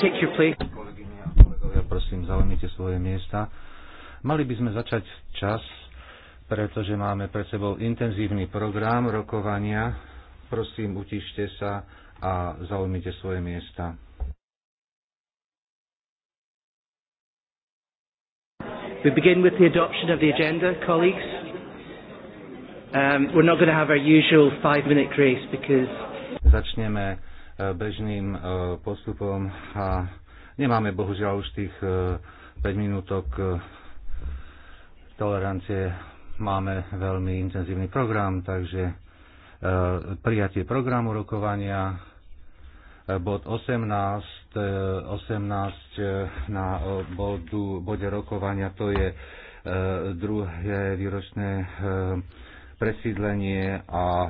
Take your place. Kolegyne prosím, zaujmite svoje miesta. Mali by sme začať čas, pretože máme pred sebou intenzívny program rokovania. Prosím, utište sa a zaujmite svoje miesta. We begin with the adoption of the agenda, colleagues. Um, we're not going to have our usual five-minute grace because... Začneme bežným e, postupom a nemáme bohužiaľ už tých 5 e, minútok e, tolerancie. Máme veľmi intenzívny program, takže prijatie programu rokovania, bod 18, 18 na bodu, bode rokovania, to je druhé výročné presídlenie a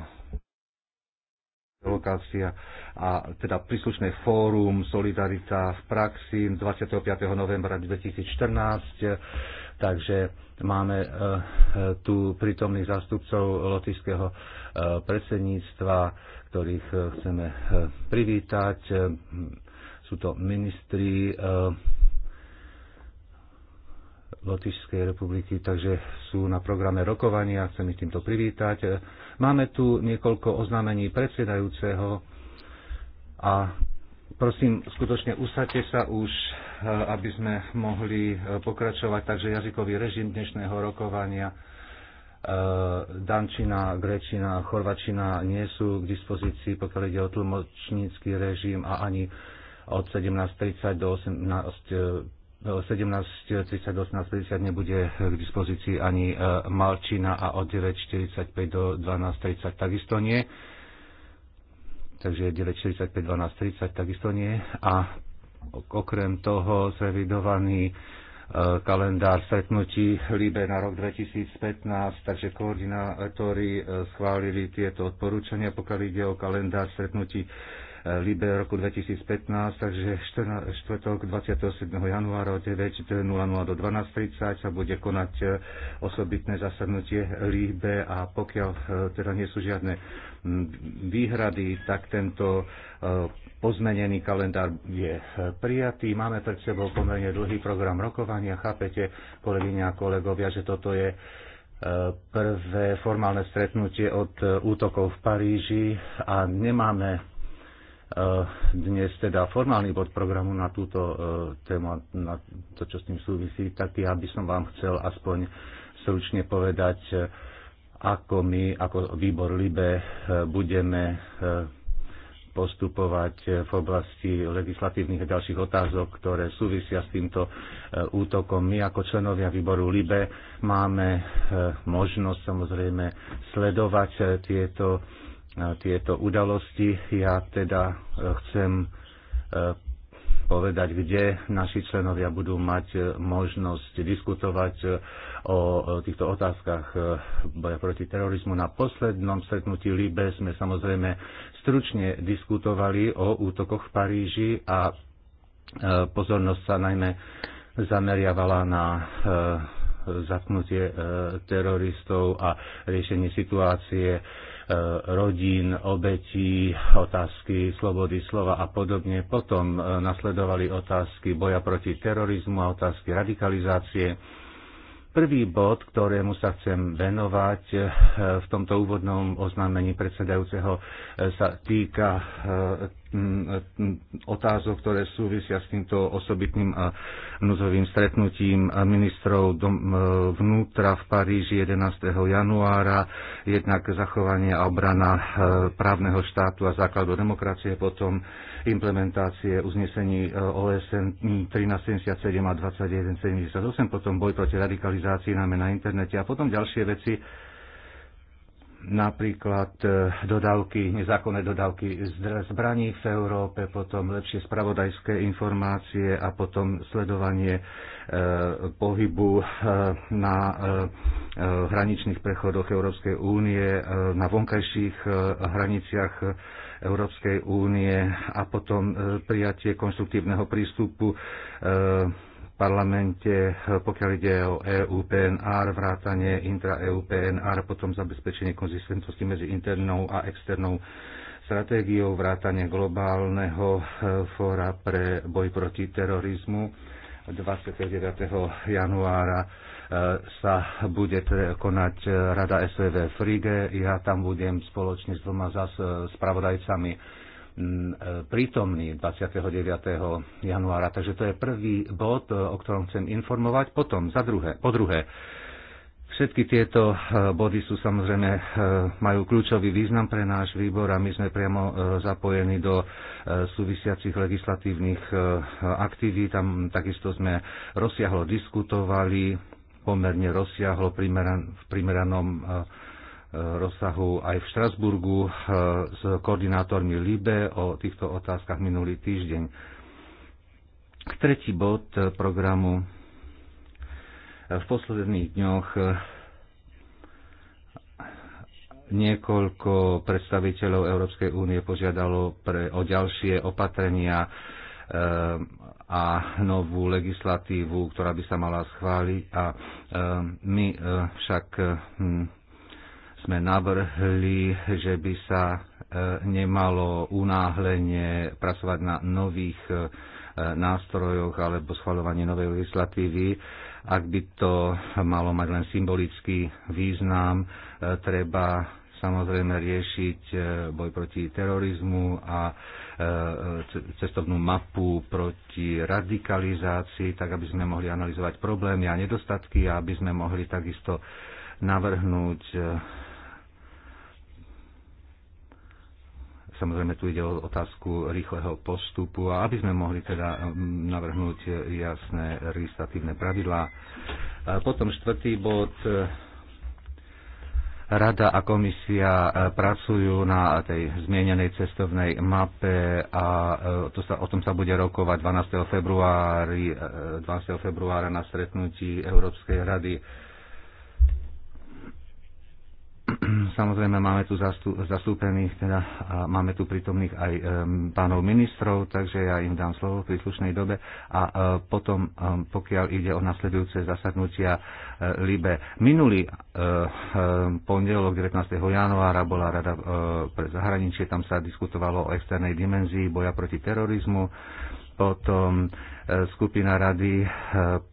lokácia a teda príslušné fórum Solidarita v praxi 25. novembra 2014. Takže máme e, e, tu prítomných zástupcov lotišského e, predsedníctva, ktorých chceme privítať. Sú to ministri Lotyšskej republiky, takže sú na programe rokovania, chcem ich týmto privítať. Máme tu niekoľko oznámení predsedajúceho a prosím, skutočne usadte sa už, e, aby sme mohli e, pokračovať. Takže jazykový režim dnešného rokovania e, dančina, grečina, chorvačina nie sú k dispozícii, pokiaľ ide o tlmočnícky režim a ani od 17.30 do 18, 17.30 do 18.30 nebude k dispozícii ani malčina a od 9.45 do 12.30 takisto nie takže 9.45, takisto nie. A okrem toho zrevidovaný e, kalendár stretnutí Líbe na rok 2015, takže koordinátori e, schválili tieto odporúčania, pokiaľ ide o kalendár stretnutí Libe roku 2015, takže štvrtok 27. januára od 9.00 do 12.30 sa bude konať e, osobitné zasadnutie Libe a pokiaľ e, teda nie sú žiadne výhrady, tak tento e, pozmenený kalendár je prijatý. Máme pred sebou pomerne dlhý program rokovania. Chápete, kolegyňa a kolegovia, že toto je prvé formálne stretnutie od útokov v Paríži a nemáme Eh, dnes teda formálny bod programu na túto eh, tému, na to, čo s tým súvisí, tak ja by som vám chcel aspoň stručne povedať, eh, ako my, ako výbor LIBE, budeme postupovať v oblasti legislatívnych a ďalších otázok, ktoré súvisia s týmto útokom. My ako členovia výboru LIBE máme možnosť samozrejme sledovať tieto tieto udalosti. Ja teda e, chcem e, povedať, kde naši členovia budú mať e, možnosť diskutovať o týchto otázkach boja proti terorizmu. Na poslednom stretnutí Libe sme samozrejme stručne diskutovali o útokoch v Paríži a pozornosť sa najmä zameriavala na zatknutie teroristov a riešenie situácie rodín, obetí, otázky slobody slova a podobne. Potom e, nasledovali otázky boja proti terorizmu a otázky radikalizácie. Prvý bod, ktorému sa chcem venovať e, v tomto úvodnom oznámení predsedajúceho, e, sa týka otázok, ktoré súvisia s týmto osobitným a núzovým stretnutím ministrov vnútra v Paríži 11. januára, jednak zachovanie a obrana e, právneho štátu a základu demokracie, potom implementácie uznesení e, OSN 1377 a 2178, potom boj proti radikalizácii najmä na internete a potom ďalšie veci, napríklad e, dodávky, nezákonné dodávky zbraní v Európe, potom lepšie spravodajské informácie a potom sledovanie e, pohybu e, na hraničných prechodoch Európskej únie, na vonkajších hraniciach Európskej únie a potom prijatie konstruktívneho prístupu parlamente, pokiaľ ide o EU PNR, vrátanie intra-EU PNR, potom zabezpečenie konzistentnosti medzi internou a externou stratégiou, vrátanie globálneho e, fóra pre boj proti terorizmu. 29. januára e, sa bude konať e, Rada SVV v Ja tam budem spoločne s dvoma spravodajcami E, prítomný 29. januára. Takže to je prvý bod, e, o ktorom chcem informovať. Potom, za druhé, po druhé, Všetky tieto e, body sú samozrejme, majú kľúčový význam pre náš výbor a my sme priamo zapojení do súvisiacich legislatívnych aktivít. Tam takisto sme rozsiahlo diskutovali, pomerne rozsiahlo primeran, v primeranom rozsahu aj v Štrasburgu eh, s koordinátormi LIBE o týchto otázkach minulý týždeň. Tretí bod eh, programu. Eh, v posledných dňoch niekoľko predstaviteľov Európskej únie požiadalo pre, o ďalšie opatrenia e, a novú legislatívu, ktorá by sa mala schváliť. A e, my e, však e, sme navrhli, že by sa e, nemalo unáhlenie pracovať na nových e, nástrojoch alebo schvaľovanie novej legislatívy. Ak by to malo mať len symbolický význam, e, treba samozrejme riešiť boj proti terorizmu a cestovnú mapu proti radikalizácii, tak aby sme mohli analyzovať problémy a nedostatky a aby sme mohli takisto navrhnúť Samozrejme, tu ide o otázku rýchleho postupu a aby sme mohli teda mm, navrhnúť jasné legislatívne pravidlá. Potom štvrtý bod. Rada a komisia e, pracujú na tej zmienenej cestovnej mape a e, to sa, o tom sa bude rokovať 12. februári, 12. E, februára na stretnutí Európskej rady Samozrejme máme tu zastúpených, teda máme tu prítomných aj pánov ministrov, takže ja im dám slovo v príslušnej dobe a e, potom, pokiaľ ide o nasledujúce zasadnutia e, Libe. Minulý e, pondelok 19. januára bola Rada pre zahraničie, tam sa diskutovalo o externej dimenzii boja proti terorizmu potom e, skupina Rady e,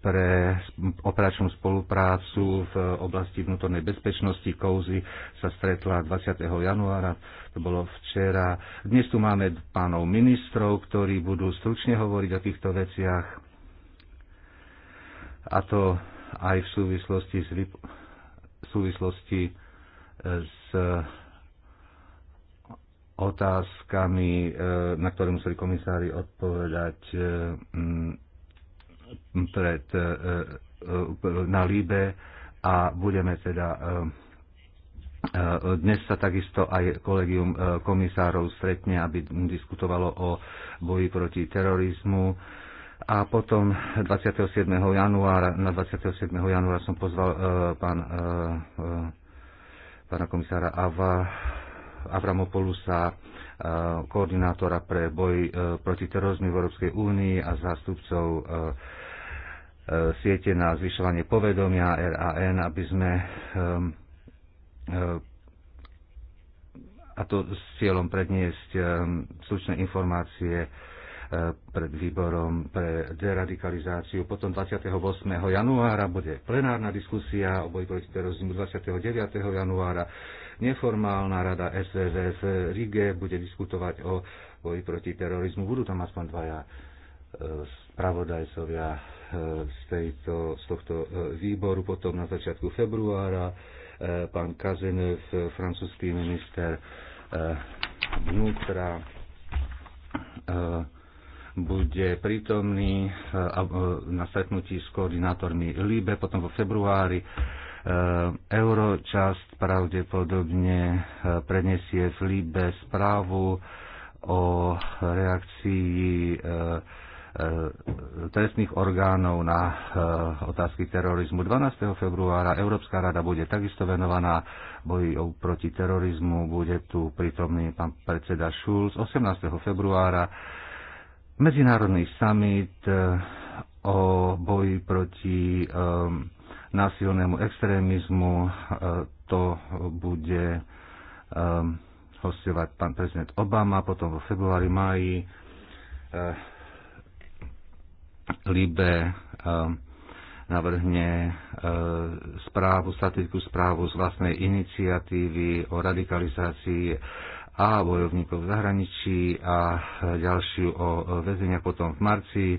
pre operačnú spoluprácu v oblasti vnútornej bezpečnosti Kouzy sa stretla 20. januára, to bolo včera. Dnes tu máme pánov ministrov, ktorí budú stručne hovoriť o týchto veciach a to aj v súvislosti s, v súvislosti e, s otázkami, e, na ktoré museli komisári odpovedať e, pred, e, na Líbe a budeme teda dnes sa takisto aj kolegium komisárov stretne, aby diskutovalo o boji proti terorizmu. A potom 27. januára, na 27. januára som pozval pán, pána komisára Ava Avramopolusa, e, koordinátora pre boj e, proti terorizmu v Európskej únii a zástupcov e, siete na zvyšovanie povedomia RAN, aby sme a to s cieľom predniesť slučné informácie pred výborom pre deradikalizáciu. Potom 28. januára bude plenárna diskusia o boji proti terorizmu 29. januára Neformálna rada SVV v Rige bude diskutovať o boji proti terorizmu. Budú tam aspoň dvaja e, spravodajcovia e, z, tejto, z tohto e, výboru. Potom na začiatku februára pán Kazenev, francúzsky minister vnútra, bude prítomný na stretnutí s koordinátormi LIBE, potom vo februári Eh, Euročasť pravdepodobne eh, prenesie v Líbe správu o reakcii eh, trestných orgánov na otázky terorizmu. 12. februára Európska rada bude takisto venovaná boji proti terorizmu. Bude tu prítomný pán predseda Schulz. 18. februára medzinárodný summit o boji proti um, násilnému extrémizmu. E, to bude e, hostovať pán prezident Obama, potom vo februári, máji e, Libe navrhne správu, statickú správu z vlastnej iniciatívy o radikalizácii a bojovníkov v zahraničí a ďalšiu o väzenia Potom v marci e,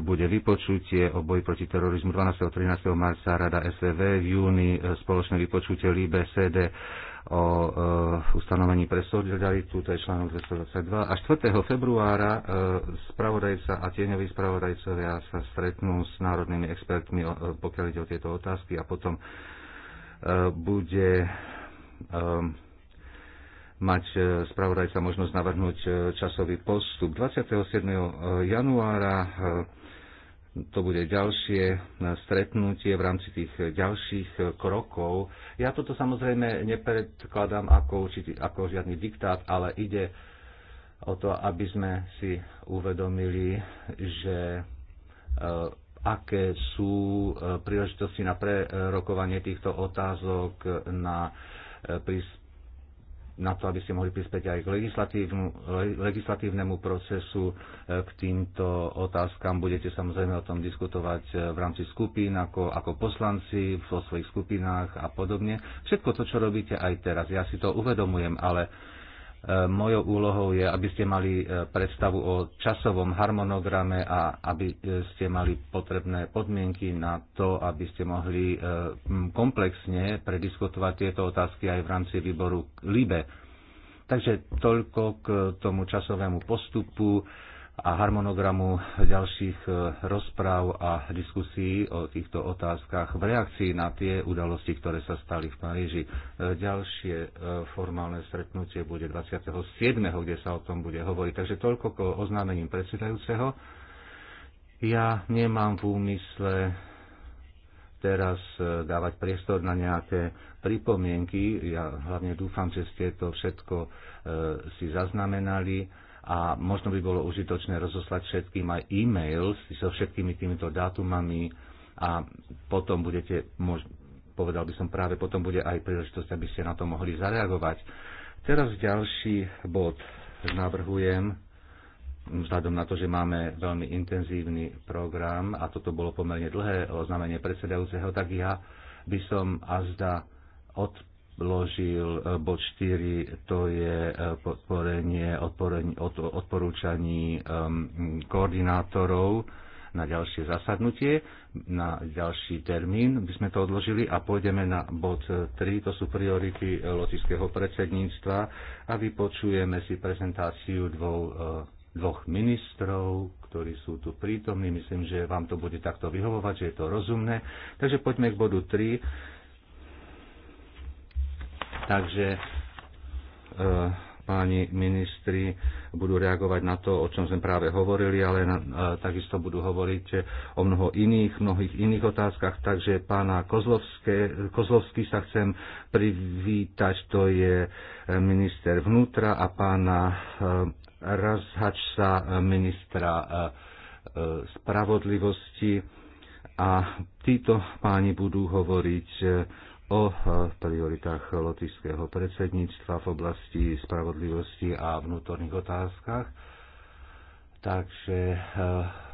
bude vypočutie o boji proti terorizmu 12. a 13. marca Rada SVV v júni e, spoločné vypočutie Líbe CD o e, ustanovení pre solidaritu, to je článok 222. A 4. februára e, spravodajca a tieňoví spravodajcovia sa stretnú s národnými expertmi, e, pokiaľ ide o tieto otázky a potom e, bude e, mať e, spravodajca možnosť navrhnúť e, časový postup. 27. E, januára to bude ďalšie stretnutie v rámci tých ďalších krokov. Ja toto samozrejme nepredkladám ako, určitý, ako žiadny diktát, ale ide o to, aby sme si uvedomili, že aké sú príležitosti na prerokovanie týchto otázok, na na to, aby ste mohli prispieť aj k legislatívnemu procesu. E, k týmto otázkam budete samozrejme o tom diskutovať e, v rámci skupín, ako, ako poslanci vo svojich skupinách a podobne. Všetko to, čo robíte aj teraz, ja si to uvedomujem, ale Mojou úlohou je, aby ste mali e, predstavu o časovom harmonograme a aby e, ste mali potrebné podmienky na to, aby ste mohli e, komplexne prediskutovať tieto otázky aj v rámci výboru LIBE. Takže toľko k tomu časovému postupu a harmonogramu ďalších e, rozpráv a diskusí o týchto otázkach v reakcii na tie udalosti, ktoré sa stali v Paríži. E, ďalšie e, formálne stretnutie bude 27., kde sa o tom bude hovoriť. Takže toľko k oznámením predsedajúceho. Ja nemám v úmysle teraz dávať priestor na nejaké pripomienky. Ja hlavne dúfam, že ste to všetko si zaznamenali a možno by bolo užitočné rozoslať všetkým aj e-mail so všetkými týmito dátumami a potom budete, mož, povedal by som práve, potom bude aj príležitosť, aby ste na to mohli zareagovať. Teraz ďalší bod navrhujem, vzhľadom na to, že máme veľmi intenzívny program a toto bolo pomerne dlhé oznámenie predsedajúceho, tak ja by som azda od vložil e, bod 4, to je e, podporenie odporúčaní koordinátorov na ďalšie zasadnutie, na ďalší termín by sme to odložili a pôjdeme na bod 3, e, to sú priority lotického predsedníctva a vypočujeme si prezentáciu dvou, dvoch ministrov, ktorí sú tu prítomní. Myslím, že vám to bude takto vyhovovať, že je to rozumné. Takže poďme k bodu 3 Takže e, páni ministri budú reagovať na to, o čom sme práve hovorili, ale na, e, takisto budú hovoriť o mnoho iných, mnohých iných otázkach. Takže pána Kozlovské, Kozlovský sa chcem privítať, to je e, minister vnútra a pána e, Razhačsa, e, ministra e, spravodlivosti. A títo páni budú hovoriť o prioritách lotišského predsedníctva v oblasti spravodlivosti a vnútorných otázkach. Takže e,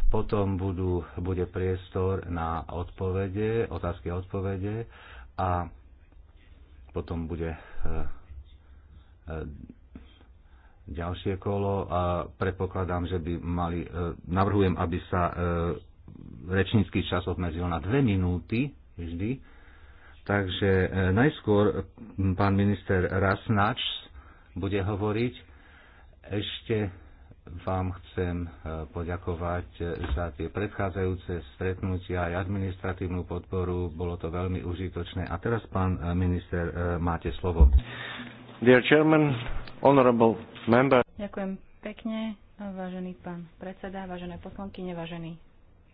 potom budú, bude priestor na odpovede, otázky a odpovede a potom bude e, e, ďalšie kolo a predpokladám, že by mali, navrhujem, aby sa rečnícky čas obmedzil na dve minúty vždy Takže e, najskôr pán minister Rasnač bude hovoriť. Ešte vám chcem e, poďakovať e, za tie predchádzajúce stretnutia aj administratívnu podporu. Bolo to veľmi užitočné. A teraz, pán minister, máte slovo. Dear Chairman, honorable member. Ďakujem pekne, vážený pán predseda, vážené poslanky, vážení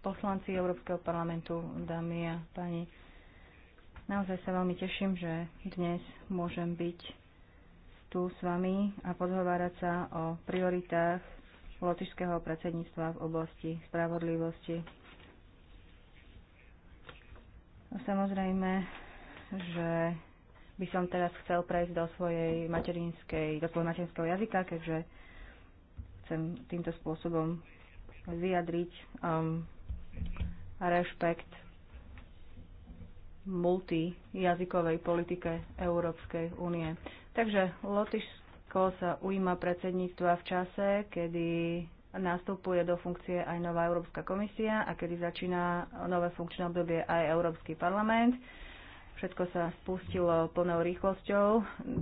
poslanci Európskeho parlamentu, dámy a páni. Naozaj sa veľmi teším, že dnes môžem byť tu s vami a podhovárať sa o prioritách lotišského predsedníctva v oblasti spravodlivosti. No, samozrejme, že by som teraz chcel prejsť do svojej materinskej, do svojho materinského jazyka, keďže chcem týmto spôsobom vyjadriť um, rešpekt multijazykovej politike Európskej únie. Takže Lotyšsko sa ujíma predsedníctva v čase, kedy nastupuje do funkcie aj nová Európska komisia a kedy začína nové funkčné obdobie aj Európsky parlament. Všetko sa spustilo plnou rýchlosťou,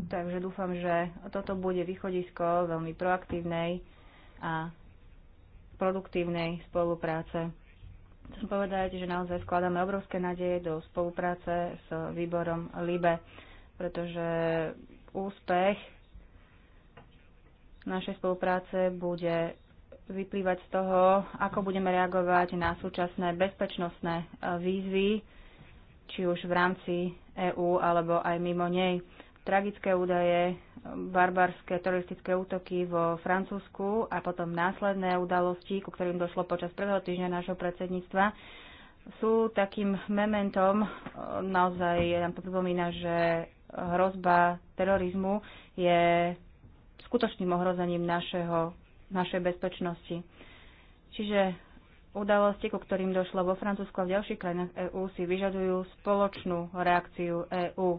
takže dúfam, že toto bude východisko veľmi proaktívnej a produktívnej spolupráce Chcem povedať, že naozaj skladáme obrovské nádeje do spolupráce s výborom LIBE, pretože úspech našej spolupráce bude vyplývať z toho, ako budeme reagovať na súčasné bezpečnostné eh, výzvy, či už v rámci EÚ alebo aj mimo nej tragické údaje, barbarské teroristické útoky vo Francúzsku a potom následné udalosti, ku ktorým došlo počas prvého týždňa nášho predsedníctva, sú takým mementom, naozaj nám to pripomína, že hrozba terorizmu je skutočným ohrozením našeho, našej bezpečnosti. Čiže udalosti, ku ktorým došlo vo Francúzsku a v ďalších krajinách EÚ, si vyžadujú spoločnú reakciu EÚ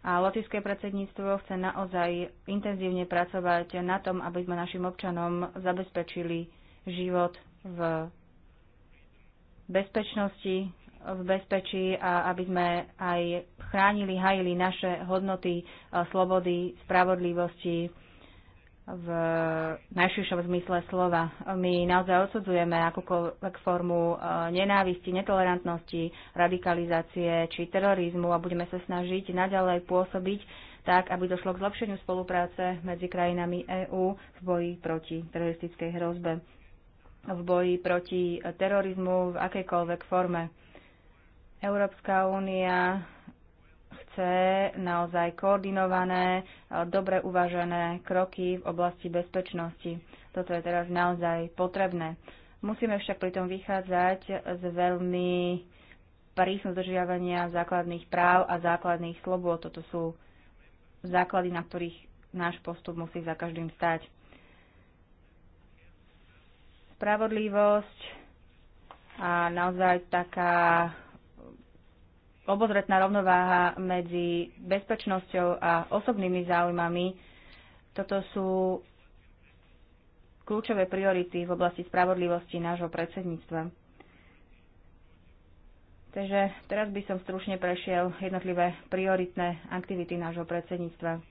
a lotické predsedníctvo chce naozaj intenzívne pracovať na tom, aby sme našim občanom zabezpečili život v bezpečnosti, v bezpečí a aby sme aj chránili, hajili naše hodnoty slobody, spravodlivosti, v najširšom zmysle slova. My naozaj odsudzujeme akúkoľvek formu e, nenávisti, netolerantnosti, radikalizácie či terorizmu a budeme sa snažiť naďalej pôsobiť tak, aby došlo k zlepšeniu spolupráce medzi krajinami EÚ v boji proti teroristickej hrozbe, v boji proti terorizmu v akejkoľvek forme. Európska únia chce naozaj koordinované, eh, dobre uvažené kroky v oblasti bezpečnosti. Toto je teraz naozaj potrebné. Musíme však pritom vychádzať z veľmi prísnosť zdržiavania základných práv a základných slobôd. Toto sú základy, na ktorých náš postup musí za každým stať. Spravodlivosť a naozaj taká obozretná rovnováha medzi bezpečnosťou a osobnými záujmami. Toto sú kľúčové priority v oblasti spravodlivosti nášho predsedníctva. Takže teraz by som stručne prešiel jednotlivé prioritné aktivity nášho predsedníctva.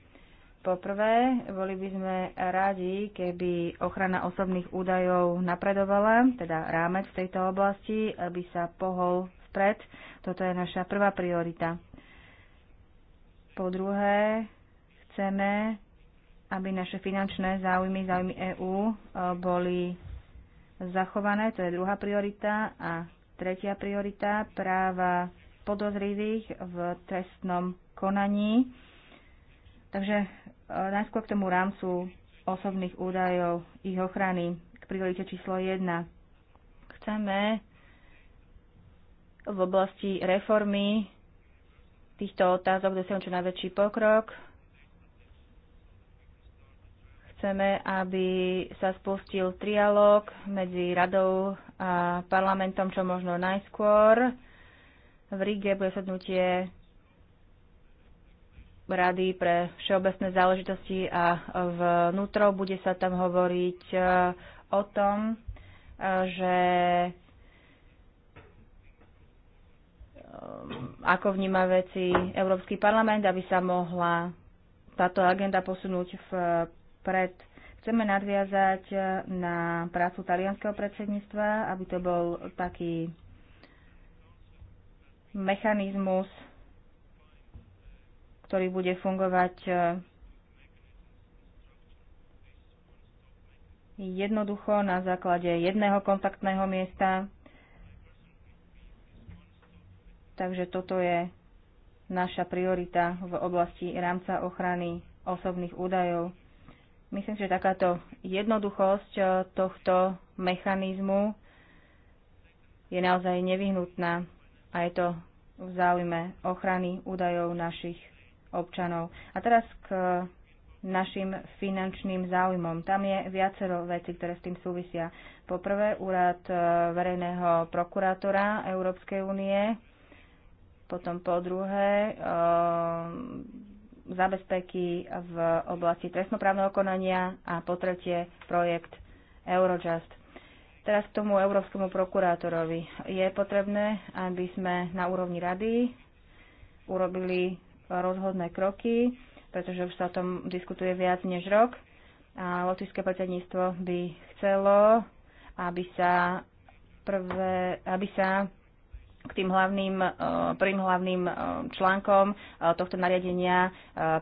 Poprvé, boli by sme rádi, keby ochrana osobných údajov napredovala, teda rámec v tejto oblasti, aby sa pohol vpred. Toto je naša prvá priorita. Po druhé, chceme, aby naše finančné záujmy, záujmy EÚ e, boli zachované, to je druhá priorita. A tretia priorita, práva podozrivých v trestnom konaní. Takže e, najskôr k tomu rámcu osobných údajov, ich ochrany, k priorite číslo 1. Chceme v oblasti reformy týchto otázok dosiahnuť čo najväčší pokrok. Chceme, aby sa spustil trialog medzi radou a parlamentom čo možno najskôr. V Ríge bude sednutie Rady pre všeobecné záležitosti a vnútro bude sa tam hovoriť eh, o tom, eh, že Um, ako vníma veci Európsky parlament, aby sa mohla táto agenda posunúť vpred. Chceme nadviazať uh, na prácu talianského predsedníctva, aby to bol taký mechanizmus, ktorý bude fungovať uh, jednoducho na základe jedného kontaktného miesta Takže toto je naša priorita v oblasti rámca ochrany osobných údajov. Myslím, že takáto jednoduchosť e, tohto mechanizmu je naozaj nevyhnutná a je to v záujme ochrany údajov našich občanov. A teraz k e, našim finančným záujmom. Tam je viacero vecí, ktoré s tým súvisia. Poprvé, úrad e, verejného prokurátora Európskej únie potom po druhé, ehm, zabezpeky v oblasti trestnoprávneho konania a po tretie projekt Eurojust. Teraz k tomu európskemu prokurátorovi. Je potrebné, aby sme na úrovni rady urobili rozhodné kroky, pretože už sa o tom diskutuje viac než rok. A lotišské predsedníctvo by chcelo, aby sa, prvé, aby sa k tým hlavným, e, prvým hlavným e, článkom e, tohto nariadenia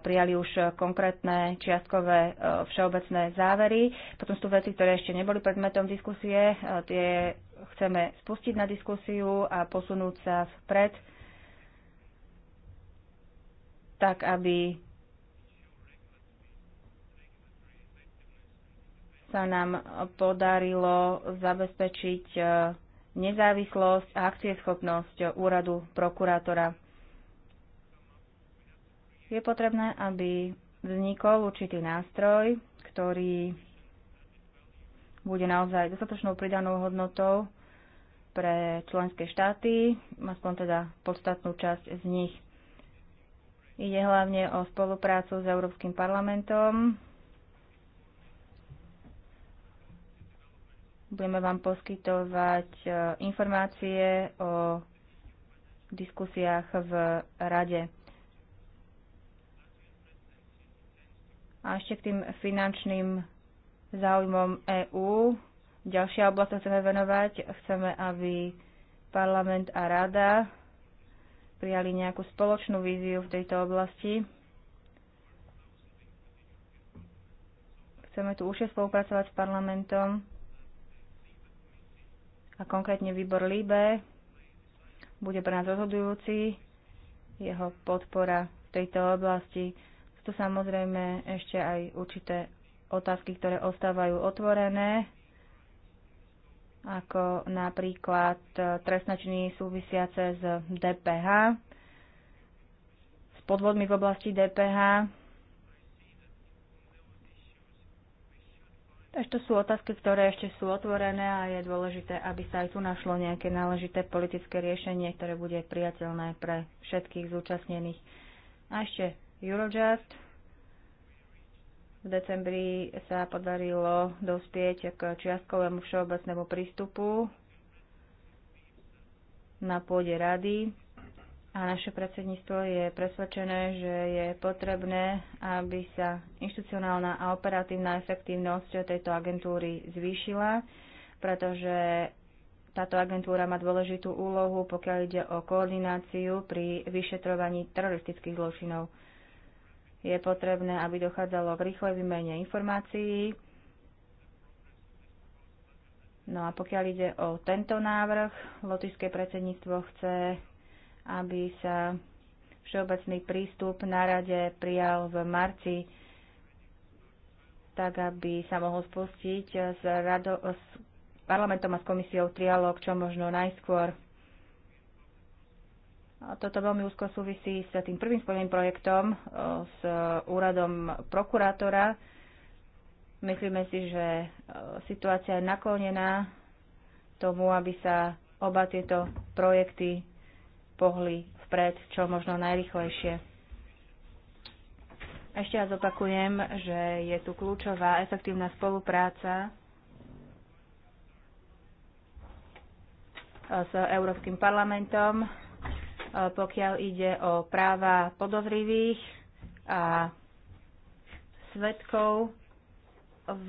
prijali už konkrétne čiastkové všeobecné závery. Potom sú veci, ktoré ešte neboli predmetom diskusie. Tie chceme spustiť na diskusiu a posunúť sa vpred, tak aby sa nám podarilo zabezpečiť nezávislosť a akcieschopnosť úradu prokurátora. Je potrebné, aby vznikol určitý nástroj, ktorý bude naozaj dostatočnou pridanou hodnotou pre členské štáty, aspoň teda podstatnú časť z nich. Ide hlavne o spoluprácu s Európskym parlamentom, Budeme vám poskytovať e, informácie o diskusiách v rade. A ešte k tým finančným záujmom EÚ. Ďalšia oblasť, chceme venovať, chceme, aby parlament a rada prijali nejakú spoločnú víziu v tejto oblasti. Chceme tu užšie spolupracovať s parlamentom a konkrétne výbor LIBE bude pre nás rozhodujúci, jeho podpora v tejto oblasti. Sú samozrejme ešte aj určité otázky, ktoré ostávajú otvorené, ako napríklad e, trestnačiny súvisiace s DPH, s podvodmi v oblasti DPH, Ešte sú otázky, ktoré ešte sú otvorené a je dôležité, aby sa aj tu našlo nejaké náležité politické riešenie, ktoré bude priateľné pre všetkých zúčastnených. A ešte Eurojust. V decembri sa podarilo dospieť k čiastkovému všeobecnému prístupu na pôde rady a naše predsedníctvo je presvedčené, že je potrebné, aby sa inštitucionálna a operatívna efektívnosť tejto agentúry zvýšila, pretože táto agentúra má dôležitú úlohu, pokiaľ ide o koordináciu pri vyšetrovaní teroristických zločinov. Je potrebné, aby dochádzalo k rýchlej výmene informácií. No a pokiaľ ide o tento návrh, lotišské predsedníctvo chce aby sa všeobecný prístup na rade prijal v marci, tak aby sa mohol spustiť s, rado, s parlamentom a s komisiou trialog čo možno najskôr. A toto veľmi úzko súvisí s tým prvým spojeným projektom, s úradom prokurátora. Myslíme si, že situácia je naklonená tomu, aby sa oba tieto projekty pohli vpred čo možno najrychlejšie. Ešte raz opakujem, že je tu kľúčová efektívna spolupráca s Európskym parlamentom, pokiaľ ide o práva podozrivých a svetkov v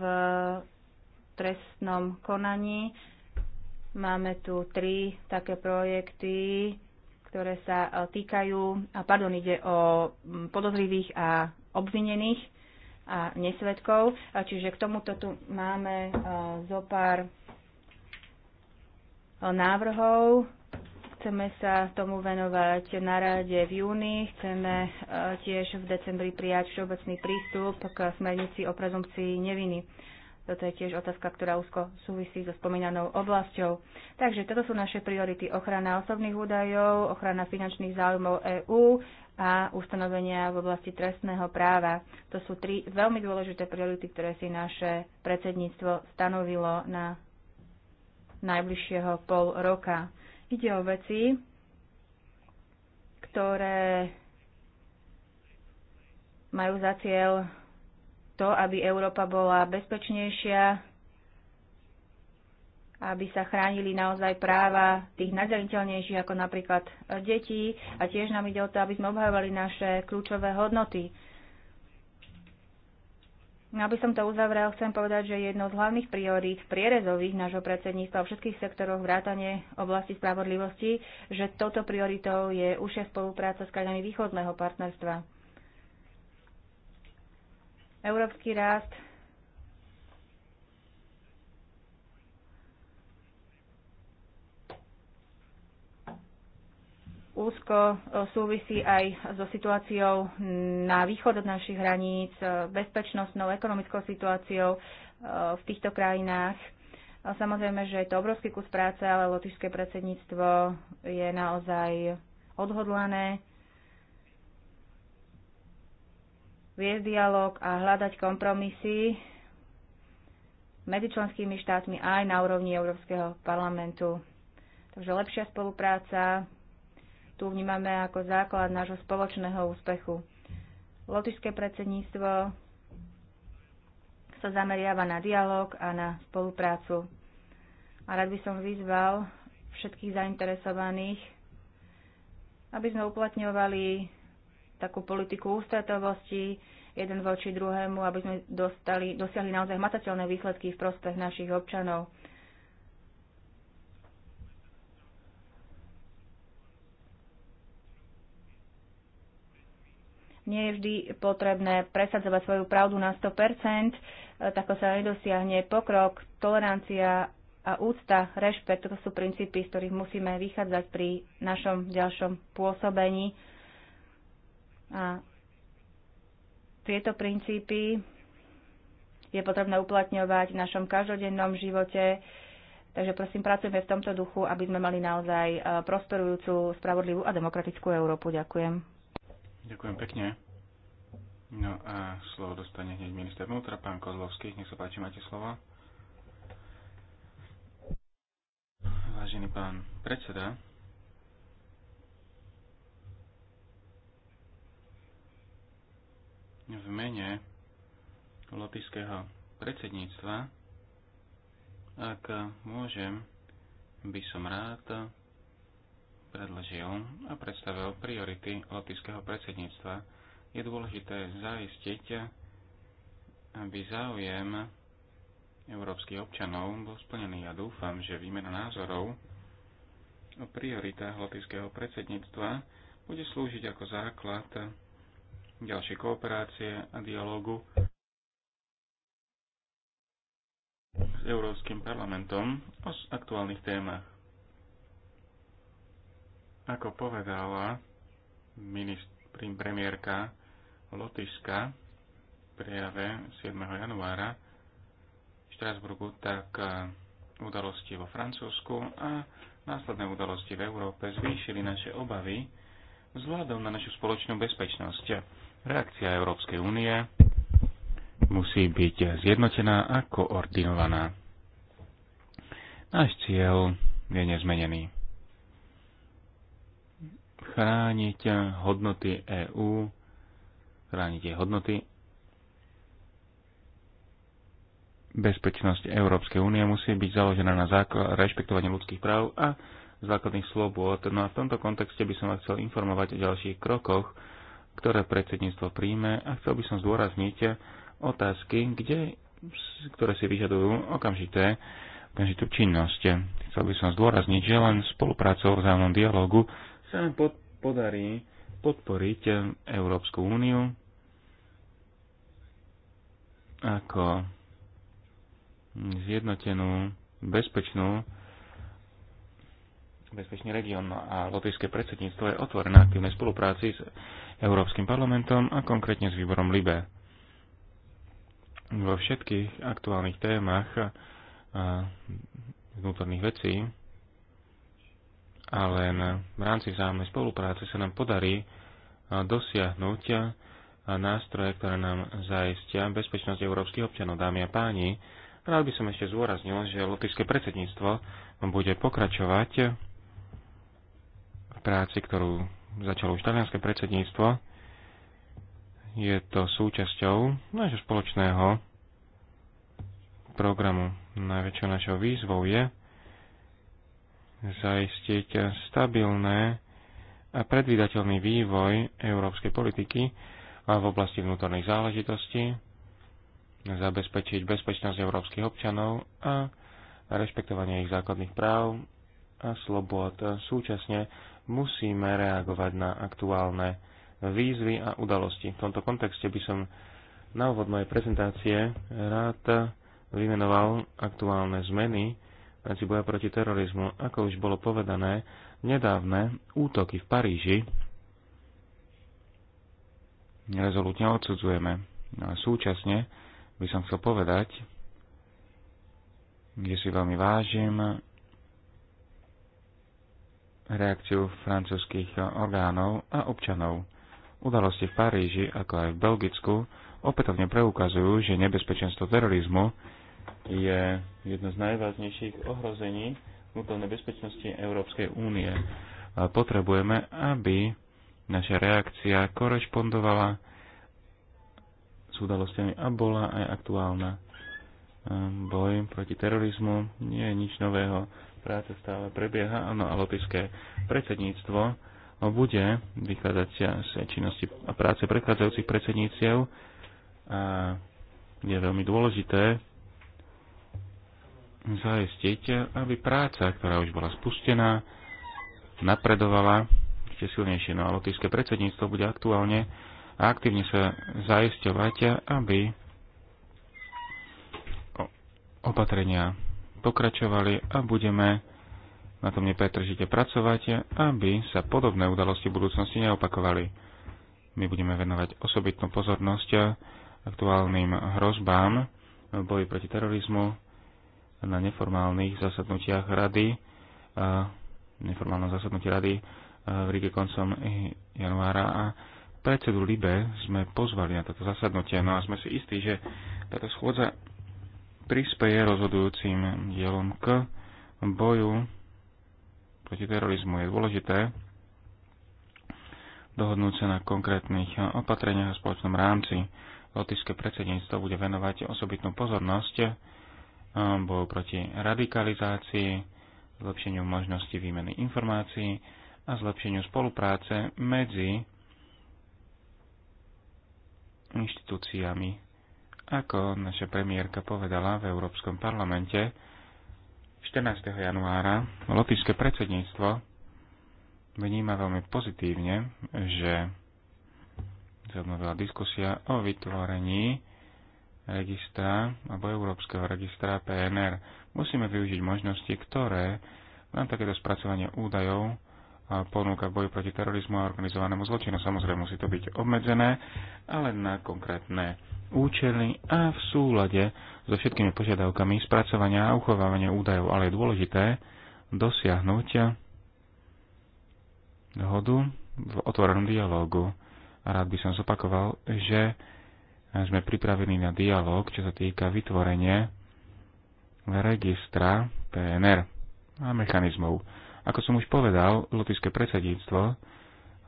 trestnom konaní. Máme tu tri také projekty, ktoré sa e, týkajú, a pardon, ide o podozrivých a obvinených a nesvedkov. Čiže k tomuto tu máme e, zo pár e, návrhov. Chceme sa tomu venovať na rade v júni. Chceme tiež v decembri prijať všeobecný prístup k smernici o prezumpcii neviny. Toto je tiež otázka, ktorá úzko súvisí so spomínanou oblasťou. Takže toto sú naše priority. Ochrana osobných údajov, ochrana finančných záujmov EÚ a ustanovenia v oblasti trestného práva. To sú tri veľmi dôležité priority, ktoré si naše predsedníctvo stanovilo na najbližšieho pol roka. Ide o veci, ktoré majú za cieľ to, aby Európa bola bezpečnejšia, aby sa chránili naozaj práva tých najzraniteľnejších, ako napríklad e, detí. A tiež nám ide o to, aby sme obhajovali naše kľúčové hodnoty. No, aby som to uzavrel, chcem povedať, že jedno z hlavných priorít prierezových nášho predsedníctva v všetkých sektoroch vrátane oblasti spravodlivosti, že toto prioritou je užšia spolupráca s krajinami východného partnerstva. Európsky rast úzko e, súvisí aj so situáciou na východ od našich hraníc, e, bezpečnostnou, ekonomickou situáciou e, v týchto krajinách. Samozrejme, že je to obrovský kus práce, ale lotišské predsedníctvo je naozaj odhodlané viesť dialog a hľadať kompromisy medzi členskými štátmi aj na úrovni Európskeho parlamentu. Takže lepšia spolupráca tu vnímame ako základ nášho spoločného úspechu. Lotyšské predsedníctvo sa zameriava na dialog a na spoluprácu. A rád by som vyzval všetkých zainteresovaných, aby sme uplatňovali takú politiku ústretovosti jeden voči druhému, aby sme dostali, dosiahli naozaj hmatateľné výsledky v prospech našich občanov. nie je vždy potrebné presadzovať svoju pravdu na 100%, e, tako sa nedosiahne pokrok, tolerancia a úcta, rešpekt, to sú princípy, z ktorých musíme vychádzať pri našom ďalšom pôsobení a tieto princípy je potrebné uplatňovať v našom každodennom živote. Takže prosím, pracujeme v tomto duchu, aby sme mali naozaj e, prosperujúcu, spravodlivú a demokratickú Európu. Ďakujem. Ďakujem pekne. No a slovo dostane hneď minister vnútra, pán Kozlovský. Nech sa páči, máte slovo. Vážený pán predseda, v mene lotyšského predsedníctva. Ak môžem, by som rád predložil a predstavil priority lotyšského predsedníctva. Je dôležité zaistiť, aby záujem európskych občanov bol splnený. Ja dúfam, že výmena názorov o prioritách lotyšského predsedníctva bude slúžiť ako základ ďalšej kooperácie a dialógu s Európskym parlamentom o aktuálnych témach. Ako povedala ministrin premiérka Lotyšska v prejave 7. januára v Štrasburgu, tak e, udalosti vo Francúzsku a následné udalosti v Európe zvýšili naše obavy vzhľadom na našu spoločnú bezpečnosť. Reakcia Európskej únie musí byť zjednotená a koordinovaná. Náš cieľ je nezmenený. Chrániť hodnoty EÚ, chrániť jej hodnoty, bezpečnosť Európskej únie musí byť založená na rešpektovaní ľudských práv a základných slobôd. No a v tomto kontexte by som vás chcel informovať o ďalších krokoch, ktoré predsedníctvo príjme a chcel by som zdôrazniť otázky, kde, ktoré si vyžadujú okamžité, okamžitú činnosť. Chcel by som zdôrazniť, že len spoluprácou v vzájomnom dialogu sa nám pod, podarí podporiť Európsku úniu ako zjednotenú, bezpečnú bezpečný región a lotyšské predsedníctvo je otvorené aktívnej spolupráci s Európskym parlamentom a konkrétne s výborom LIBE. Vo všetkých aktuálnych témach vnútorných vecí a len v rámci vzájomnej spolupráce sa nám podarí dosiahnuť nástroje, ktoré nám zaistia bezpečnosť európskych občanov, dámy a páni. Rád by som ešte zdôraznil, že lotišské predsedníctvo bude pokračovať práci, ktorú začalo už talianské predsedníctvo. Je to súčasťou nášho spoločného programu. Najväčšou našou výzvou je zaistiť stabilné a predvydateľný vývoj európskej politiky a v oblasti vnútornej záležitosti, zabezpečiť bezpečnosť európskych občanov a rešpektovanie ich základných práv a slobod súčasne musíme reagovať na aktuálne výzvy a udalosti. V tomto kontexte by som na úvod mojej prezentácie rád vymenoval aktuálne zmeny v rámci boja proti terorizmu. Ako už bolo povedané, nedávne útoky v Paríži rezolutne odsudzujeme. No a súčasne by som chcel povedať, kde si veľmi vážim reakciu francúzskych orgánov a občanov. Udalosti v Paríži, ako aj v Belgicku, opätovne preukazujú, že nebezpečenstvo terorizmu je jedno z najvážnejších ohrození vnútornej bezpečnosti Európskej únie. Potrebujeme, aby naša reakcia korešpondovala s udalostiami a bola aj aktuálna. Ehm, boj proti terorizmu nie je nič nového práca stále prebieha, áno, a lotyšské predsedníctvo bude vychádzať z činnosti a práce predchádzajúcich predsedníciev a je veľmi dôležité zajistiť, aby práca, ktorá už bola spustená, napredovala ešte silnejšie. No a lotyšské predsedníctvo bude aktuálne a aktívne sa zaisťovať, aby opatrenia pokračovali a budeme na tom nepretržite pracovať, aby sa podobné udalosti v budúcnosti neopakovali. My budeme venovať osobitnú pozornosť aktuálnym hrozbám v boji proti terorizmu na neformálnych zasadnutiach rady, neformálnom zasadnutí rady e, v Ríge koncom januára a predsedu Libe sme pozvali na toto zasadnutie. No a sme si istí, že táto schôdza prispieje rozhodujúcim dielom k boju proti terorizmu. Je dôležité dohodnúť sa na konkrétnych opatreniach a spoločnom rámci. Lotyšské predsedníctvo bude venovať osobitnú pozornosť eh, boju proti radikalizácii, zlepšeniu možnosti výmeny informácií a zlepšeniu spolupráce medzi inštitúciami ako naša premiérka povedala v Európskom parlamente 14. januára, lotišské predsedníctvo vníma veľmi pozitívne, že zaujímavá diskusia o vytvorení registra alebo Európskeho registra PNR. Musíme využiť možnosti, ktoré nám takéto spracovanie údajov ponúka v boji proti terorizmu a organizovanému zločinu. Samozrejme musí to byť obmedzené, ale na konkrétne účely a v súlade so všetkými požiadavkami spracovania a uchovávania údajov, ale je dôležité dosiahnuť dohodu v otvorenom A Rád by som zopakoval, že sme pripravení na dialóg, čo sa týka vytvorenie registra PNR a mechanizmov. Ako som už povedal, lotické predsedníctvo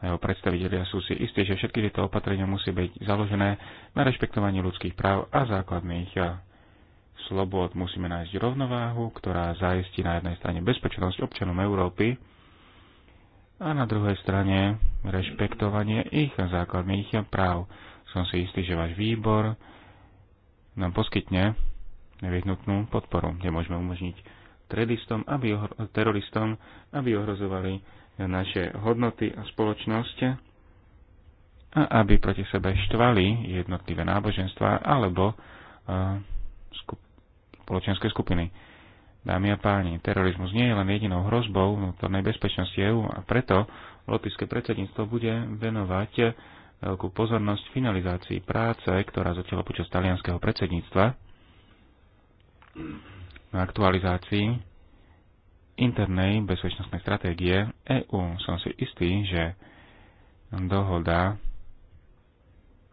a jeho predstavitelia sú si istí, že všetky tieto opatrenia musí byť založené na rešpektovaní ľudských práv a základných eh, slobod. Musíme nájsť rovnováhu, ktorá zaistí na jednej strane bezpečnosť občanom Európy a na druhej strane rešpektovanie ich základných práv. Som si istý, že váš výbor nám poskytne nevyhnutnú podporu, kde môžeme umožniť teroristom, aby, ohro- teroristom, aby ohrozovali naše hodnoty a spoločnosť a aby proti sebe štvali jednotlivé náboženstva alebo uh, skup spoločenské skupiny. Dámy a páni, terorizmus nie je len jedinou hrozbou vnútornej bezpečnosti EÚ a preto lotické predsedníctvo bude venovať veľkú pozornosť finalizácii práce, ktorá začala počas talianského predsedníctva na aktualizácii internej bezpečnostnej stratégie EÚ. Som si istý, že dohoda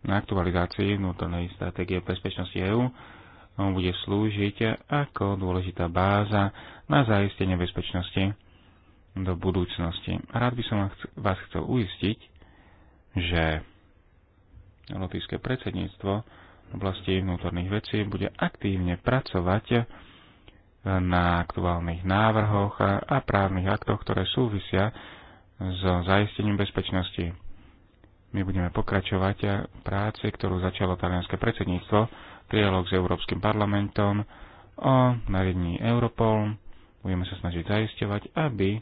na aktualizácii vnútornej stratégie bezpečnosti EÚ bude slúžiť ako dôležitá báza na zaistenie bezpečnosti do budúcnosti. Rád by som vás chcel uistiť, že lotické predsedníctvo v oblasti vnútorných vecí bude aktívne pracovať na aktuálnych návrhoch a právnych aktoch, ktoré súvisia so zaistením bezpečnosti. My budeme pokračovať v práci, ktorú začalo talianské predsedníctvo, trialog s Európskym parlamentom o nariadení Europol. Budeme sa snažiť zaisťovať, aby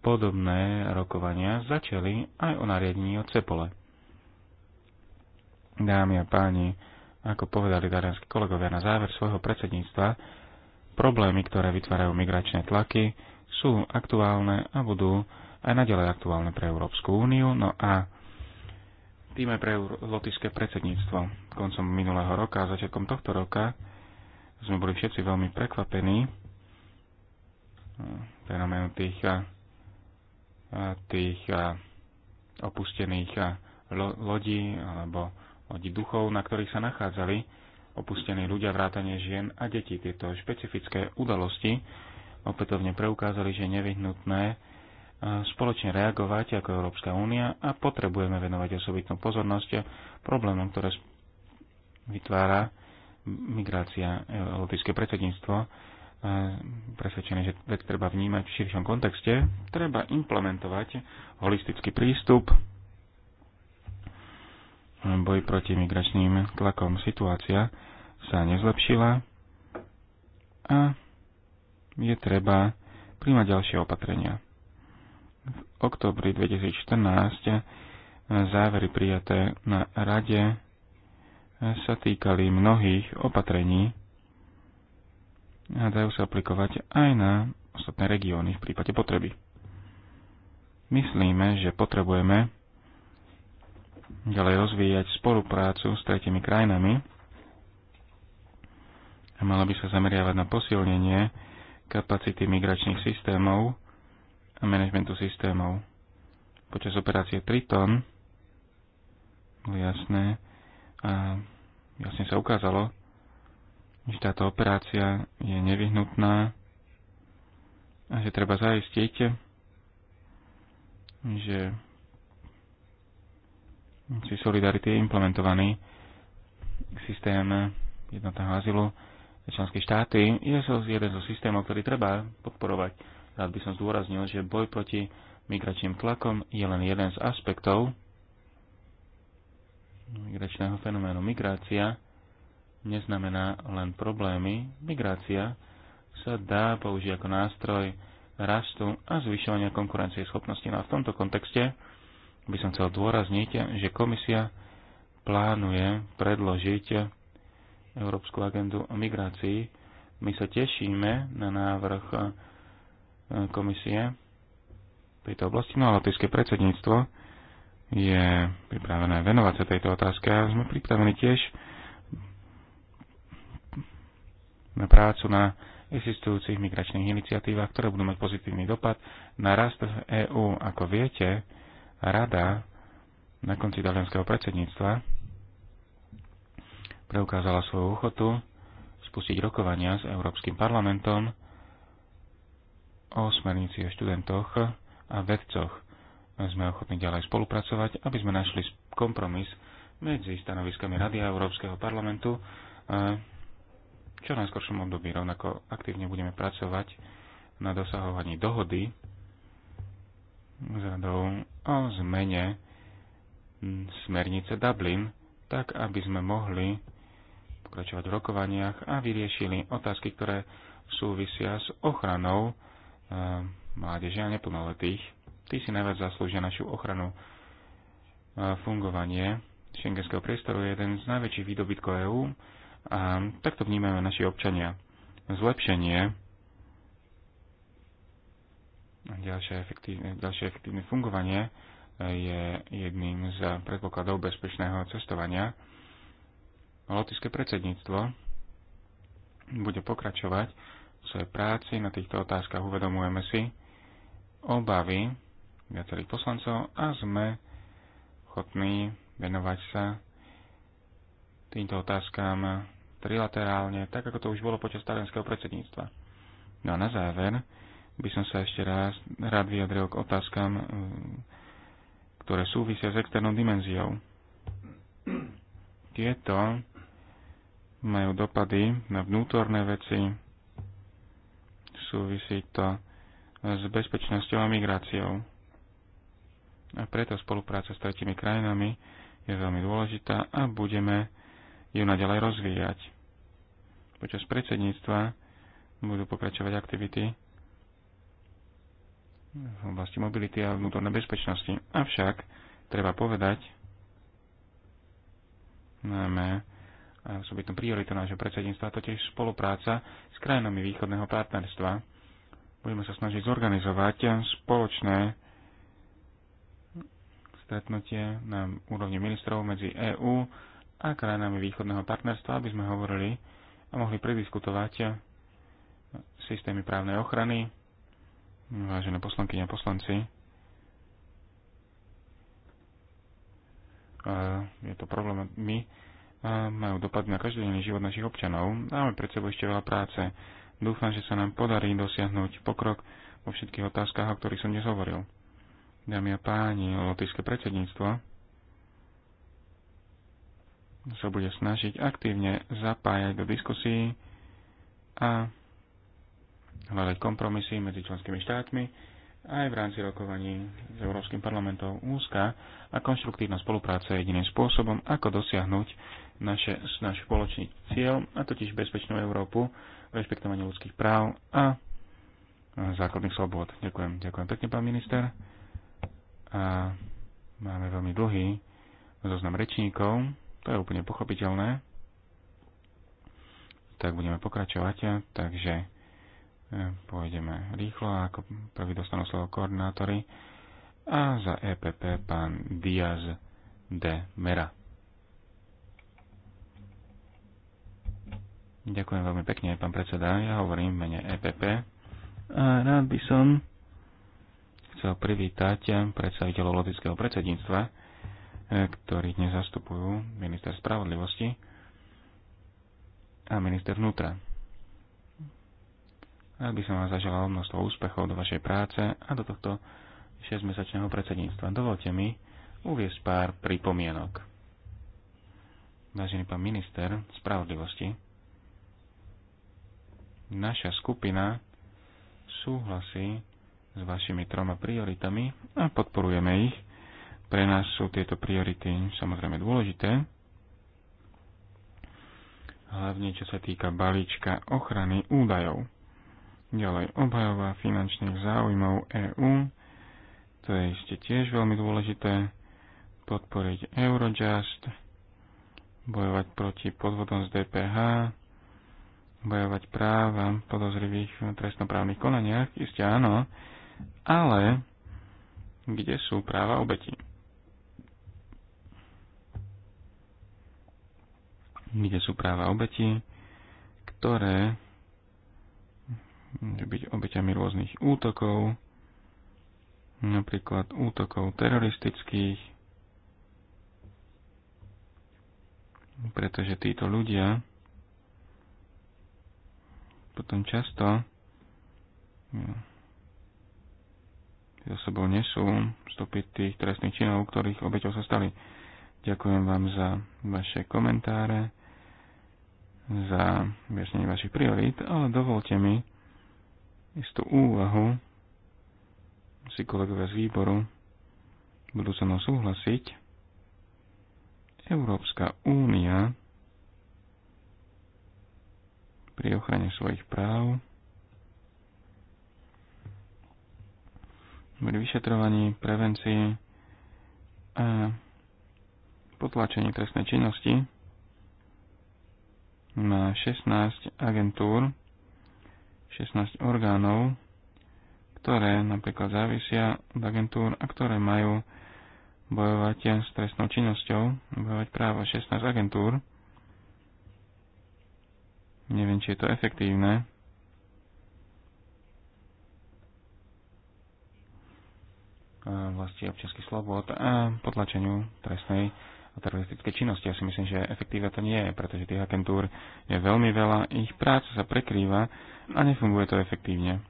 podobné rokovania začali aj o nariadení o Cepole. Dámy a páni, ako povedali talianskí kolegovia na záver svojho predsedníctva, Problémy, ktoré vytvárajú migračné tlaky, sú aktuálne a budú aj naďalej aktuálne pre Európsku úniu, no a tým aj pre lotické predsedníctvo. Koncom minulého roka a začiatkom tohto roka sme boli všetci veľmi prekvapení hm, fenoménu tých, tých opustených lodí alebo lodí duchov, na ktorých sa nachádzali opustení ľudia, vrátanie žien a detí. Tieto špecifické udalosti opätovne preukázali, že je nevyhnutné e, spoločne reagovať ako Európska únia a potrebujeme venovať osobitnú pozornosť problémom, ktoré vytvára migrácia Európske predsedníctvo. E, presvedčené, že vec treba vnímať v širšom kontexte, treba implementovať holistický prístup boj proti migračným tlakom. Situácia sa nezlepšila a je treba príjmať ďalšie opatrenia. V oktobri 2014 závery prijaté na Rade sa týkali mnohých opatrení a dajú sa aplikovať aj na ostatné regióny v prípade potreby. Myslíme, že potrebujeme ďalej rozvíjať spoluprácu s tretimi krajinami, a mala by sa zameriavať na posilnenie kapacity migračných systémov a manažmentu systémov. Počas operácie Triton bolo jasné a jasne sa ukázalo, že táto operácia je nevyhnutná a že treba zaistiť, že si Solidarity je implementovaný systém jednotného azylu členské štáty je jeden zo systémov, ktorý treba podporovať. Rád by som zdôraznil, že boj proti migračným tlakom je len jeden z aspektov migračného fenoménu. Migrácia neznamená len problémy. Migrácia sa dá použiť ako nástroj rastu a zvyšovania konkurencie schopnosti. No a v tomto kontexte by som chcel dôrazniť, že komisia plánuje predložiť Európsku agendu o migrácii. My sa tešíme na návrh e, komisie v tejto oblasti, no a latinské predsedníctvo je pripravené venovať sa tejto otázke a sme pripravení tiež na prácu na existujúcich migračných iniciatívach, ktoré budú mať pozitívny dopad na rast v e EÚ. Ako viete, Rada na konci italianského predsedníctva preukázala svoju ochotu spustiť rokovania s Európskym parlamentom o smernici o študentoch a vedcoch. Sme ochotní ďalej spolupracovať, aby sme našli kompromis medzi stanoviskami Rady a Európskeho parlamentu. Čo v skoršom období rovnako aktívne budeme pracovať na dosahovaní dohody s radou o zmene smernice Dublin, tak aby sme mohli pokračovať v rokovaniach a vyriešili otázky, ktoré súvisia s ochranou e, mládeže a neplnoletých. Tí si najviac zaslúžia našu ochranu. E, fungovanie šengenského priestoru je jeden z najväčších výdobytkov EÚ a takto vnímajú naši občania. Zlepšenie ďalšie efektívne, ďalšie efektívne fungovanie eh, je jedným z predpokladov bezpečného cestovania Lotyšské predsedníctvo bude pokračovať v svojej práci na týchto otázkach. Uvedomujeme si obavy viacerých poslancov a sme ochotní venovať sa týmto otázkam trilaterálne, tak ako to už bolo počas talianského predsedníctva. No a na záver by som sa ešte raz rád vyjadril k otázkam, eh, ktoré súvisia s externou dimenziou. Tieto majú dopady na vnútorné veci, súvisí to s bezpečnosťou a migráciou. A preto spolupráca s tretimi krajinami je veľmi dôležitá a budeme ju naďalej rozvíjať. Počas predsedníctva budú pokračovať aktivity v oblasti mobility a vnútornej bezpečnosti. Avšak treba povedať, najmä osobitnou prioritou nášho predsedníctva, totiž spolupráca s krajinami východného partnerstva. Budeme sa snažiť zorganizovať spoločné stretnutie na úrovni ministrov medzi EÚ a krajinami východného partnerstva, aby sme hovorili a mohli prediskutovať systémy právnej ochrany. Vážené poslankyne a poslanci, je to problém. My majú dopad na každodenný život našich občanov. Máme pred sebou ešte veľa práce. Dúfam, že sa nám podarí dosiahnuť pokrok vo všetkých otázkach, o ktorých som dnes hovoril. Dámy a páni, lotyšské predsedníctvo sa bude snažiť aktívne zapájať do diskusí a hľadať kompromisy medzi členskými štátmi, aj v rámci rokovaní s Európskym parlamentom úzka a konštruktívna spolupráca je jediným spôsobom, ako dosiahnuť naše, náš spoločný cieľ, a totiž bezpečnú Európu, rešpektovanie ľudských práv a základných slobod. Ďakujem, ďakujem pekne, pán minister. A máme veľmi dlhý zoznam rečníkov, to je úplne pochopiteľné. Tak budeme pokračovať, takže E, pôjdeme rýchlo, ako prvý dostanú slovo koordinátory a za EPP pán Diaz de Mera. Ďakujem veľmi pekne, pán predseda. Ja hovorím v mene EPP. A rád by som chcel privítať predstaviteľov lotického predsedníctva, e, ktorí dnes zastupujú minister spravodlivosti a minister vnútra aby by som vám zaželal množstvo úspechov do vašej práce a do tohto 6-mesačného predsedníctva. Dovolte mi uviesť pár pripomienok. Vážený pán minister spravodlivosti, naša skupina súhlasí s vašimi troma prioritami a podporujeme ich. Pre nás sú tieto priority samozrejme dôležité, hlavne čo sa týka balíčka ochrany údajov Ďalej obhajová finančných záujmov EÚ, to je ešte tiež veľmi dôležité, podporiť Eurojust, bojovať proti podvodom z DPH, bojovať práva podozrivých v trestnoprávnych konaniach, isté áno, ale kde sú práva obeti? Kde sú práva obeti, ktoré Môže byť obeťami rôznych útokov, napríklad útokov teroristických, pretože títo ľudia potom často za no, sebou nesú stopy tých trestných činov, ktorých obeťou sa stali. Ďakujem vám za vaše komentáre, za vyjasnenie vašich priorít, ale dovolte mi, istú úvahu, si kolegovia z výboru budú so mnou súhlasiť, Európska únia pri ochrane svojich práv pri vyšetrovaní, prevencii a potlačení trestnej činnosti má 16 agentúr, 16 orgánov, ktoré napríklad závisia od agentúr a ktoré majú bojovať s trestnou činnosťou, bojovať právo 16 agentúr. Neviem, či je to efektívne. vlasti občianských slobod a potlačeniu trestnej a teroristickej činnosti. Ja si myslím, že efektíva to nie je, pretože tých agentúr je veľmi veľa, ich práca sa prekrýva a nefunguje to efektívne.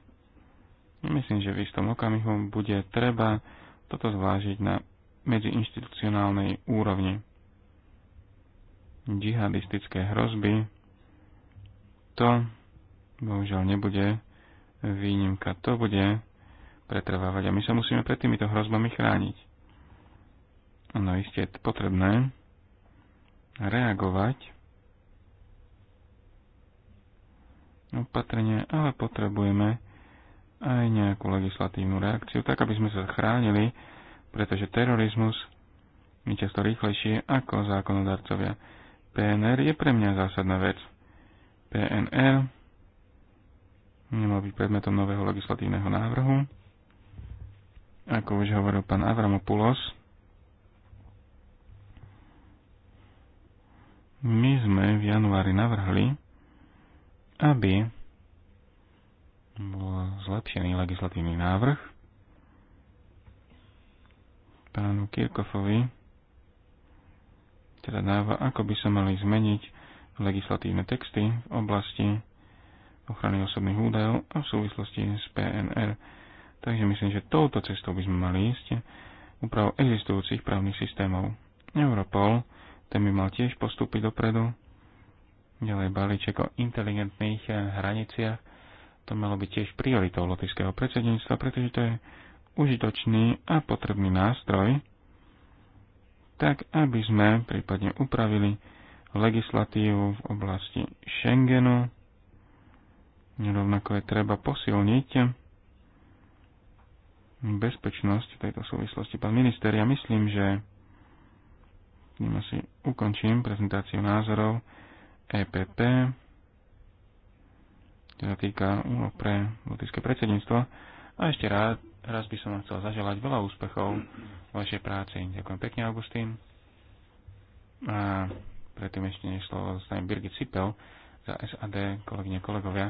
Myslím, že v istom okamihu bude treba toto zvážiť na medziinstitucionálnej úrovni. Džihadistické hrozby to bohužiaľ nebude výnimka, to bude pretrvávať a my sa musíme pred týmito hrozbami chrániť. No iste je potrebné reagovať opatrenie, ale potrebujeme aj nejakú legislatívnu reakciu, tak aby sme sa chránili, pretože terorizmus je často rýchlejšie ako zákonodarcovia. PNR je pre mňa zásadná vec. PNR nemal byť predmetom nového legislatívneho návrhu. Ako už hovoril pán Avramopoulos, my sme v januári navrhli, aby bol zlepšený legislatívny návrh pánu Kirkofovi, teda dáva, ako by sa mali zmeniť legislatívne texty v oblasti ochrany osobných údajov a v súvislosti s PNR. Takže myslím, že touto cestou by sme mali ísť úprav existujúcich právnych systémov. Europol, ten by mal tiež postúpiť dopredu Ďalej balíček o inteligentných eh, hraniciach. To malo byť tiež prioritou lotyšského predsedníctva, pretože to je užitočný a potrebný nástroj, tak aby sme prípadne upravili legislatívu v oblasti Schengenu. Rovnako je treba posilniť bezpečnosť v tejto súvislosti. Pán minister, ja myslím, že tým asi ukončím prezentáciu názorov EPP, ktorá týka úloh pre Lotyšské predsedníctvo. A ešte rád, raz by som vám chcel zaželať veľa úspechov v vašej práci. Ďakujem pekne, Augustín. A predtým ešte než slovo dostanem Birgit Sipel za SAD, kolegyne, kolegovia.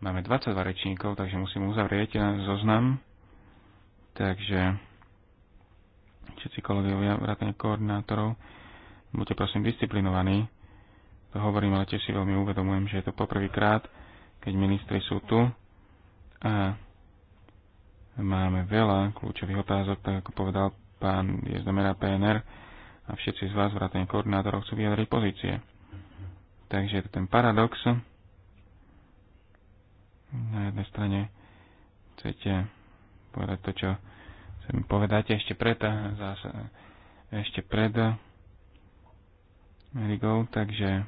Máme 22 rečníkov, takže musím uzavrieť zoznam. Takže všetci kolegovia, vrátane koordinátorov, buďte prosím disciplinovaní to hovorím, ale tiež si veľmi uvedomujem, že je to poprvýkrát, keď ministri sú tu a máme veľa kľúčových otázok, tak ako povedal pán Jezdomera PNR a všetci z vás, vrátane koordinátorov, chcú vyjadriť pozície. Takže je to ten paradox. Na jednej strane chcete povedať to, čo chcem povedať ešte pred, zase, ešte pred Rigou, takže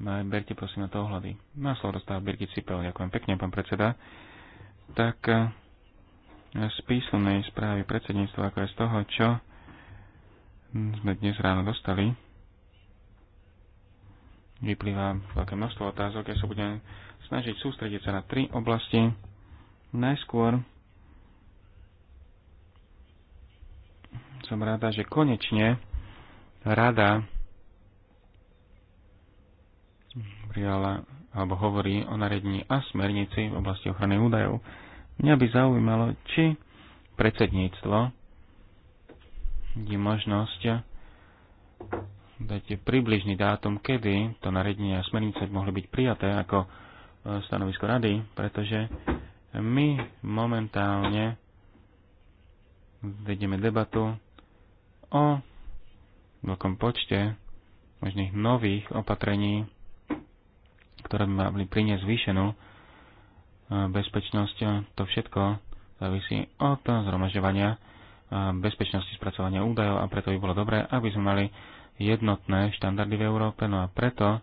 No aj berte prosím na to ohľady. Na slovo dostáva Birgit Cipel. Ďakujem pekne, pán predseda. Tak eh, z písomnej správy predsedníctva, ako aj z toho, čo sme dnes ráno dostali, vyplýva veľké množstvo otázok. Ja sa budem snažiť sústrediť sa na tri oblasti. Najskôr som ráda, že konečne rada prijala alebo hovorí o nariadení a smernici v oblasti ochrany údajov. Mňa by zaujímalo, či predsedníctvo je možnosť dať približný dátum, kedy to nariadenie a smernice mohli byť prijaté ako e, stanovisko rady, pretože my momentálne vedieme debatu o veľkom počte možných nových opatrení ktoré by mali priniesť zvýšenú e, bezpečnosť. To všetko závisí od zhromažďovania e, bezpečnosti spracovania údajov a preto by bolo dobré, aby sme mali jednotné štandardy v Európe, no a preto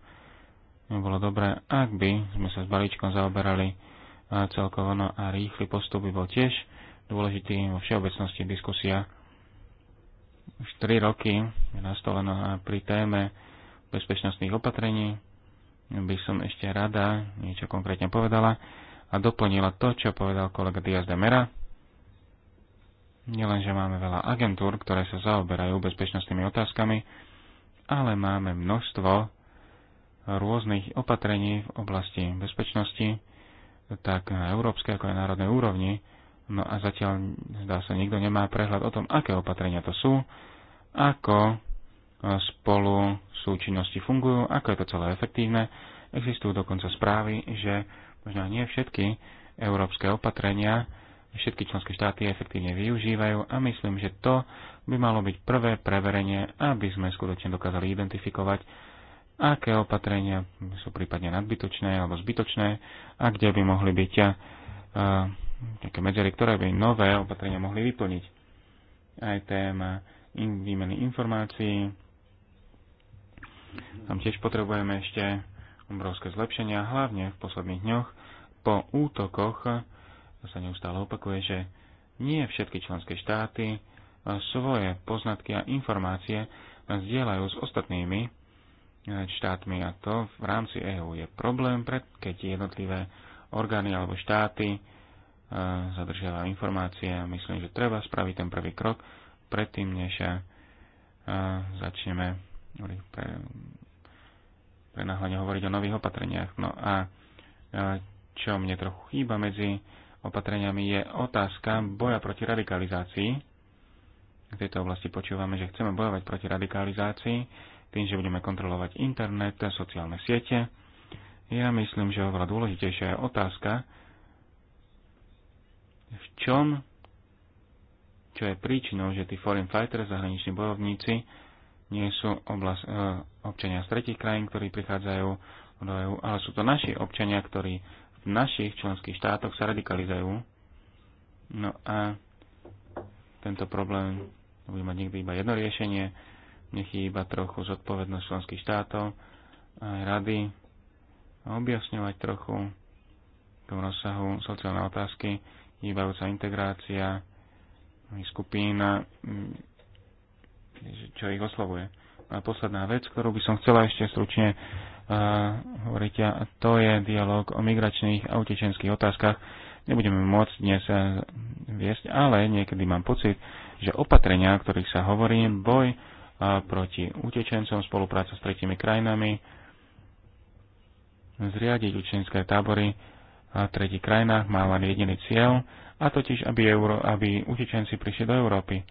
by bolo dobré, ak by sme sa s balíčkom zaoberali e, celkovo, no a rýchly postup by bol tiež dôležitý vo všeobecnosti diskusia. Už 3 roky je nastolená no pri téme bezpečnostných opatrení by som ešte rada niečo konkrétne povedala a doplnila to, čo povedal kolega Diaz de Mera. Nielenže máme veľa agentúr, ktoré sa zaoberajú bezpečnostnými otázkami, ale máme množstvo rôznych opatrení v oblasti bezpečnosti, tak na európskej ako aj národnej úrovni. No a zatiaľ, zdá sa, nikto nemá prehľad o tom, aké opatrenia to sú, ako spolu súčinnosti fungujú, ako je to celé efektívne. Existujú dokonca správy, že možno nie všetky európske opatrenia všetky členské štáty efektívne využívajú a myslím, že to by malo byť prvé preverenie, aby sme skutočne dokázali identifikovať, aké opatrenia sú prípadne nadbytočné alebo zbytočné a kde by mohli byť a, také medzery, ktoré by nové opatrenia mohli vyplniť. Aj téma in, výmeny informácií, tam tiež potrebujeme ešte obrovské zlepšenia, hlavne v posledných dňoch. Po útokoch sa neustále opakuje, že nie všetky členské štáty svoje poznatky a informácie zdieľajú s ostatnými štátmi a to v rámci EÚ je problém, keď jednotlivé orgány alebo štáty e, zadržiavajú informácie a myslím, že treba spraviť ten prvý krok predtým, než e, začneme pre, pre náhľadne hovoriť o nových opatreniach. No a e, čo mne trochu chýba medzi opatreniami je otázka boja proti radikalizácii. V tejto oblasti počúvame, že chceme bojovať proti radikalizácii tým, že budeme kontrolovať internet, a sociálne siete. Ja myslím, že oveľa dôležitejšia je otázka, v čom, čo je príčinou, že tí foreign fighters, zahraniční bojovníci, nie sú oblast, e, občania z tretich krajín, ktorí prichádzajú do EU, ale sú to naši občania, ktorí v našich členských štátoch sa radikalizujú. No a tento problém bude mať niekdy iba jedno riešenie, nechý iba trochu zodpovednosť členských štátov aj rady a objasňovať trochu v tom rozsahu sociálne otázky, hýbajúca integrácia skupina čo ich oslovuje. No a posledná vec, ktorú by som chcela ešte stručne uh, hovoriť, a to je dialog o migračných a utečenských otázkach. Nebudeme môcť dnes eh, viesť, ale niekedy mám pocit, že opatrenia, o ktorých sa hovorí, boj uh, proti utečencom, spolupráca s tretimi krajinami, zriadiť učenské tábory v tretich krajinách má len jediný cieľ, a totiž, aby, Euro, aby utečenci prišli do Európy.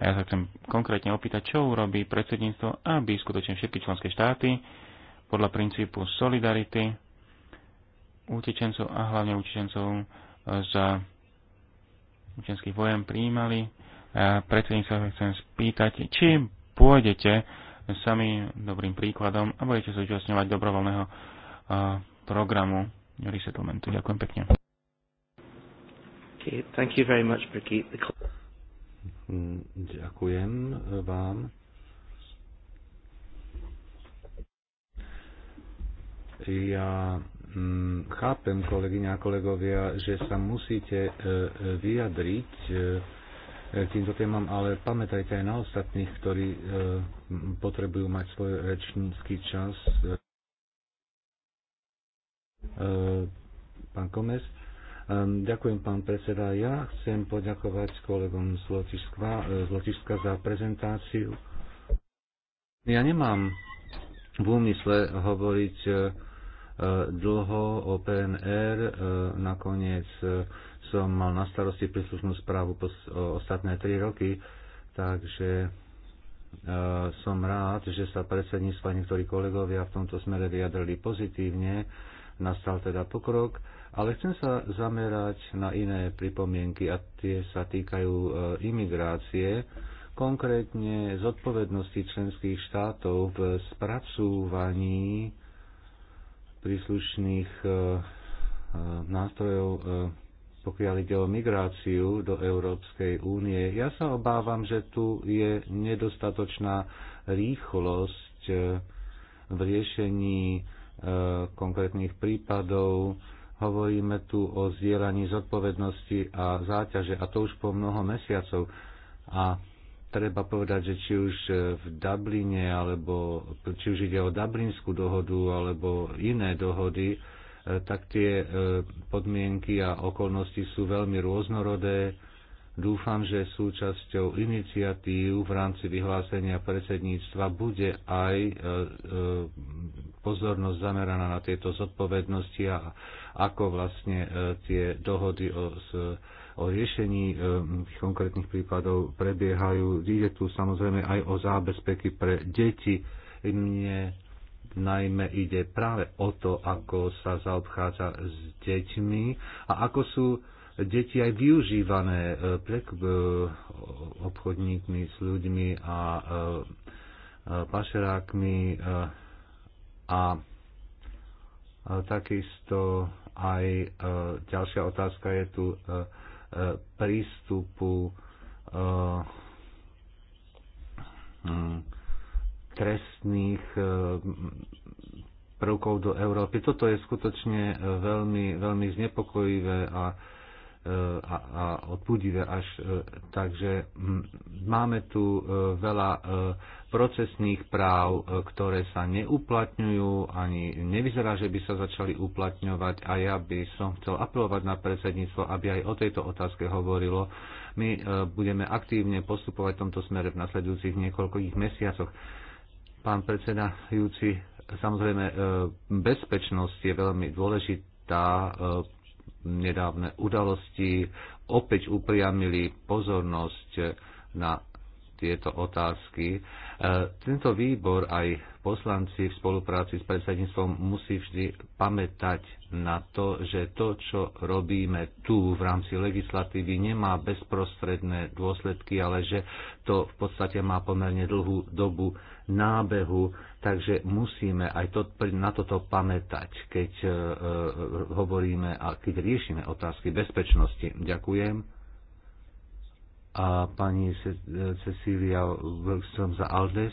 A ja sa chcem konkrétne opýtať, čo urobí predsedníctvo, aby skutočne všetky členské štáty podľa princípu solidarity utečencov a hlavne utečencov z utečenských vojen prijímali. A predsedníctvo sa chcem spýtať, či pôjdete sami dobrým príkladom a budete sa zúčastňovať dobrovoľného programu resettlementu. Ďakujem pekne. Okay, thank you very much, Brigitte. Mm, ďakujem e, vám. Ja mm, chápem, kolegyňa a kolegovia, že sa musíte e, e, vyjadriť k týmto témam, ale pamätajte aj na ostatných, ktorí potrebujú mať svoj rečnícky čas. Pán Komest. Ehm, ďakujem, pán predseda. Ja chcem poďakovať kolegom z Lotiska, e, z Lotiska za prezentáciu. Ja nemám v úmysle hovoriť e, e, dlho o PNR. Nakoniec som mal na starosti príslušnú správu po ostatné tri roky, takže som rád, že sa predsedníctva niektorí kolegovia v tomto smere vyjadrili pozitívne. Nastal teda pokrok ale chcem sa zamerať na iné pripomienky a tie sa týkajú e, imigrácie, konkrétne zodpovednosti členských štátov v spracúvaní príslušných e, e, nástrojov, pokiaľ ide o migráciu do Európskej únie. Ja sa obávam, že tu je nedostatočná rýchlosť v riešení konkrétnych prípadov, Hovoríme tu o zdieľaní zodpovednosti a záťaže a to už po mnoho mesiacov. A treba povedať, že či už v Dubline, alebo či už ide o Dublinskú dohodu, alebo iné dohody, eh, tak tie eh, podmienky a okolnosti sú veľmi rôznorodé Dúfam, že súčasťou iniciatív v rámci vyhlásenia predsedníctva bude aj e, e, pozornosť zameraná na tieto zodpovednosti a ako vlastne e, tie dohody o, o riešení konkrétnych prípadov prebiehajú. Ide tu samozrejme aj o zábezpeky pre deti. Mne najmä ide práve o to, ako sa zaobchádza s deťmi a ako sú deti aj využívané e, pre e, obchodníkmi s ľuďmi a e, pašerákmi a takisto aj ďalšia otázka je tu prístupu hm, trestných prvkov do Európy. Toto je skutočne veľmi, veľmi znepokojivé a a, a odpudivé až. E, takže máme tu e, veľa e, procesných práv, ktoré sa neuplatňujú, ani nevyzerá, že by sa začali uplatňovať a ja by som chcel apelovať na predsedníctvo, aby aj o tejto otázke hovorilo. My budeme aktívne postupovať v tomto smere v nasledujúcich niekoľkých mesiacoch. Pán predsedajúci, samozrejme, bezpečnosť je veľmi dôležitá nedávne udalosti opäť upriamili pozornosť na tieto otázky. E, tento výbor aj poslanci v spolupráci s predsedníctvom musí vždy pamätať na to, že to, čo robíme tu v rámci legislatívy, nemá bezprostredné dôsledky, ale že to v podstate má pomerne dlhú dobu nábehu, takže musíme aj to, na toto pamätať, keď e, e, hovoríme a keď riešime otázky bezpečnosti. Ďakujem. A pani e, Cecília Wilson za Aldes.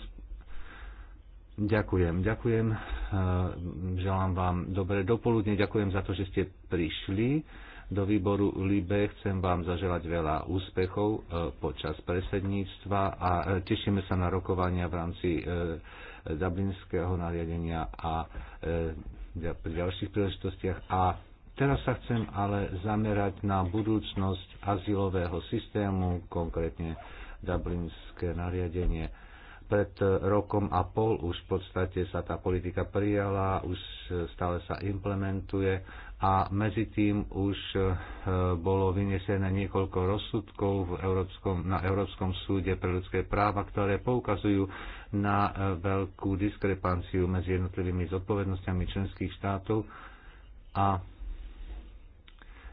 Ďakujem, ďakujem. E, želám vám dobré dopoludne, ďakujem za to, že ste prišli do výboru LIBE. Chcem vám zaželať veľa úspechov e, počas presedníctva a e, tešíme sa na rokovania v rámci e, Dublinského nariadenia a pri ďalších príležitostiach. A teraz sa chcem ale zamerať na budúcnosť azylového systému, konkrétne Dublinské nariadenie pred rokom a pol už v podstate sa tá politika prijala, už stále sa implementuje a medzi tým už e, bolo vyniesené niekoľko rozsudkov v Európskom, na Európskom súde pre ľudské práva, ktoré poukazujú na e, veľkú diskrepanciu medzi jednotlivými zodpovednosťami členských štátov a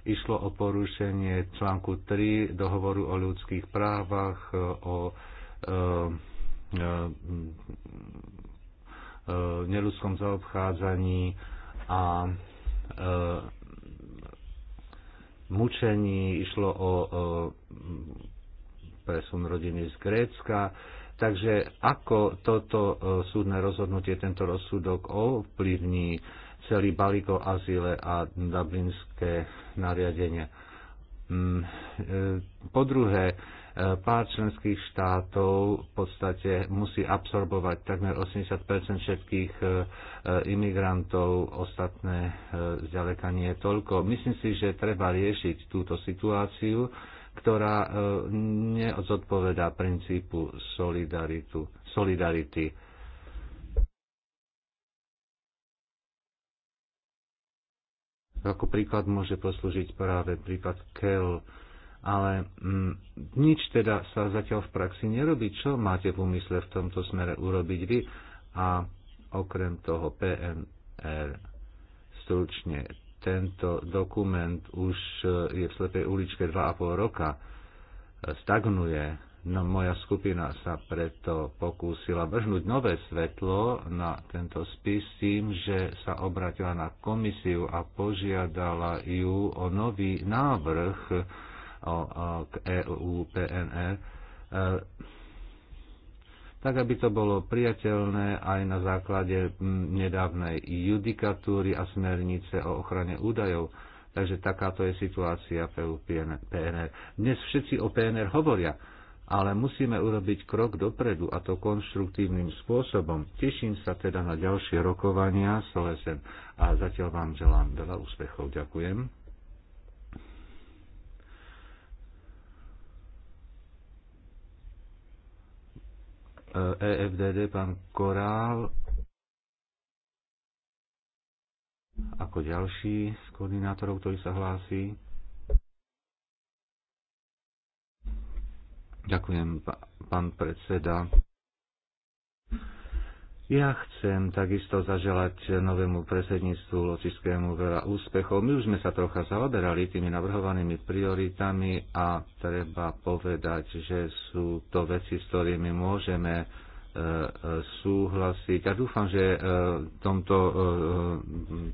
išlo o porušenie článku 3 dohovoru o ľudských právach, e, o e, e neľudskom zaobchádzaní a E, mučení, išlo o presun rodiny z Grécka. Takže ako toto e, súdne rozhodnutie, tento rozsudok ovplyvní celý balík o azile a dublinské nariadenie. Mm, e, po druhé, pár členských štátov v podstate musí absorbovať takmer 80 všetkých e, e, imigrantov, ostatné e, zďaleka nie toľko. Myslím si, že treba riešiť túto situáciu, ktorá neodpovedá princípu solidarity. Ako príklad môže poslúžiť práve prípad Kell, ale mm, nič teda sa zatiaľ v praxi nerobí. Čo máte v úmysle v tomto smere urobiť vy? A okrem toho PNR stručne tento dokument už e, je v slepej uličke 2,5 roka, e, stagnuje. No moja skupina sa preto pokúsila vrhnúť nové svetlo na tento spis tým, že sa obratila na komisiu a požiadala ju o nový návrh k EU PNR, e, eh, tak aby to bolo priateľné aj na základe mm, nedávnej judikatúry a smernice o ochrane údajov. Takže takáto je situácia v EU PNR. Dnes všetci o PNR e hovoria, ale musíme urobiť krok dopredu a to konštruktívnym spôsobom. Teším sa teda na ďalšie rokovania s OSN a zatiaľ vám želám veľa úspechov. Ďakujem. EFDD, pán Korál, ako ďalší z koordinátorov, ktorý sa hlási. Ďakujem, pán predseda. Ja chcem takisto zaželať novému predsedníctvu Lotyšskému veľa úspechov. My už sme sa trocha zaoberali tými navrhovanými prioritami a treba povedať, že sú to veci, s ktorými môžeme e, súhlasiť. A ja dúfam, že e, v tomto e,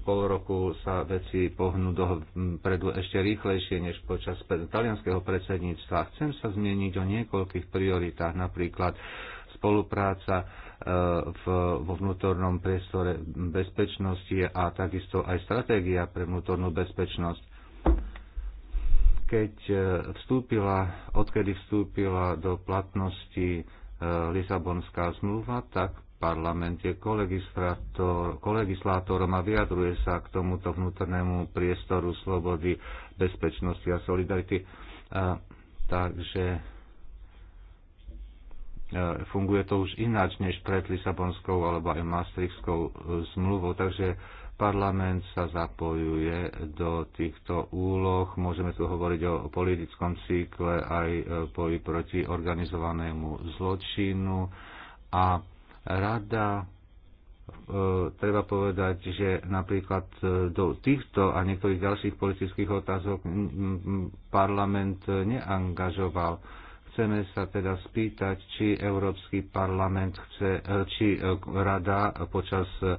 pol roku sa veci pohnú dopredu ešte rýchlejšie než počas talianského predsedníctva. Chcem sa zmieniť o niekoľkých prioritách, napríklad spolupráca v, vo vnútornom priestore bezpečnosti a takisto aj stratégia pre vnútornú bezpečnosť. Keď e, vstúpila, odkedy vstúpila do platnosti e, Lisabonská zmluva, tak parlament je kolegislátorom a vyjadruje sa k tomuto vnútornému priestoru slobody, bezpečnosti a solidarity. takže E, funguje to už ináč než pred Lisabonskou alebo aj Maastrichtskou e, zmluvou, takže parlament sa zapojuje do týchto úloh. Môžeme tu hovoriť o politickom cykle aj e, boji proti organizovanému zločinu a rada treba povedať, že napríklad do týchto a niektorých ďalších politických otázok parlament neangažoval Chceme sa teda spýtať, či Európsky parlament chce, e, či e, rada počas e,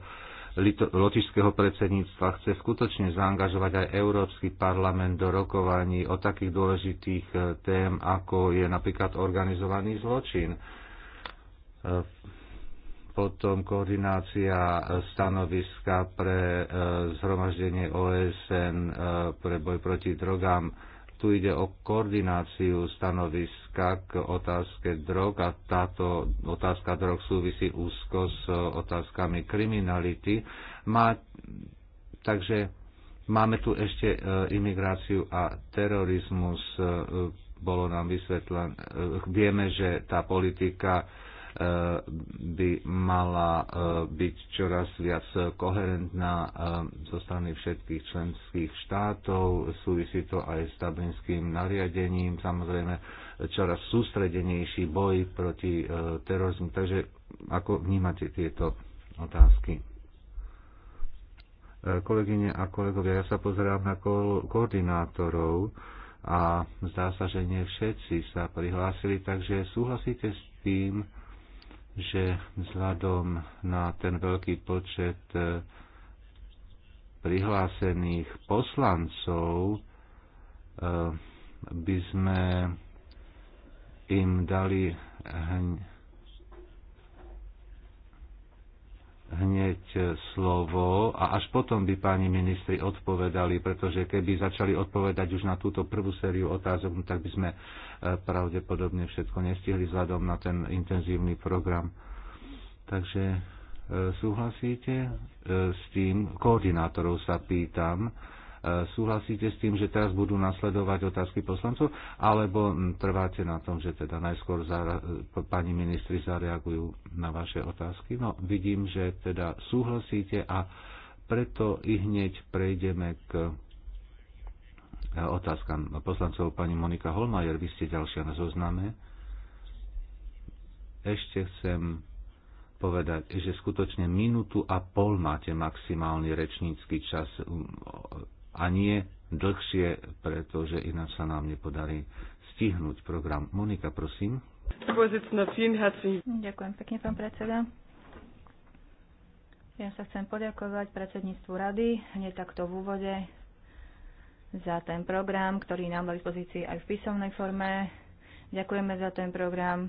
lotišského predsedníctva chce skutočne zaangažovať aj Európsky parlament do rokovaní o takých dôležitých tém, ako je napríklad organizovaný zločin potom koordinácia stanoviska pre zhromaždenie OSN pre boj proti drogám tu ide o koordináciu stanoviska k otázke drog a táto otázka drog súvisí úzko s otázkami kriminality. Má, takže máme tu ešte e, imigráciu a terorizmus. E, e, bolo nám vysvetlené, vieme, že tá politika by mala eh, byť čoraz viac koherentná eh, zo strany všetkých členských štátov. Súvisí to aj s dublinským nariadením, samozrejme čoraz sústredenejší boj proti eh, terorizmu. Takže ako vnímate tieto otázky? Kolegyne a kolegovia, ja sa pozerám na ko- koordinátorov a zdá sa, že nie všetci sa prihlásili, takže súhlasíte s tým, že vzhľadom na ten veľký počet e, prihlásených poslancov e, by sme im dali hneď slovo a až potom by páni ministri odpovedali, pretože keby začali odpovedať už na túto prvú sériu otázok, no tak by sme e, pravdepodobne všetko nestihli vzhľadom na ten intenzívny program. Takže e, súhlasíte e, s tým? Koordinátorov sa pýtam Súhlasíte s tým, že teraz budú nasledovať otázky poslancov, alebo trváte na tom, že teda najskôr zara, pani ministri zareagujú na vaše otázky? No, vidím, že teda súhlasíte a preto i hneď prejdeme k otázkam poslancov pani Monika Holmajer. Vy ste ďalšia na zozname. Ešte chcem povedať, že skutočne minútu a pol máte maximálny rečnícky čas a nie dlhšie, pretože ináč sa nám nepodarí stihnúť program. Monika, prosím. Ďakujem pekne, pán predseda. Ja sa chcem poďakovať predsedníctvu rady, hneď takto v úvode, za ten program, ktorý nám dal dispozícii aj v písomnej forme. Ďakujeme za ten program.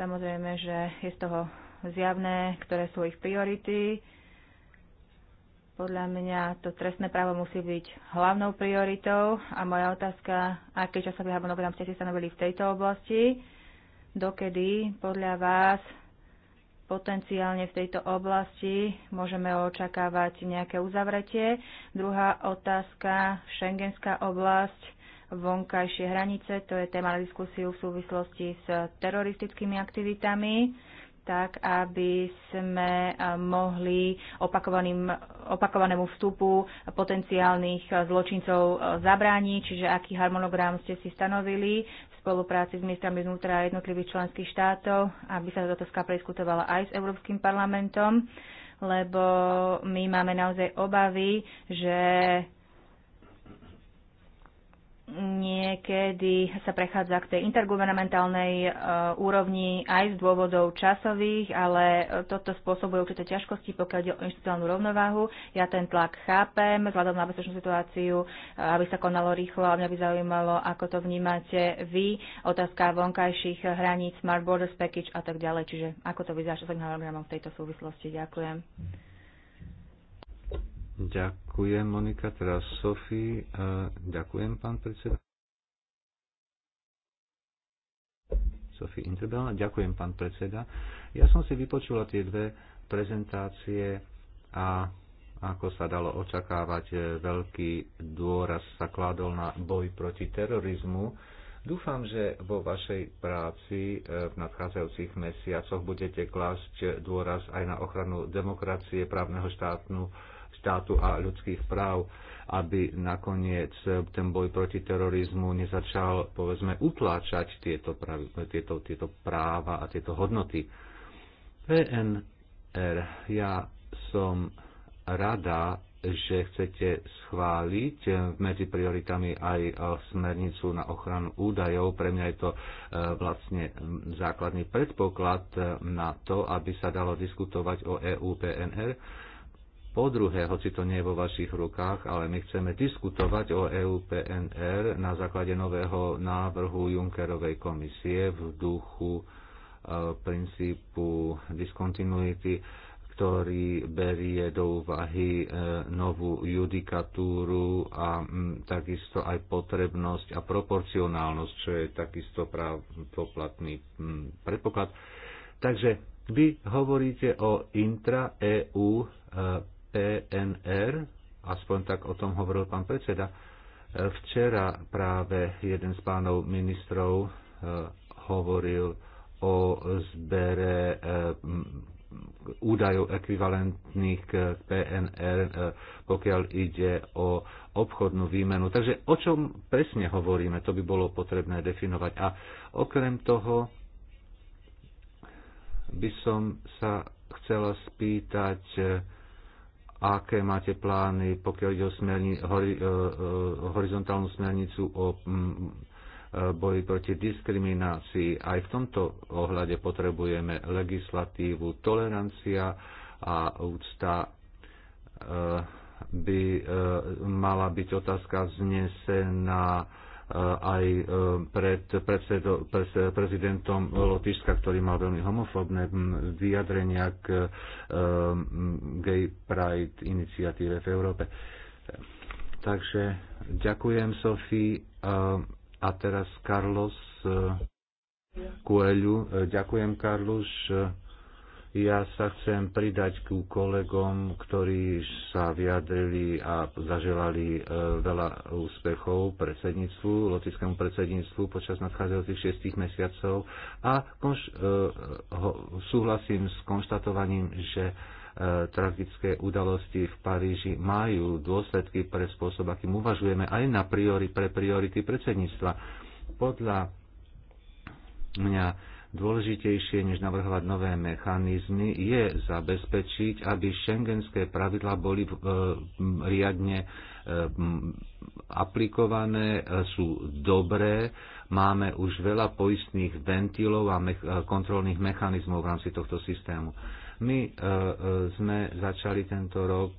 Samozrejme, že je z toho zjavné, ktoré sú ich priority podľa mňa to trestné právo musí byť hlavnou prioritou a moja otázka, aké časový harmonogram ste si stanovili v tejto oblasti, dokedy podľa vás potenciálne v tejto oblasti môžeme očakávať nejaké uzavretie. Druhá otázka, šengenská oblasť, vonkajšie hranice, to je téma na diskusiu v súvislosti s teroristickými aktivitami tak aby sme eh, mohli opakovanému vstupu potenciálnych eh, zločincov eh, zabrániť, čiže aký harmonogram ste si stanovili v spolupráci s ministrami vnútra jednotlivých členských štátov, aby sa táto skáp prediskutovala aj s Európskym parlamentom, lebo my máme naozaj obavy, že niekedy sa prechádza k tej intergovernmentálnej e, úrovni aj z dôvodov časových, ale e, toto spôsobuje určité ťažkosti, pokiaľ ide o inštitucionálnu rovnováhu. Ja ten tlak chápem, vzhľadom na bezpečnú situáciu, e, aby sa konalo rýchlo a mňa by zaujímalo, ako to vnímate vy, otázka vonkajších hraníc, Smart Borders Package a tak ďalej. Čiže ako to vyzerá s harmonogramom v tejto súvislosti. Ďakujem. Ďakujem. Ďakujem, Monika. Teraz Sofie. Ďakujem, pán predseda. Sofie Interbel. Ďakujem, pán predseda. Ja som si vypočula tie dve prezentácie a ako sa dalo očakávať, e, veľký dôraz sa kládol na boj proti terorizmu. Dúfam, že vo vašej práci e, v nadchádzajúcich mesiacoch budete klásť dôraz aj na ochranu demokracie, právneho štátnu štátu a ľudských práv, aby nakoniec ten boj proti terorizmu nezačal, povedzme, utláčať tieto, prav, tieto, tieto práva a tieto hodnoty. PNR, ja som rada, že chcete schváliť medzi prioritami aj e, smernicu na ochranu údajov. Pre mňa je to e, vlastne základný predpoklad e, na to, aby sa dalo diskutovať o EU PNR po druhé, hoci to nie je vo vašich rukách, ale my chceme diskutovať o EU-PNR na základe nového návrhu Junckerovej komisie v duchu e, princípu diskontinuity, ktorý berie do úvahy e, novú judikatúru a takisto aj potrebnosť a proporcionálnosť, čo je takisto poplatný predpoklad. Takže vy hovoríte o intra-EU e, PNR, e aspoň tak o tom hovoril pán predseda, e, včera práve jeden z pánov ministrov e, hovoril o zbere údajov ekvivalentných k PNR, pokiaľ ide o obchodnú výmenu. Takže o čom presne hovoríme, to by bolo potrebné definovať. A okrem toho by som sa chcela spýtať, aké máte plány, pokiaľ ide o smerni, hori, e, e, horizontálnu smernicu o mm, e, boji proti diskriminácii. Aj v tomto ohľade potrebujeme legislatívu. Tolerancia a úcta by mala byť otázka znesená aj e, pred predsedo, prezidentom Lotyšska, ktorý mal veľmi homofobné vyjadrenia k e, Gay Pride iniciatíve v Európe. Takže ďakujem Sofii a teraz Carlos e, Coelho. Ďakujem Carlos ja sa chcem pridať ku kolegom, ktorí sa vyjadrili a zaželali e, veľa úspechov predsedníctvu, lotickému predsedníctvu počas nadchádzajúcich šiestich mesiacov a konš- e, súhlasím s konštatovaním, že e, tragické udalosti v Paríži majú dôsledky pre spôsob, akým uvažujeme aj na priori, pre priority predsedníctva. Podľa mňa Dôležitejšie, než navrhovať nové mechanizmy, je zabezpečiť, aby šengenské pravidla boli e, riadne e, aplikované, e, sú dobré. Máme už veľa poistných ventilov a kontrolných mechanizmov v rámci tohto systému. My sme začali tento rok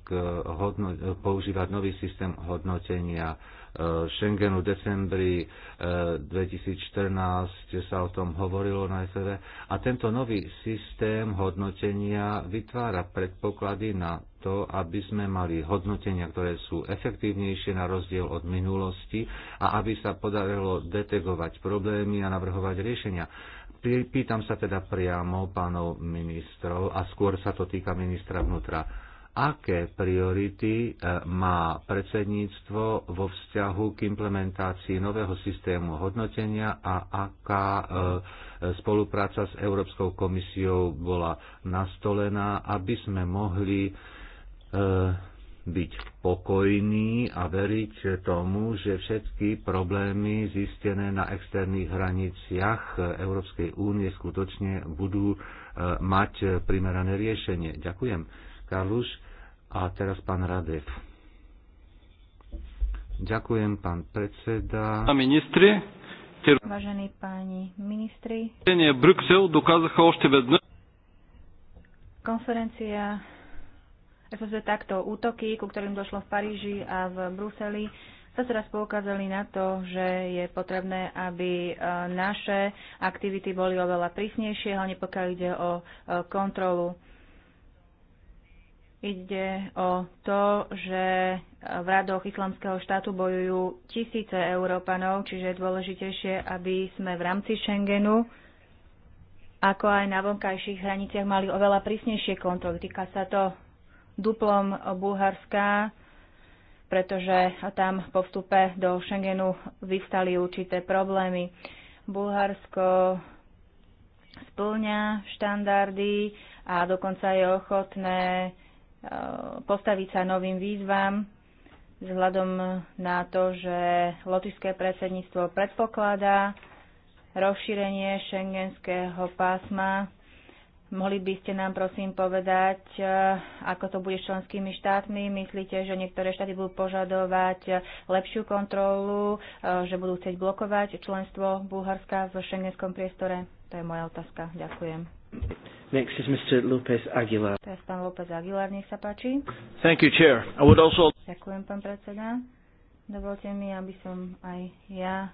používať nový systém hodnotenia Eh, Schengenu v decembri 2014 eh, sa o tom hovorilo na FV a tento nový systém hodnotenia vytvára predpoklady na to, aby sme mali hodnotenia, ktoré sú efektívnejšie na rozdiel od minulosti a aby sa podarilo detegovať problémy a navrhovať riešenia. Pýtam sa teda priamo pánov ministrov a skôr sa to týka ministra vnútra aké priority e, má predsedníctvo vo vzťahu k implementácii nového systému hodnotenia a aká e, spolupráca s Európskou komisiou bola nastolená, aby sme mohli e, byť pokojní a veriť tomu, že všetky problémy zistené na externých hraniciach Európskej únie skutočne budú mať primerané riešenie. Ďakujem. Kaluš a teraz pán Radev. Ďakujem, pán predseda. Pán ministri. Vážení páni ministri. Konferencia, respektíve takto útoky, ku ktorým došlo v Paríži a v Bruseli, sa teraz poukázali na to, že je potrebné, aby e, naše aktivity boli oveľa prísnejšie, hlavne pokiaľ ide o e, kontrolu Ide o to, že v radoch islamského štátu bojujú tisíce Európanov, čiže je dôležitejšie, aby sme v rámci Schengenu ako aj na vonkajších hraniciach mali oveľa prísnejšie kontroly. Týka sa to duplom Bulharska, pretože tam po vstupe do Schengenu vyvstali určité problémy. Bulharsko splňa štandardy a dokonca je ochotné Eh, postaviť sa novým výzvam vzhľadom na to, že lotišské predsedníctvo predpokladá rozšírenie šengenského pásma. Mohli by ste nám prosím povedať, eh, ako to bude s členskými štátmi? Myslíte, že niektoré štáty budú požadovať lepšiu kontrolu, eh, že budú chcieť blokovať členstvo Bulharska v šengenskom priestore? To je moja otázka. Ďakujem. Next is Mr. Lopez Aguilar. Teraz pán López Aguilar, nech sa páči. Thank you, Chair. I would also... Ďakujem, pán predseda. Dovolte mi, aby som aj ja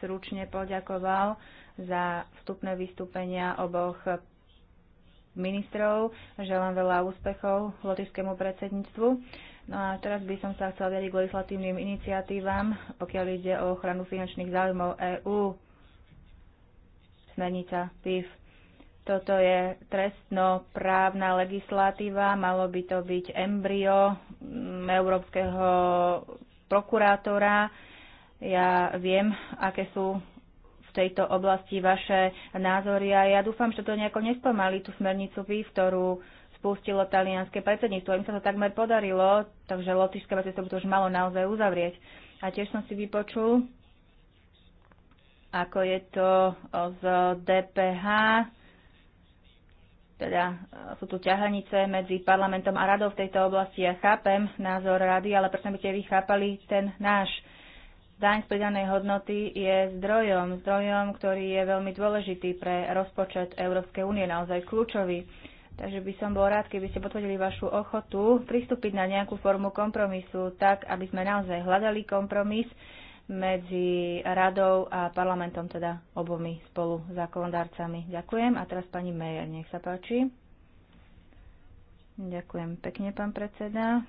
stručne poďakoval za vstupné vystúpenia oboch ministrov. Želám veľa úspechov lotišskému predsedníctvu. No a teraz by som sa chcel vyjadriť k legislatívnym iniciatívam, pokiaľ ide o ochranu finančných záujmov EÚ. Smernica PIF toto je trestnoprávna legislatíva, malo by to byť embryo mm, európskeho prokurátora. Ja viem, aké sú v tejto oblasti vaše názory a ja dúfam, že to nejako nespomalí tú smernicu v ktorú spustilo talianské predsedníctvo. Im sa to takmer podarilo, takže lotišské predsedníctvo by to už malo naozaj uzavrieť. A tiež som si vypočul, ako je to z DPH teda e, sú tu ťahanice medzi parlamentom a radou v tejto oblasti. Ja chápem názor rady, ale prečo by ste vy chápali ten náš. Daň z pridanej hodnoty je zdrojom, zdrojom, ktorý je veľmi dôležitý pre rozpočet Európskej únie, naozaj kľúčový. Takže by som bol rád, keby ste potvrdili vašu ochotu pristúpiť na nejakú formu kompromisu, tak aby sme naozaj hľadali kompromis medzi radou a parlamentom, teda obomi spolu zákonodárcami. Ďakujem. A teraz pani Mejer, nech sa páči. Ďakujem pekne, pán predseda.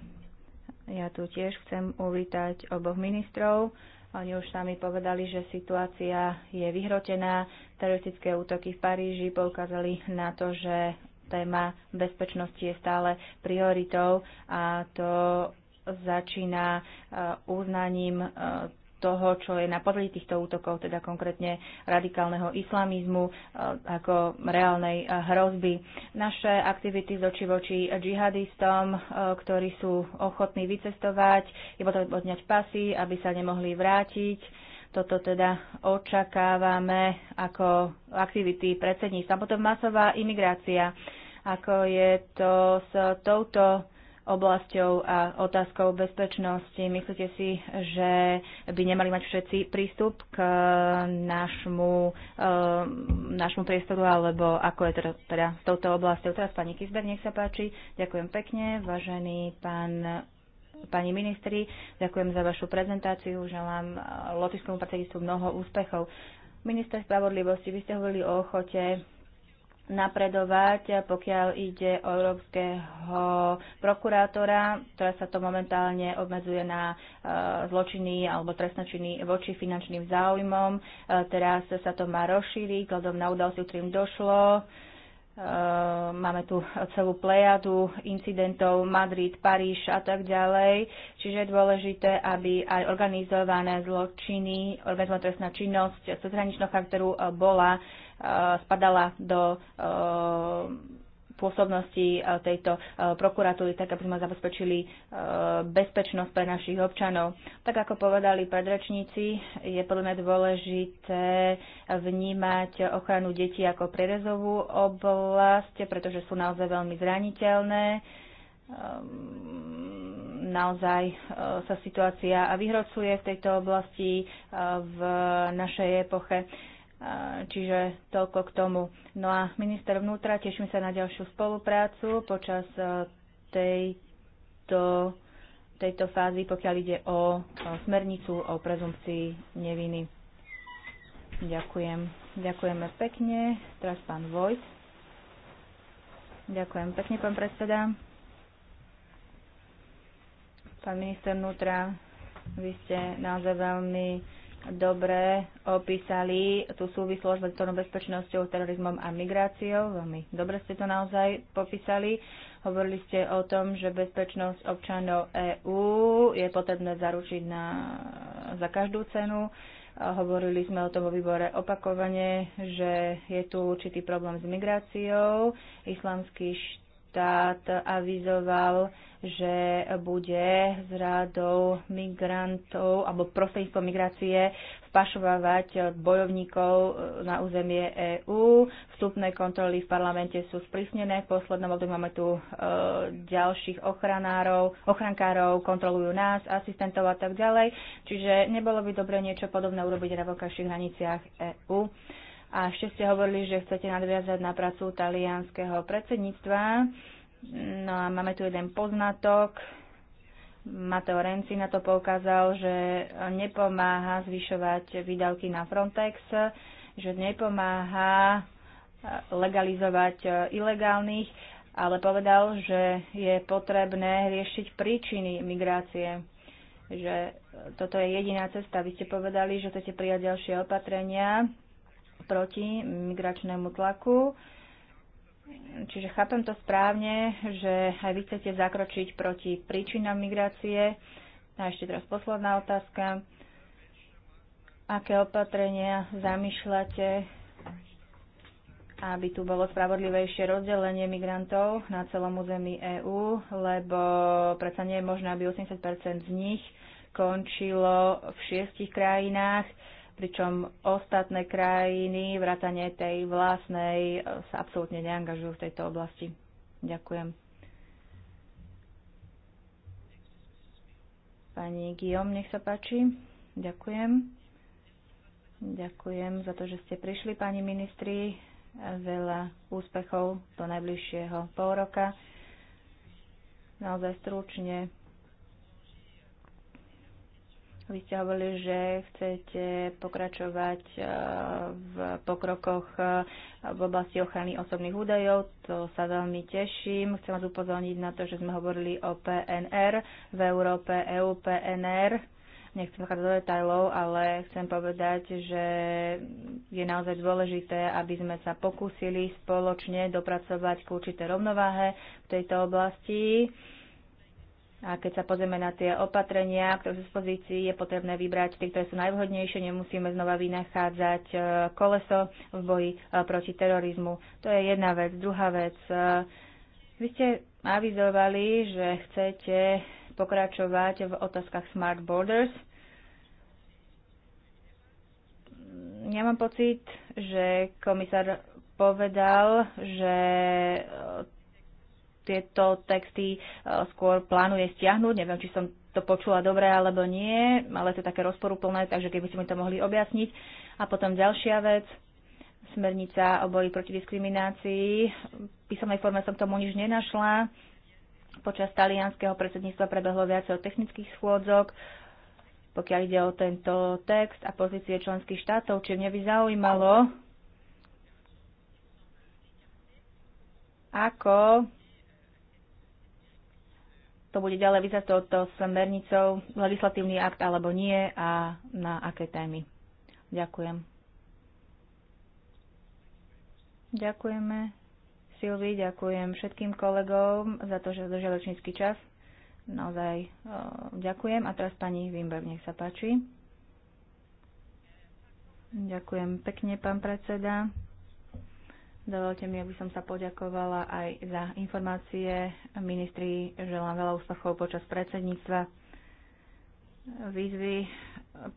Ja tu tiež chcem uvítať oboch ministrov. Oni už sami povedali, že situácia je vyhrotená. Teroristické útoky v Paríži poukázali na to, že téma bezpečnosti je stále prioritou a to začína eh, uznaním eh, toho, čo je na pozadí týchto útokov, teda konkrétne radikálneho islamizmu e, ako reálnej e, hrozby. Naše aktivity z oči voči džihadistom, e, ktorí sú ochotní vycestovať, je potom odňať pasy, aby sa nemohli vrátiť. Toto teda očakávame ako aktivity predsedníctva. Potom masová imigrácia, ako je to s touto oblasťou a otázkou bezpečnosti. Myslíte si, že by nemali mať všetci prístup k nášmu, eh, nášmu priestoru, alebo ako je teda, teda s touto oblasťou? Teraz pani Kisber, nech sa páči. Ďakujem pekne, vážený pán pani ministri, ďakujem za vašu prezentáciu, želám eh, lotišskému predsedníctvu mnoho úspechov. Minister spravodlivosti, vy ste hovorili o ochote napredovať, pokiaľ ide o európskeho prokurátora, ktorá sa to momentálne obmedzuje na e, zločiny alebo trestné činy voči finančným záujmom. E, teraz sa to má rozšíriť, vzhľadom na udalosti, ktorým došlo. E, máme tu celú plejadu incidentov Madrid, Paríž a tak ďalej. Čiže je dôležité, aby aj organizované zločiny, organizovaná trestná činnosť cezhraničného charakteru bola Eh, spadala do eh, pôsobnosti eh, tejto prokuratúry, tak aby sme zabezpečili bezpečnosť pre našich občanov. Tak ako povedali predrečníci, je podľa mňa dôležité vnímať ochranu detí ako prerezovú oblasť, pretože sú naozaj veľmi zraniteľné. Ehm, naozaj sa situácia vyhrocuje v tejto oblasti v našej epoche. Čiže toľko k tomu. No a minister vnútra, teším sa na ďalšiu spoluprácu počas e, tejto, tejto fázy, pokiaľ ide o smernicu o prezumpcii neviny. Ďakujem. Ďakujeme pekne. Teraz pán Vojt. Ďakujem pekne, pán predseda. Pán minister vnútra, vy ste naozaj veľmi dobre opísali tú súvislosť medzi bezpečnosťou, terorizmom a migráciou. Veľmi dobre ste to naozaj popísali. Hovorili ste o tom, že bezpečnosť občanov EÚ je potrebné zaručiť na, za každú cenu. Hovorili sme o tom vo výbore opakovane, že je tu určitý problém s migráciou. Islamský štát štát avizoval, že bude s rádou migrantov alebo prostredníctvom migrácie vpašovávať bojovníkov na územie EÚ. Vstupné kontroly v parlamente sú sprísnené. V poslednom období máme tu e, ďalších ochranárov, ochrankárov, kontrolujú nás, asistentov a tak ďalej. Čiže nebolo by dobre niečo podobné urobiť na vonkajších hraniciach EÚ. A ešte ste hovorili, že chcete nadviazať na prácu talianského predsedníctva. No a máme tu jeden poznatok. Mateo Renci na to poukázal, že nepomáha zvyšovať výdavky na Frontex, že nepomáha eh, legalizovať eh, ilegálnych, ale povedal, že je potrebné riešiť príčiny migrácie že toto je jediná cesta. Vy ste povedali, že chcete prijať ďalšie opatrenia proti migračnému tlaku. Čiže chápem to správne, že aj vy chcete zakročiť proti príčinám migrácie. A ešte teraz posledná otázka. Aké opatrenia zamýšľate, aby tu bolo spravodlivejšie rozdelenie migrantov na celom území EÚ, lebo predsa nie je možné, aby 80 z nich končilo v šiestich krajinách pričom ostatné krajiny, vrátane tej vlastnej, e, sa absolútne neangažujú v tejto oblasti. Ďakujem. Pani Guillaume, nech sa páči. Ďakujem. Ďakujem za to, že ste prišli, pani ministri. Veľa úspechov do najbližšieho pol roka. Naozaj stručne vy ste hovorili, že chcete pokračovať eh, v pokrokoch eh, v oblasti ochrany osobných údajov. To sa veľmi teším. Chcem vás upozorniť na to, že sme hovorili o PNR v Európe, EU PNR. Nechcem zachádzať do detajlov, ale chcem povedať, že je naozaj dôležité, aby sme sa pokúsili spoločne dopracovať k určité rovnováhe v tejto oblasti a keď sa pozrieme na tie opatrenia, ktoré sú z dispozícii, je potrebné vybrať tie, ktoré sú najvhodnejšie. Nemusíme znova vynachádzať e, koleso v boji e, proti terorizmu. To je jedna vec. Druhá vec. E, vy ste avizovali, že chcete pokračovať v otázkach Smart Borders. Ja mám pocit, že komisár povedal, že tieto texty e, skôr plánuje stiahnuť. Neviem, či som to počula dobre alebo nie, ale to je také rozporúplné, takže keby ste mi to mohli objasniť. A potom ďalšia vec, smernica o boji proti diskriminácii. V písomnej forme som tomu nič nenašla. Počas talianského predsedníctva prebehlo viacero technických schôdzok, pokiaľ ide o tento text a pozície členských štátov, či mňa by zaujímalo, ako to bude ďalej vyzať touto smernicou, legislatívny akt alebo nie a na aké témy. Ďakujem. Ďakujeme Silvi, ďakujem všetkým kolegom za to, že zdržali čnícky čas. Naozaj ďakujem. A teraz pani Wimberg, nech sa páči. Ďakujem pekne, pán predseda. Dovolte mi, aby som sa poďakovala aj za informácie. Ministri, želám veľa úspechov počas predsedníctva. Výzvy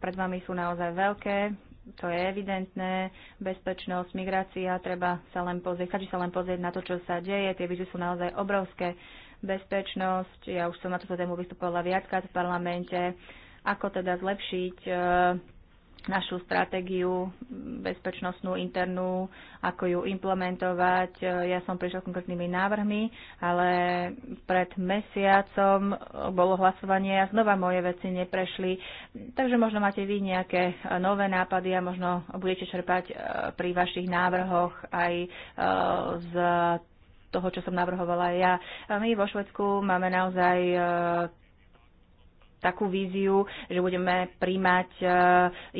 pred vami sú naozaj veľké, to je evidentné. Bezpečnosť, migrácia, treba sa len pozrieť, stačí sa len pozrieť na to, čo sa deje. Tie výzvy sú naozaj obrovské. Bezpečnosť, ja už som na túto tému vystupovala viackrát v parlamente, ako teda zlepšiť eh, našu stratégiu bezpečnostnú, internú, ako ju implementovať. E, ja som prišiel konkrétnymi návrhmi, ale pred mesiacom bolo hlasovanie a znova moje veci neprešli. Takže možno máte vy nejaké nové nápady a možno budete čerpať e, pri vašich návrhoch aj e, z toho, čo som navrhovala ja. My vo Švedsku máme naozaj takú víziu, že budeme príjmať e,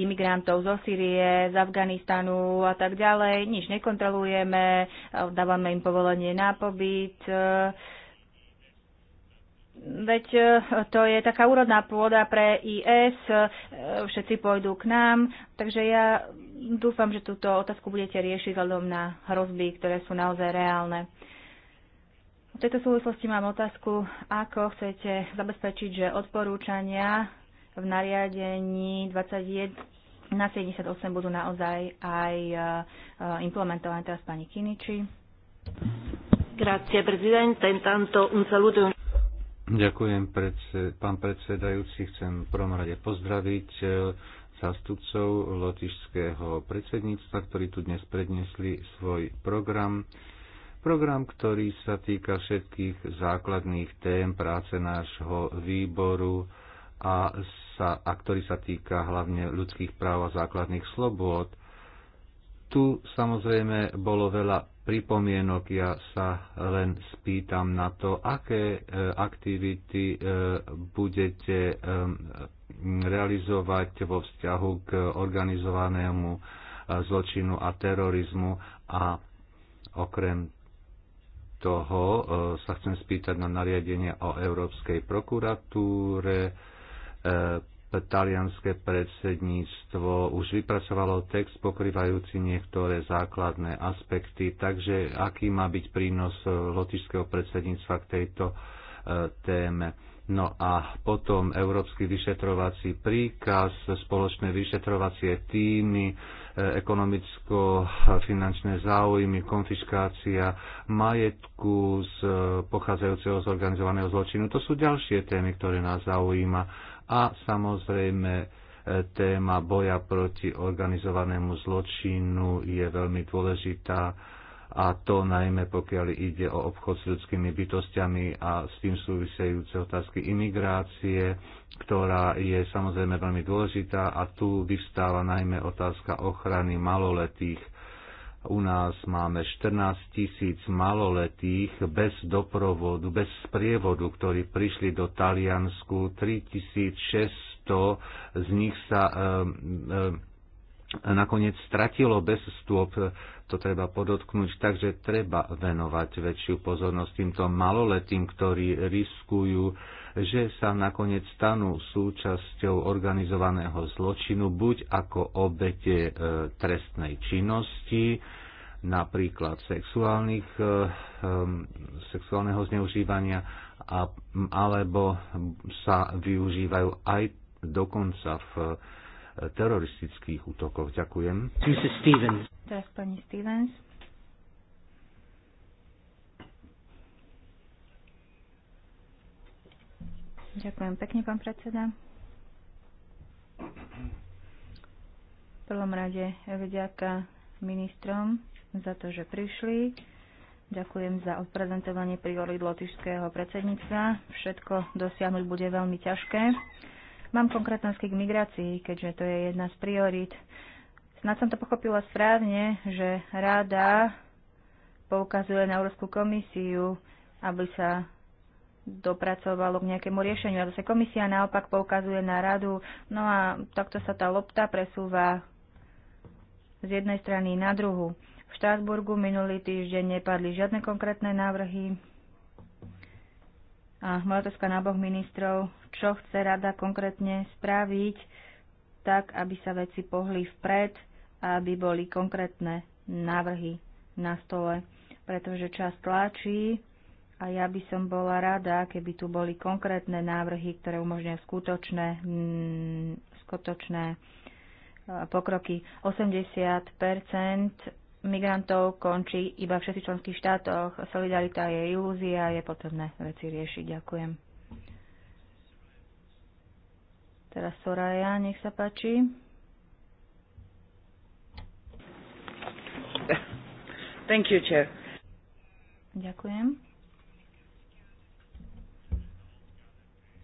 imigrantov zo Sýrie, z Afganistanu a tak ďalej. Nič nekontrolujeme, dávame im povolenie na pobyt. E, veď e, to je taká úrodná pôda pre IS, všetci pôjdu k nám, takže ja dúfam, že túto otázku budete riešiť vzhľadom na hrozby, ktoré sú naozaj reálne tejto súvislosti mám otázku, ako chcete zabezpečiť, že odporúčania v nariadení 21 na 78 budú naozaj aj e, e, implementované. Teraz pani Kiniči. E Ďakujem, pán predsedajúci. Chcem v prvom rade pozdraviť zástupcov lotišského predsedníctva, ktorí tu dnes predniesli svoj program. Program, ktorý sa týka všetkých základných tém práce nášho výboru a, sa, a ktorý sa týka hlavne ľudských práv a základných slobôd. Tu samozrejme bolo veľa pripomienok, ja sa len spýtam na to, aké e, aktivity e, budete e, realizovať vo vzťahu k organizovanému zločinu a terorizmu a okrem toho e, sa chcem spýtať na nariadenie o Európskej prokuratúre. E, Talianské predsedníctvo už vypracovalo text pokrývajúci niektoré základné aspekty, takže aký má byť prínos lotišského predsedníctva k tejto e, téme No a potom Európsky vyšetrovací príkaz, spoločné vyšetrovacie týmy, e, ekonomicko-finančné záujmy, konfiškácia majetku z e, pochádzajúceho z organizovaného zločinu. To sú ďalšie témy, ktoré nás zaujíma. A samozrejme e, téma boja proti organizovanému zločinu je veľmi dôležitá a to najmä pokiaľ ide o obchod s ľudskými bytostiami a s tým súvisejúce otázky imigrácie, ktorá je samozrejme veľmi dôležitá a tu vyvstáva najmä otázka ochrany maloletých. U nás máme 14 tisíc maloletých bez doprovodu, bez sprievodu, ktorí prišli do Taliansku, 3600 z nich sa e, e, nakoniec stratilo bez stôp, to treba podotknúť, takže treba venovať väčšiu pozornosť týmto maloletým, ktorí riskujú, že sa nakoniec stanú súčasťou organizovaného zločinu, buď ako obete e, trestnej činnosti, napríklad sexuálnych, e, e, sexuálneho zneužívania, alebo sa využívajú aj dokonca v teroristických útokov. Ďakujem. Stevens. Teraz pani Stevens. Ďakujem pekne, pán predseda. V prvom rade vďaka ministrom za to, že prišli. Ďakujem za odprezentovanie priorit lotišského predsedníctva. Všetko dosiahnuť bude veľmi ťažké. Mám konkrétnosti k migrácii, keďže to je jedna z priorít. Snad som to pochopila správne, že rada poukazuje na Európsku komisiu, aby sa dopracovalo k nejakému riešeniu. A zase komisia naopak poukazuje na radu. No a takto sa tá lopta presúva z jednej strany na druhu. V Štrásburgu minulý týždeň nepadli žiadne konkrétne návrhy. A moja na boh ministrov čo chce rada konkrétne spraviť, tak aby sa veci pohli vpred a aby boli konkrétne návrhy na stole. Pretože čas tlačí a ja by som bola rada, keby tu boli konkrétne návrhy, ktoré umožňujú skutočné, mm, skutočné e, pokroky. 80 migrantov končí iba v všetkých členských štátoch. Solidarita je ilúzia, je potrebné veci riešiť. Ďakujem. Teraz Soraya, nech sa páči. Thank you, Chair. Ďakujem.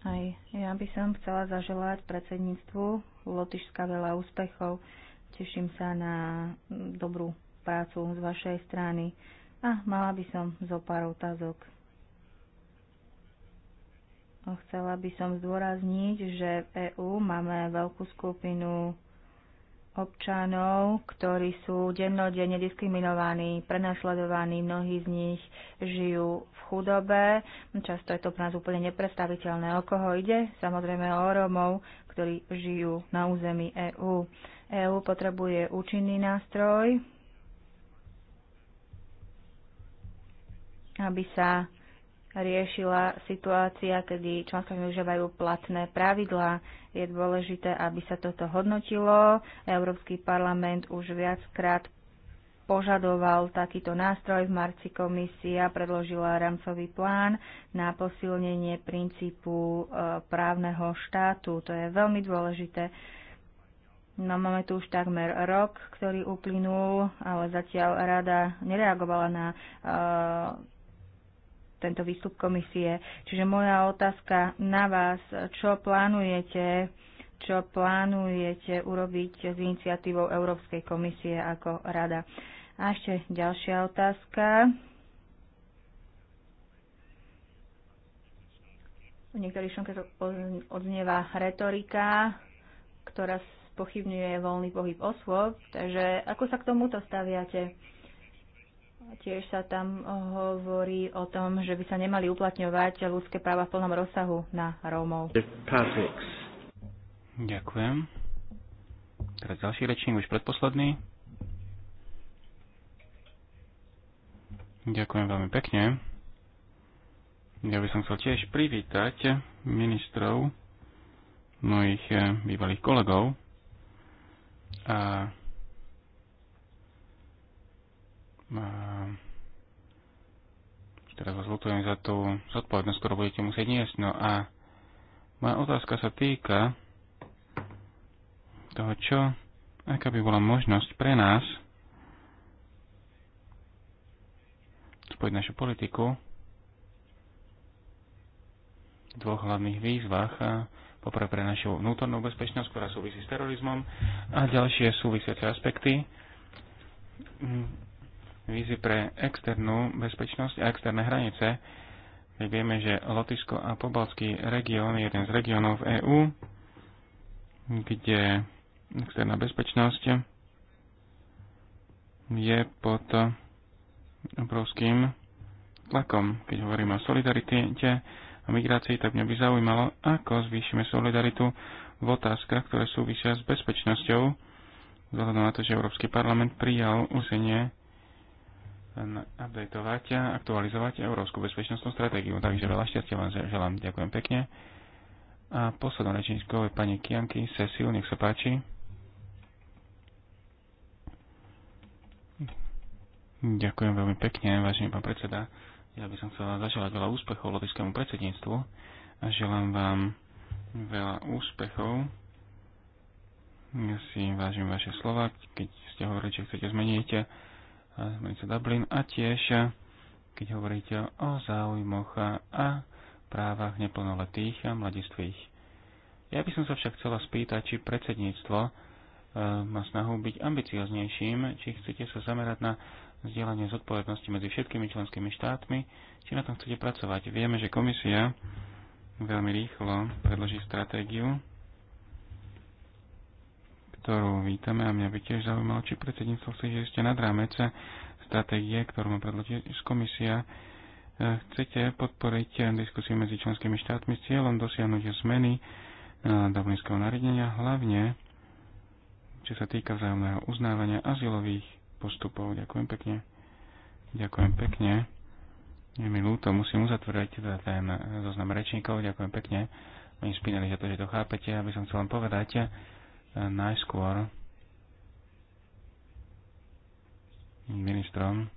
Aj ja by som chcela zaželať predsedníctvu Lotyšska veľa úspechov. Teším sa na dobrú prácu z vašej strany. A mala by som zo pár otázok No, chcela by som zdôrazniť, že v EÚ máme veľkú skupinu občanov, ktorí sú dennodenne diskriminovaní, prenasledovaní, mnohí z nich žijú v chudobe, často je to pre nás úplne nepredstaviteľné. O koho ide? Samozrejme o Rómov, ktorí žijú na území EÚ. EÚ potrebuje účinný nástroj, aby sa riešila situácia, kedy členské využívajú platné pravidlá. Je dôležité, aby sa toto hodnotilo. Európsky parlament už viackrát požadoval takýto nástroj. V marci komisia predložila rámcový plán na posilnenie princípu e, právneho štátu. To je veľmi dôležité. No máme tu už takmer rok, ktorý uplynul, ale zatiaľ rada nereagovala na uh, tento výstup komisie. Čiže moja otázka na vás, čo plánujete, čo plánujete urobiť s iniciatívou Európskej komisie ako rada. A ešte ďalšia otázka. V niektorých to odznieva retorika, ktorá spochybňuje voľný pohyb osôb. Takže ako sa k tomuto staviate? Tiež sa tam eh, hovorí o tom, že by sa nemali uplatňovať ľudské práva v plnom rozsahu na Rómov. Ďakujem. Teraz ďalší rečník, už predposledný. Ďakujem veľmi pekne. Ja by som chcel tiež privítať ministrov, mojich eh, bývalých kolegov a teraz vás lutujem za tú zodpovednosť, ktorú budete musieť niesť. No a moja otázka sa týka toho, čo, aká by bola možnosť pre nás spojiť našu politiku v dvoch hlavných výzvach. Poprvé pre našu vnútornú bezpečnosť, ktorá súvisí s terorizmom a ďalšie súvisiace aspekty vízy pre externú bezpečnosť a externé hranice, keď vieme, že Lotyšsko a Pobalský región je jeden z regiónov v EÚ, kde externá bezpečnosť je pod obrovským tlakom. Keď hovoríme o solidarite a migrácii, tak mňa by zaujímalo, ako zvýšime solidaritu v otázkach, ktoré súvisia s bezpečnosťou, vzhľadom na to, že Európsky parlament prijal úsenie updateovať a aktualizovať Európsku bezpečnostnú stratégiu. Takže veľa šťastia vám želám. Ďakujem pekne. A poslednou rečníčkou je pani Kianky Cecil, nech sa páči. Ďakujem veľmi pekne, vážený pán predseda. Ja by som chcela zaželať veľa úspechov lotickému predsedníctvu a želám vám veľa úspechov. Ja si vážim vaše slova, keď ste hovorili, že chcete zmeniť zmenice Dublin a tiež, keď hovoríte o záujmoch a právach neplnoletých a mladistvých. Ja by som sa však chcela spýtať, či predsedníctvo e, má snahu byť ambicioznejším, či chcete sa zamerať na vzdielanie zodpovednosti medzi všetkými členskými štátmi, či na tom chcete pracovať. Vieme, že komisia veľmi rýchlo predloží stratégiu ktorú vítame a mňa by tiež zaujímalo, či predsedníctvo chce ešte nad rámec stratégie, ktorú má predložiť komisia. E, chcete podporiť diskusie medzi členskými štátmi s cieľom dosiahnuť zmeny e, Dublinského nariadenia, hlavne čo sa týka vzájomného uznávania azylových postupov. Ďakujem pekne. Ďakujem pekne. Je mi ľúto, musím uzatvoriť teda ten zoznam rečníkov. Ďakujem pekne. Oni spínali za to, že to chápete. Aby som chcel len povedať, najskôr ministrom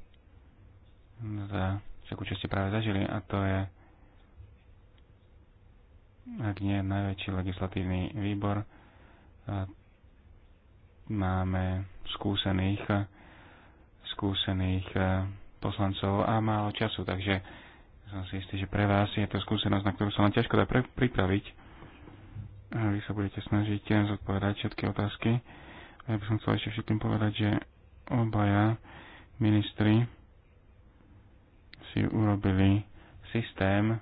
za všetko, čo ste práve zažili, a to je, ak nie najväčší legislatívny výbor, máme skúsených, skúsených e, poslancov a málo času, takže som si istý, že pre vás je to skúsenosť, na ktorú sa vám ťažko dá pripraviť vy sa budete snažiť eh, zodpovedať všetky otázky. A ja by som chcel ešte všetkým povedať, že obaja ministri si urobili systém,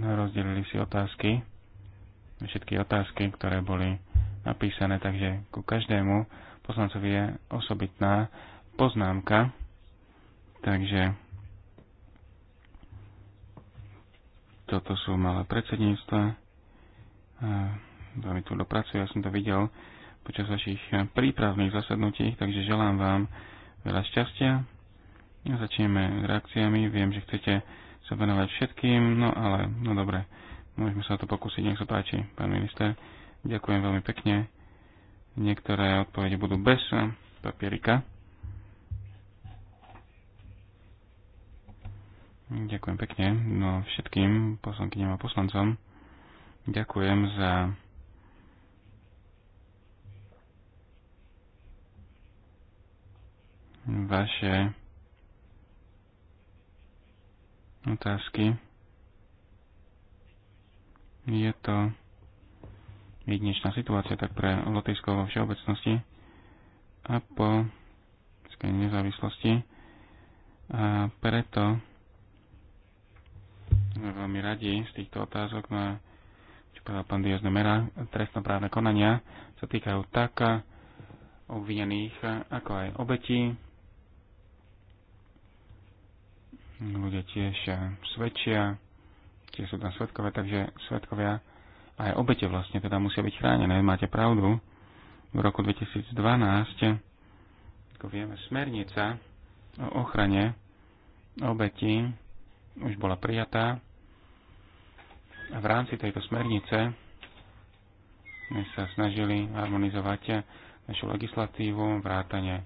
rozdelili si otázky, všetky otázky, ktoré boli napísané, takže ku každému poslancovi je osobitná poznámka, takže toto sú malé predsedníctva veľmi tvrdo pracuje Ja som to videl počas vašich prípravných zasadnutí, takže želám vám veľa šťastia. Začneme reakciami. Viem, že chcete sa venovať všetkým, no ale, no dobre, môžeme sa to pokúsiť, nech sa páči, pán minister. Ďakujem veľmi pekne. Niektoré odpovede budú bez papierika. Ďakujem pekne no, všetkým poslankyňam a poslancom. Ďakujem za vaše otázky. Je to jedinečná situácia tak pre Lotyšsko vo všeobecnosti a po nezávislosti. A preto sme veľmi radi z týchto otázok. No pán Diaz Nemera, trestnoprávne konania sa týkajú tak obvinených, ako aj obetí. Ľudia tiež svedčia, tiež sú tam svedkové, takže svedkovia aj obete vlastne teda musia byť chránené. Máte pravdu, v roku 2012, ako vieme, smernica o ochrane obeti už bola prijatá v rámci tejto smernice sme sa snažili harmonizovať našu legislatívu, vrátanie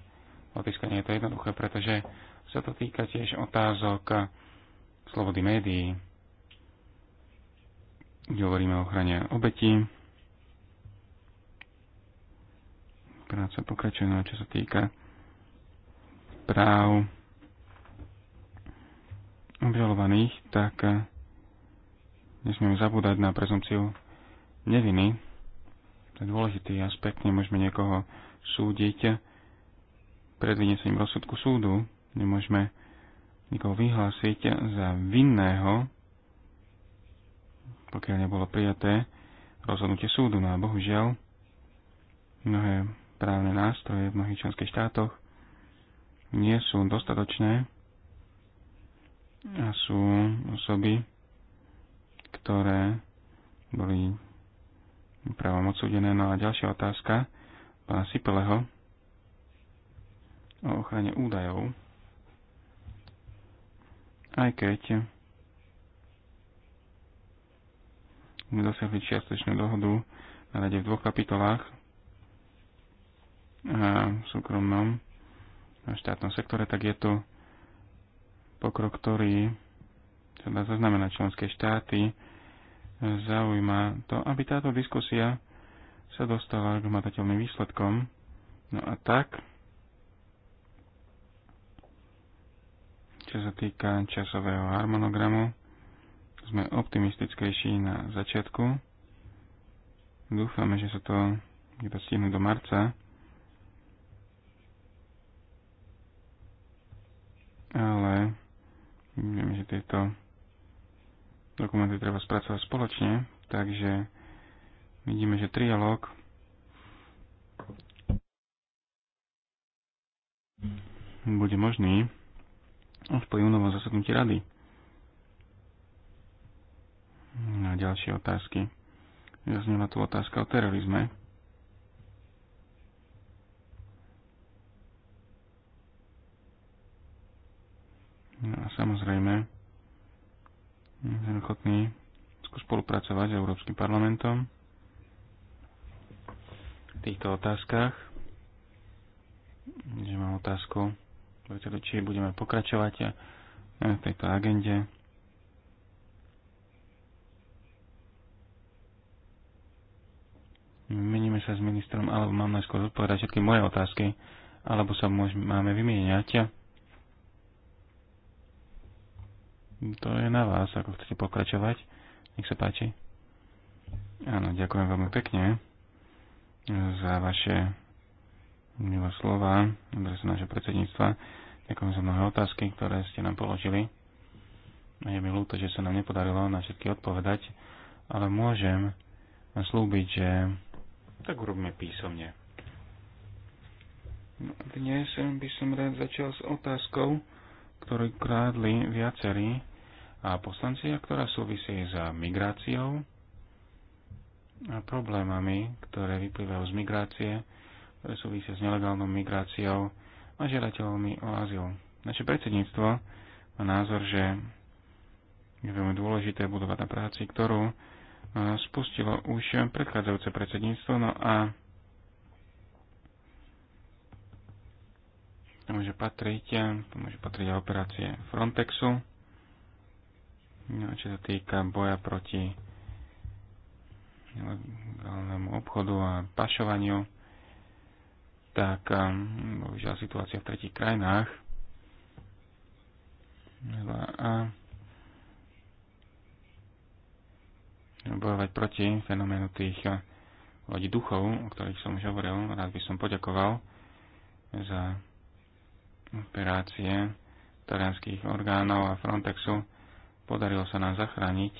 otiskania. Je to jednoduché, pretože sa to týka tiež otázok slobody médií, kde hovoríme o ochrane obetí. Práca pokračuje, no čo sa týka práv obžalovaných, tak nesmieme zabúdať na prezumciu neviny. To je dôležitý aspekt, nemôžeme niekoho súdiť pred vynesením rozsudku súdu, nemôžeme nikoho vyhlásiť za vinného, pokiaľ nebolo prijaté rozhodnutie súdu. No a bohužiaľ, mnohé právne nástroje v mnohých členských štátoch nie sú dostatočné a sú osoby ktoré boli právom odsúdené. No a ďalšia otázka pána Sipeleho o ochrane údajov. Aj keď sme dosiahli čiastočnú dohodu na rade v dvoch kapitolách a v súkromnom a štátnom sektore, tak je to pokrok, ktorý sa dá zaznamenať členské štáty, zaujíma to, aby táto diskusia sa dostala k hmatateľným výsledkom. No a tak, čo sa týka časového harmonogramu, sme optimistickejší na začiatku. Dúfame, že sa to bude do marca. Ale vieme, že tieto Dokumenty treba spracovať spoločne, takže vidíme, že trialog bude možný až po júnovom zasadnutí rady. Na ďalšie otázky. Zaznela tu otázka o terorizme. No a samozrejme, sme ochotní spolupracovať s Európskym parlamentom v týchto otázkach. Že mám otázku, či budeme pokračovať eh, v tejto agende. Meníme sa s ministrom, alebo mám najskôr odpovedať všetky moje otázky, alebo sa môžeme, máme vymieňať to je na vás, ako chcete pokračovať. Nech sa páči. Áno, ďakujem veľmi pekne za vaše milé slova, sa naše predsedníctva. Ďakujem za mnohé otázky, ktoré ste nám položili. Je mi ľúto, že sa nám nepodarilo na všetky odpovedať, ale môžem slúbiť, že tak urobíme písomne. No, dnes by som rád začal s otázkou, ktorú krádli viacerí a poslanci, ktorá súvisí s migráciou a problémami, ktoré vyplývajú z migrácie, ktoré súvisia s nelegálnou migráciou a žiadateľmi o azyl. Naše predsedníctvo má názor, že je veľmi dôležité budovať na práci, ktorú spustilo už predchádzajúce predsedníctvo, no a to môže patriť, to môže patriť operácie Frontexu, No, čo sa týka boja proti nelegálnemu obchodu a pašovaniu, tak um, bohužiaľ situácia v tretich krajinách a bojovať proti fenoménu tých uh, lodi duchov, o ktorých som už hovoril. Rád by som poďakoval za operácie talianských orgánov a Frontexu Podarilo sa nám zachrániť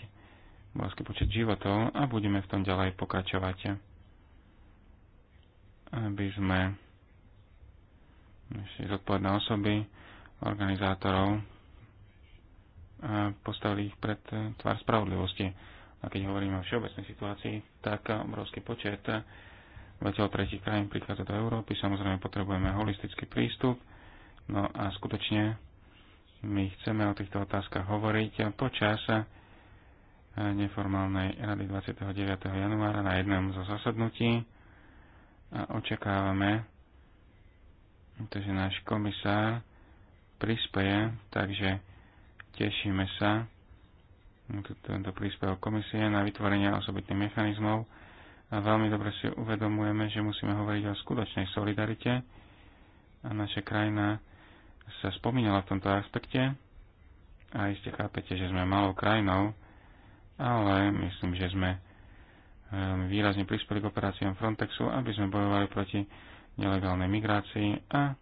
obrovský počet životov a budeme v tom ďalej pokračovať. Aby sme si zodpovedné osoby, organizátorov a postavili ich pred tvár spravodlivosti. A keď hovoríme o všeobecnej situácii, tak obrovský počet veteľ tretich krajín prichádza do Európy. Samozrejme potrebujeme holistický prístup. No a skutočne my chceme o týchto otázkach hovoriť počas eh, neformálnej rady 29. januára na jednom zo zasadnutí a očakávame, že náš komisár prispeje, takže tešíme sa tento príspevok komisie na vytvorenie osobitných mechanizmov a veľmi dobre si uvedomujeme, že musíme hovoriť o skutočnej solidarite a naša krajina sa spomínala v tomto aspekte a iste chápete, že sme malou krajinou, ale myslím, že sme ehm, výrazne prispeli k operáciám Frontexu, aby sme bojovali proti nelegálnej migrácii a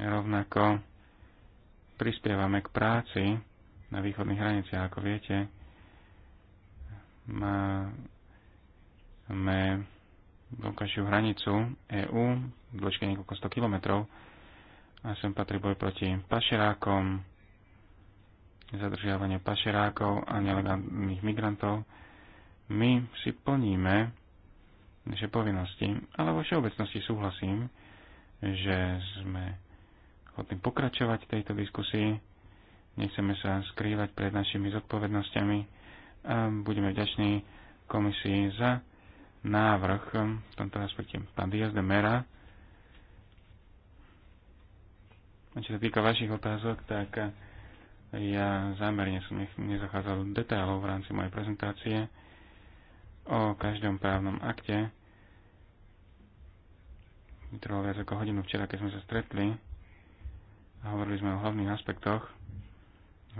rovnako prispievame k práci na východných hraniciach, ako viete. Máme vonkajšiu hranicu EÚ v dĺžke niekoľko 100 kilometrov, a sem patrí boj proti pašerákom, zadržiavanie pašerákov a nelegálnych migrantov. My si plníme naše povinnosti, ale vo všeobecnosti súhlasím, že sme ochotní pokračovať v tejto diskusii. Nechceme sa skrývať pred našimi zodpovednosťami a budeme vďační komisii za návrh v tomto aspekte. Pán Diaz de Mera Čo sa týka vašich otázok, tak ja zámerne som nezachádzal do detailov v rámci mojej prezentácie o každom právnom akte. Trvalo viac ako hodinu včera, keď sme sa stretli a hovorili sme o hlavných aspektoch,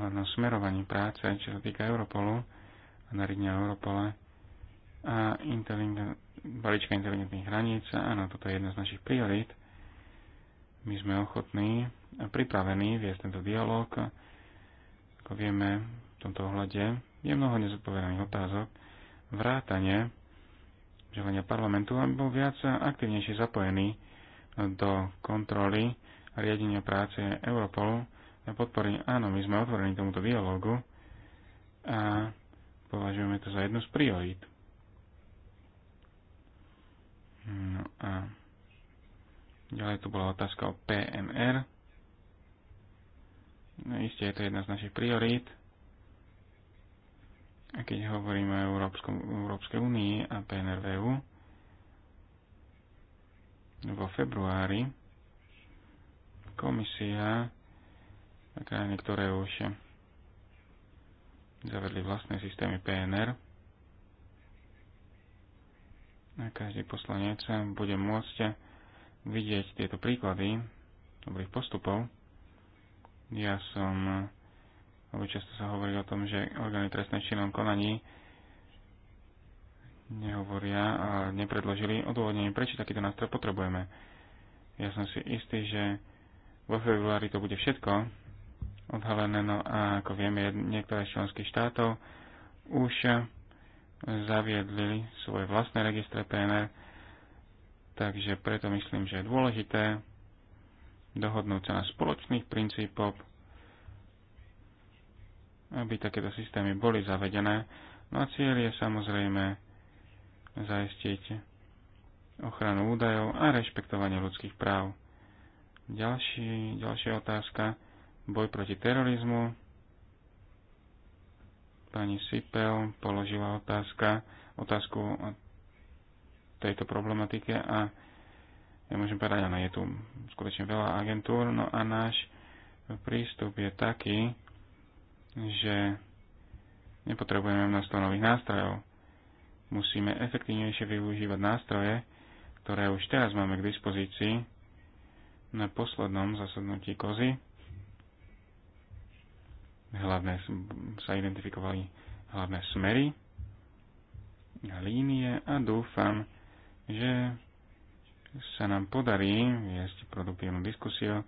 hlavnom smerovaní práce, čo sa týka Europolu a nariadenia Europole a inteligent, balíčka inteligentných hraníc. Áno, toto je jedna z našich priorít. My sme ochotní pripravení viesť tento dialog. Ako vieme, v tomto ohľade je mnoho nezodpovedaných otázok, vrátane želenia parlamentu, aby bol viac aktivnejšie zapojený do kontroly a riadenia práce Europolu a podpory. Áno, my sme otvorení tomuto dialogu a považujeme to za jednu z priorít. No a ďalej tu bola otázka o PNR. No, Isté je to jedna z našich priorít. A keď hovoríme o Európskom, Európskej únii a PNRVU, vo februári komisia a krajiny, ktoré už zavedli vlastné systémy PNR, a každý poslanec bude môcť vidieť tieto príklady dobrých postupov, ja som, lebo často sa hovorí o tom, že orgány trestné činom konaní nehovoria a nepredložili odôvodnenie, prečo takýto nástroj potrebujeme. Ja som si istý, že vo februári to bude všetko odhalené, no a ako vieme, niektoré z členských štátov už zaviedli svoje vlastné registre PNR, takže preto myslím, že je dôležité dohodnúť sa na spoločných princípoch, aby takéto systémy boli zavedené. No a cieľ je samozrejme zaistiť ochranu údajov a rešpektovanie ľudských práv. Ďalší, ďalšia otázka. Boj proti terorizmu. Pani Sipel položila otázka, otázku o tejto problematike a nemôžem povedať, ale je tu skutočne veľa agentúr, no a náš prístup je taký, že nepotrebujeme množstvo nových nástrojov. Musíme efektívnejšie využívať nástroje, ktoré už teraz máme k dispozícii na poslednom zasadnutí kozy. Hlavné sa identifikovali hlavné smery, línie a dúfam, že sa nám podarí viesť produktívnu diskusiu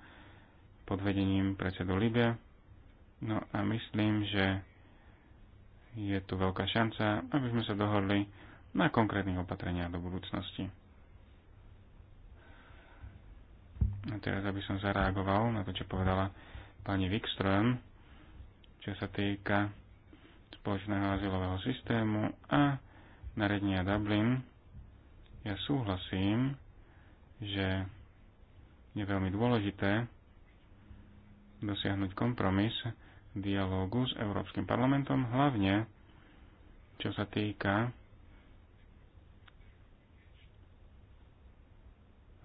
pod vedením predsedu Libia. No a myslím, že je tu veľká šanca, aby sme sa dohodli na konkrétnych opatreniach do budúcnosti. A teraz, aby som zareagoval na to, čo povedala pani Wikström, čo sa týka spoločného azylového systému a nariadenia Dublin, ja súhlasím že je veľmi dôležité dosiahnuť kompromis dialógu s Európskym parlamentom, hlavne čo sa týka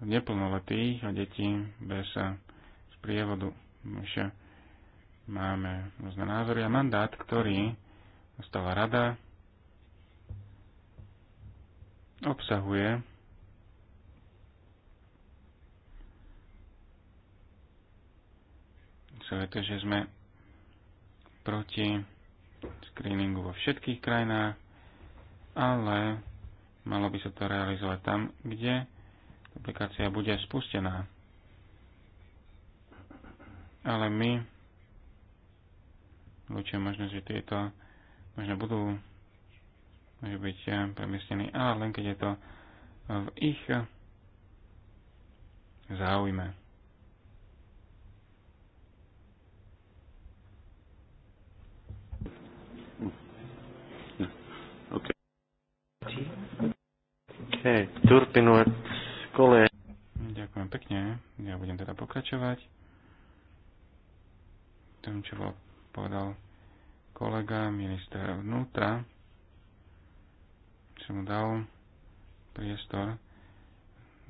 neplnoletých a detí bez sprievodu. Už máme rôzne názory a mandát, ktorý dostala rada, obsahuje predstavuje to, že sme proti screeningu vo všetkých krajinách, ale malo by sa to realizovať tam, kde aplikácia bude spustená. Ale my ľudia možnosť, že tieto možno budú môže byť eh, premiestnení, ale len keď je to v ich záujme. Okay, Turpinovat kole. Ďakujem pekne. Ja budem teda pokračovať. Tom, čo bol povedal kolega, minister vnútra, čo mu dal priestor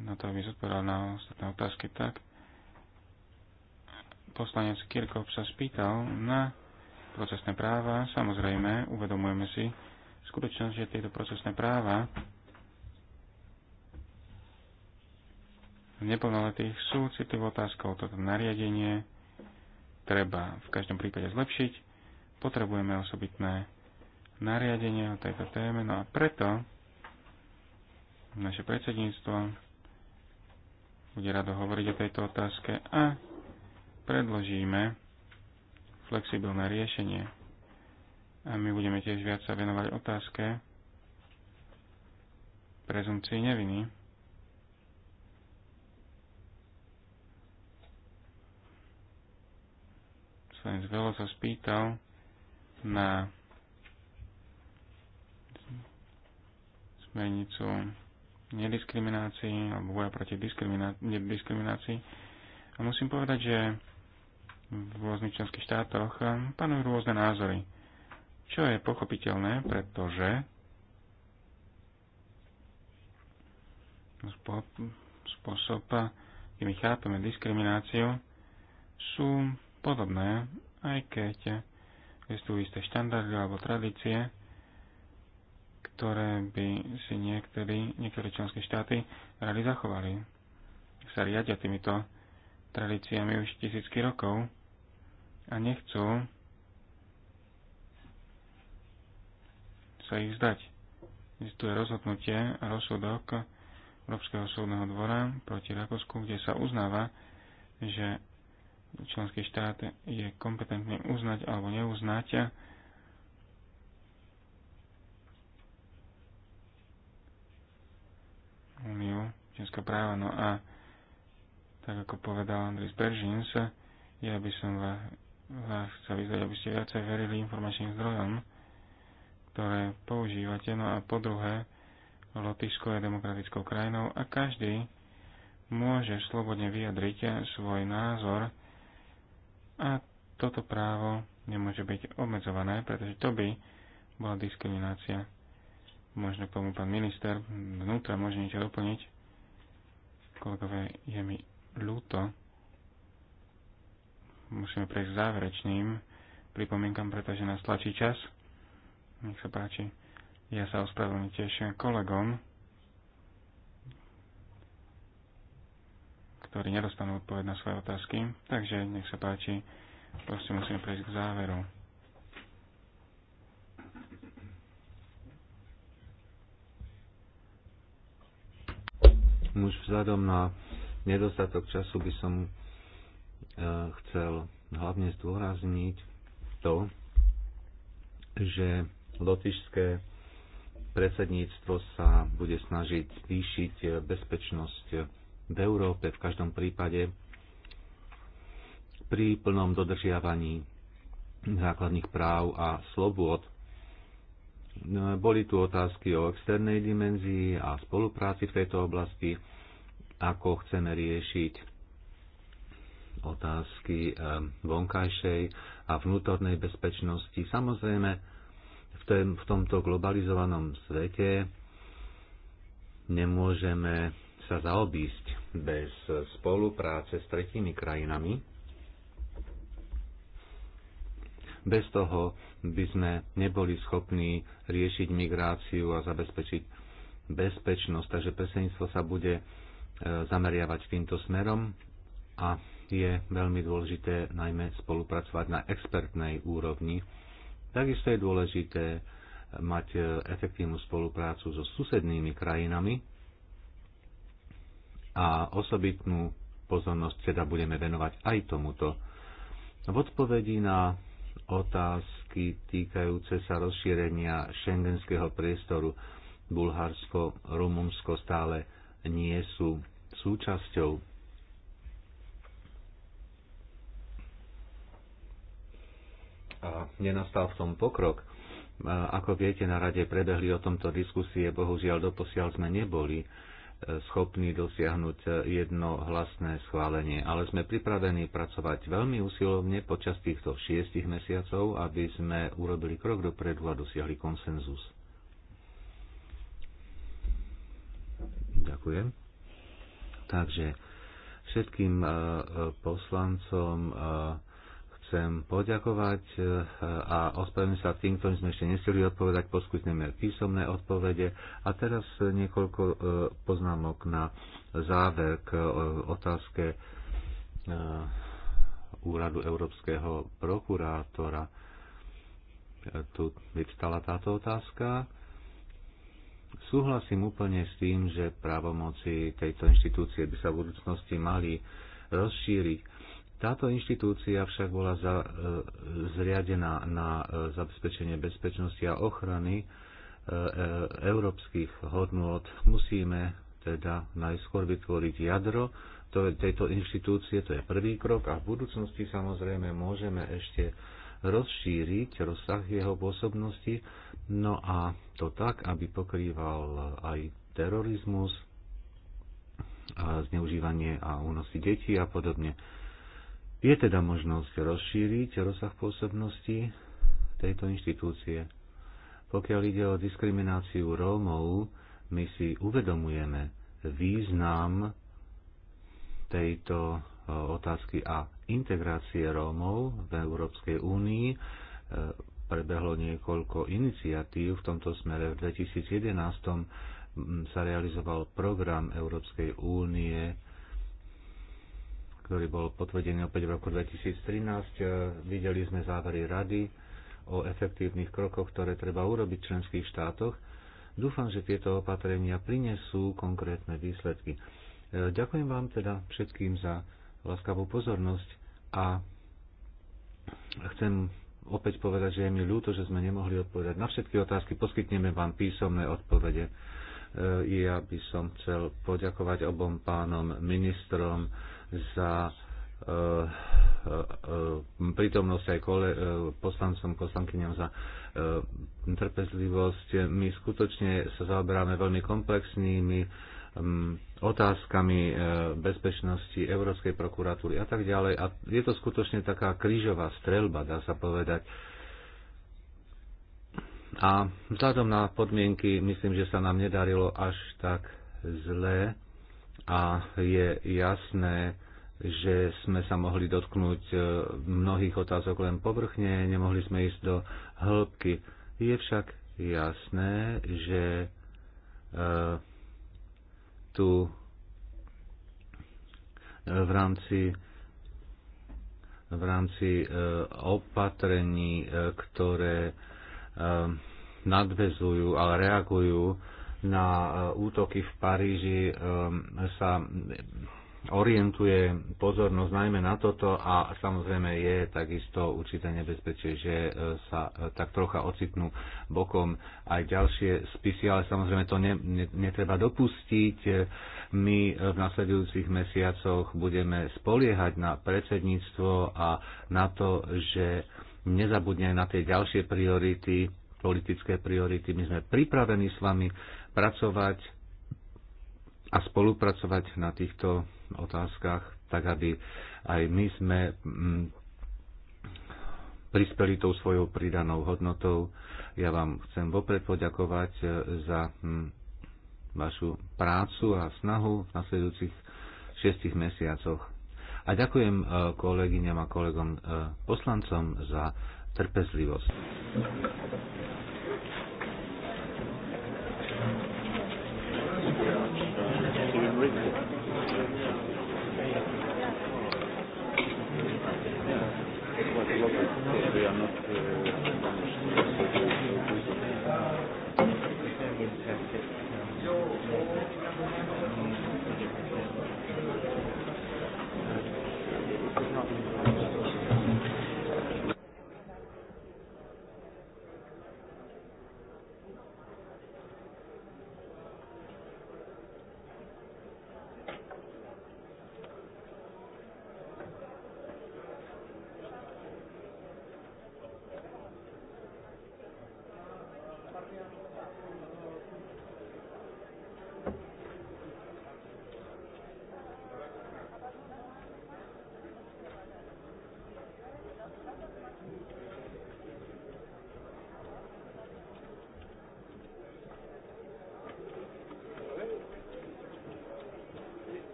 na to, aby zodpovedal na ostatné otázky tak. Poslanec Kirkov sa spýtal na procesné práva. Samozrejme, uvedomujeme si, skutočnosť, že tieto procesné práva neplnoletých sú citlivou otázkou. Toto nariadenie treba v každom prípade zlepšiť. Potrebujeme osobitné nariadenie o tejto téme, no a preto naše predsedníctvo bude rado hovoriť o tejto otázke a predložíme flexibilné riešenie. A my budeme tiež viac sa venovať otázke prezumcii neviny. Svenec Velo sa spýtal na smernicu nediskriminácii alebo boja proti diskriminácii. A musím povedať, že v rôznych členských štátoch panujú rôzne názory. Čo je pochopiteľné, pretože spôsob, kde my chápeme diskrimináciu, sú podobné, aj keď existujú isté štandardy alebo tradície, ktoré by si niektorí, niektoré členské štáty rady zachovali. Sa riadia týmito tradíciami už tisícky rokov a nechcú sa ich zdať. Existuje rozhodnutie a rozsudok Európskeho súdneho dvora proti Rakúsku, kde sa uznáva, že členský štát je kompetentný uznať alebo neuznať Uniu členského práva. No a tak ako povedal Andris Beržins, ja by som vás, vás chcel vyzvať, aby ste viacej verili informačným zdrojom, ktoré používate. No a po druhé, Lotyšsko je demokratickou krajinou a každý môže slobodne vyjadriť svoj názor a toto právo nemôže byť obmedzované, pretože to by bola diskriminácia. Možno k tomu pán minister vnútra môže niečo doplniť. Kolegové, je mi ľúto. Musíme prejsť záverečným pripomienkam, pretože nás tlačí čas. Nech sa páči. Ja sa ospravedlňujem tiež kolegom, ktorí nedostanú odpoveď na svoje otázky. Takže nech sa páči, proste musíme prejsť k záveru. Už vzhľadom na nedostatok času by som e, chcel hlavne zdôrazniť to, že Lotišské predsedníctvo sa bude snažiť zvýšiť bezpečnosť v Európe v každom prípade pri plnom dodržiavaní základných práv a slobôd. Boli tu otázky o externej dimenzii a spolupráci v tejto oblasti, ako chceme riešiť otázky eh, vonkajšej a vnútornej bezpečnosti. Samozrejme, tém, v tomto globalizovanom svete nemôžeme sa zaobísť bez spolupráce s tretími krajinami. Bez toho by sme neboli schopní riešiť migráciu a zabezpečiť bezpečnosť, takže presenstvo sa bude e, zameriavať týmto smerom a je veľmi dôležité najmä spolupracovať na expertnej úrovni Takisto je dôležité mať e, efektívnu spoluprácu so susednými krajinami a osobitnú pozornosť teda budeme venovať aj tomuto. V odpovedi na otázky týkajúce sa rozšírenia šengenského priestoru Bulharsko, Rumunsko stále nie sú súčasťou a nenastal v tom pokrok. Ako viete, na rade prebehli o tomto diskusie, bohužiaľ doposiaľ sme neboli e, schopní dosiahnuť e, jednohlasné schválenie, ale sme pripravení pracovať veľmi usilovne počas týchto šiestich mesiacov, aby sme urobili krok dopredu a dosiahli konsenzus. Ďakujem. Takže všetkým e, poslancom chcem poďakovať e, a ospravedlňujem sa tým, ktorým sme ešte nestihli odpovedať, poskytneme písomné odpovede. A teraz niekoľko e, poznámok na záver k e, otázke úradu Európskeho prokurátora. Tu vyvstala táto otázka. Súhlasím úplne s tým, že právomoci tejto inštitúcie by sa v budúcnosti mali rozšíriť táto inštitúcia však bola za, e, zriadená na e, zabezpečenie bezpečnosti a ochrany e, e, európskych hodnôt. Musíme teda najskôr vytvoriť jadro to je, tejto inštitúcie, to je prvý krok a v budúcnosti samozrejme môžeme ešte rozšíriť rozsah jeho pôsobnosti, no a to tak, aby pokrýval aj terorizmus, a zneužívanie a únosy detí a podobne. Je teda možnosť rozšíriť rozsah pôsobnosti tejto inštitúcie. Pokiaľ ide o diskrimináciu Rómov, my si uvedomujeme význam tejto otázky a integrácie Rómov v Európskej únii. E, prebehlo niekoľko iniciatív v tomto smere. V 2011 sa realizoval program Európskej únie ktorý bol potvrdený opäť v roku 2013. E, videli sme závery rady o efektívnych krokoch, ktoré treba urobiť v členských štátoch. Dúfam, že tieto opatrenia prinesú konkrétne výsledky. E, ďakujem vám teda všetkým za láskavú pozornosť a chcem opäť povedať, že je mi ľúto, že sme nemohli odpovedať na všetky otázky. Poskytneme vám písomné odpovede. E, ja by som chcel poďakovať obom pánom ministrom za eh, eh, eh, prítomnosť aj kole, poslancom, poslankyňom za trpezlivosť. My skutočne sa zaoberáme veľmi komplexnými mm, otázkami bezpečnosti Európskej prokuratúry a tak ďalej. A je to skutočne taká krížová strelba, dá sa povedať. A vzhľadom na podmienky, myslím, že sa nám nedarilo až tak zle a je jasné, že sme sa mohli dotknúť e, mnohých otázok len povrchne, nemohli sme ísť do hĺbky. Je však jasné, že e, tu v rámci v rámci e, opatrení, ktoré nadvezujú, a reagujú na e, útoky v Paríži e, sa orientuje pozornosť najmä na toto a samozrejme je takisto určité nebezpečie, že e, sa tak trocha ocitnú bokom aj ďalšie spisy, ale samozrejme to ne, ne, netreba dopustiť. My v nasledujúcich mesiacoch budeme spoliehať na predsedníctvo a na to, že nezabudne aj na tie ďalšie priority, politické priority. My sme pripravení s vami pracovať a spolupracovať na týchto otázkach, tak aby aj my sme mm, prispeli tou svojou pridanou hodnotou. Ja vám chcem vopred poďakovať e, za mm, vašu prácu a snahu v nasledujúcich šiestich mesiacoch. A ďakujem e, kolegyňam a kolegom e, poslancom za trpezlivosť.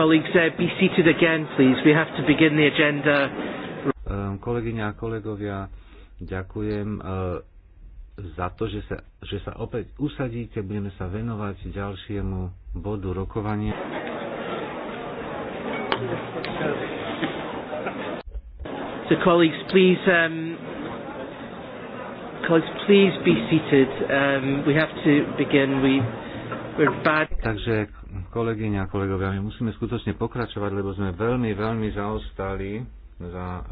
colleagues uh, be seated again, please? We have to begin the agenda. Um, kolegyňa a kolegovia, ďakujem uh, za to, že sa, že sa opäť usadíte. Budeme sa venovať ďalšiemu bodu rokovania. So colleagues, please, um, colleagues, please be seated. Um, we have to begin. We, we're bad. Takže Kolegyne a kolegovia, my musíme skutočne pokračovať, lebo sme veľmi, veľmi zaostali za e,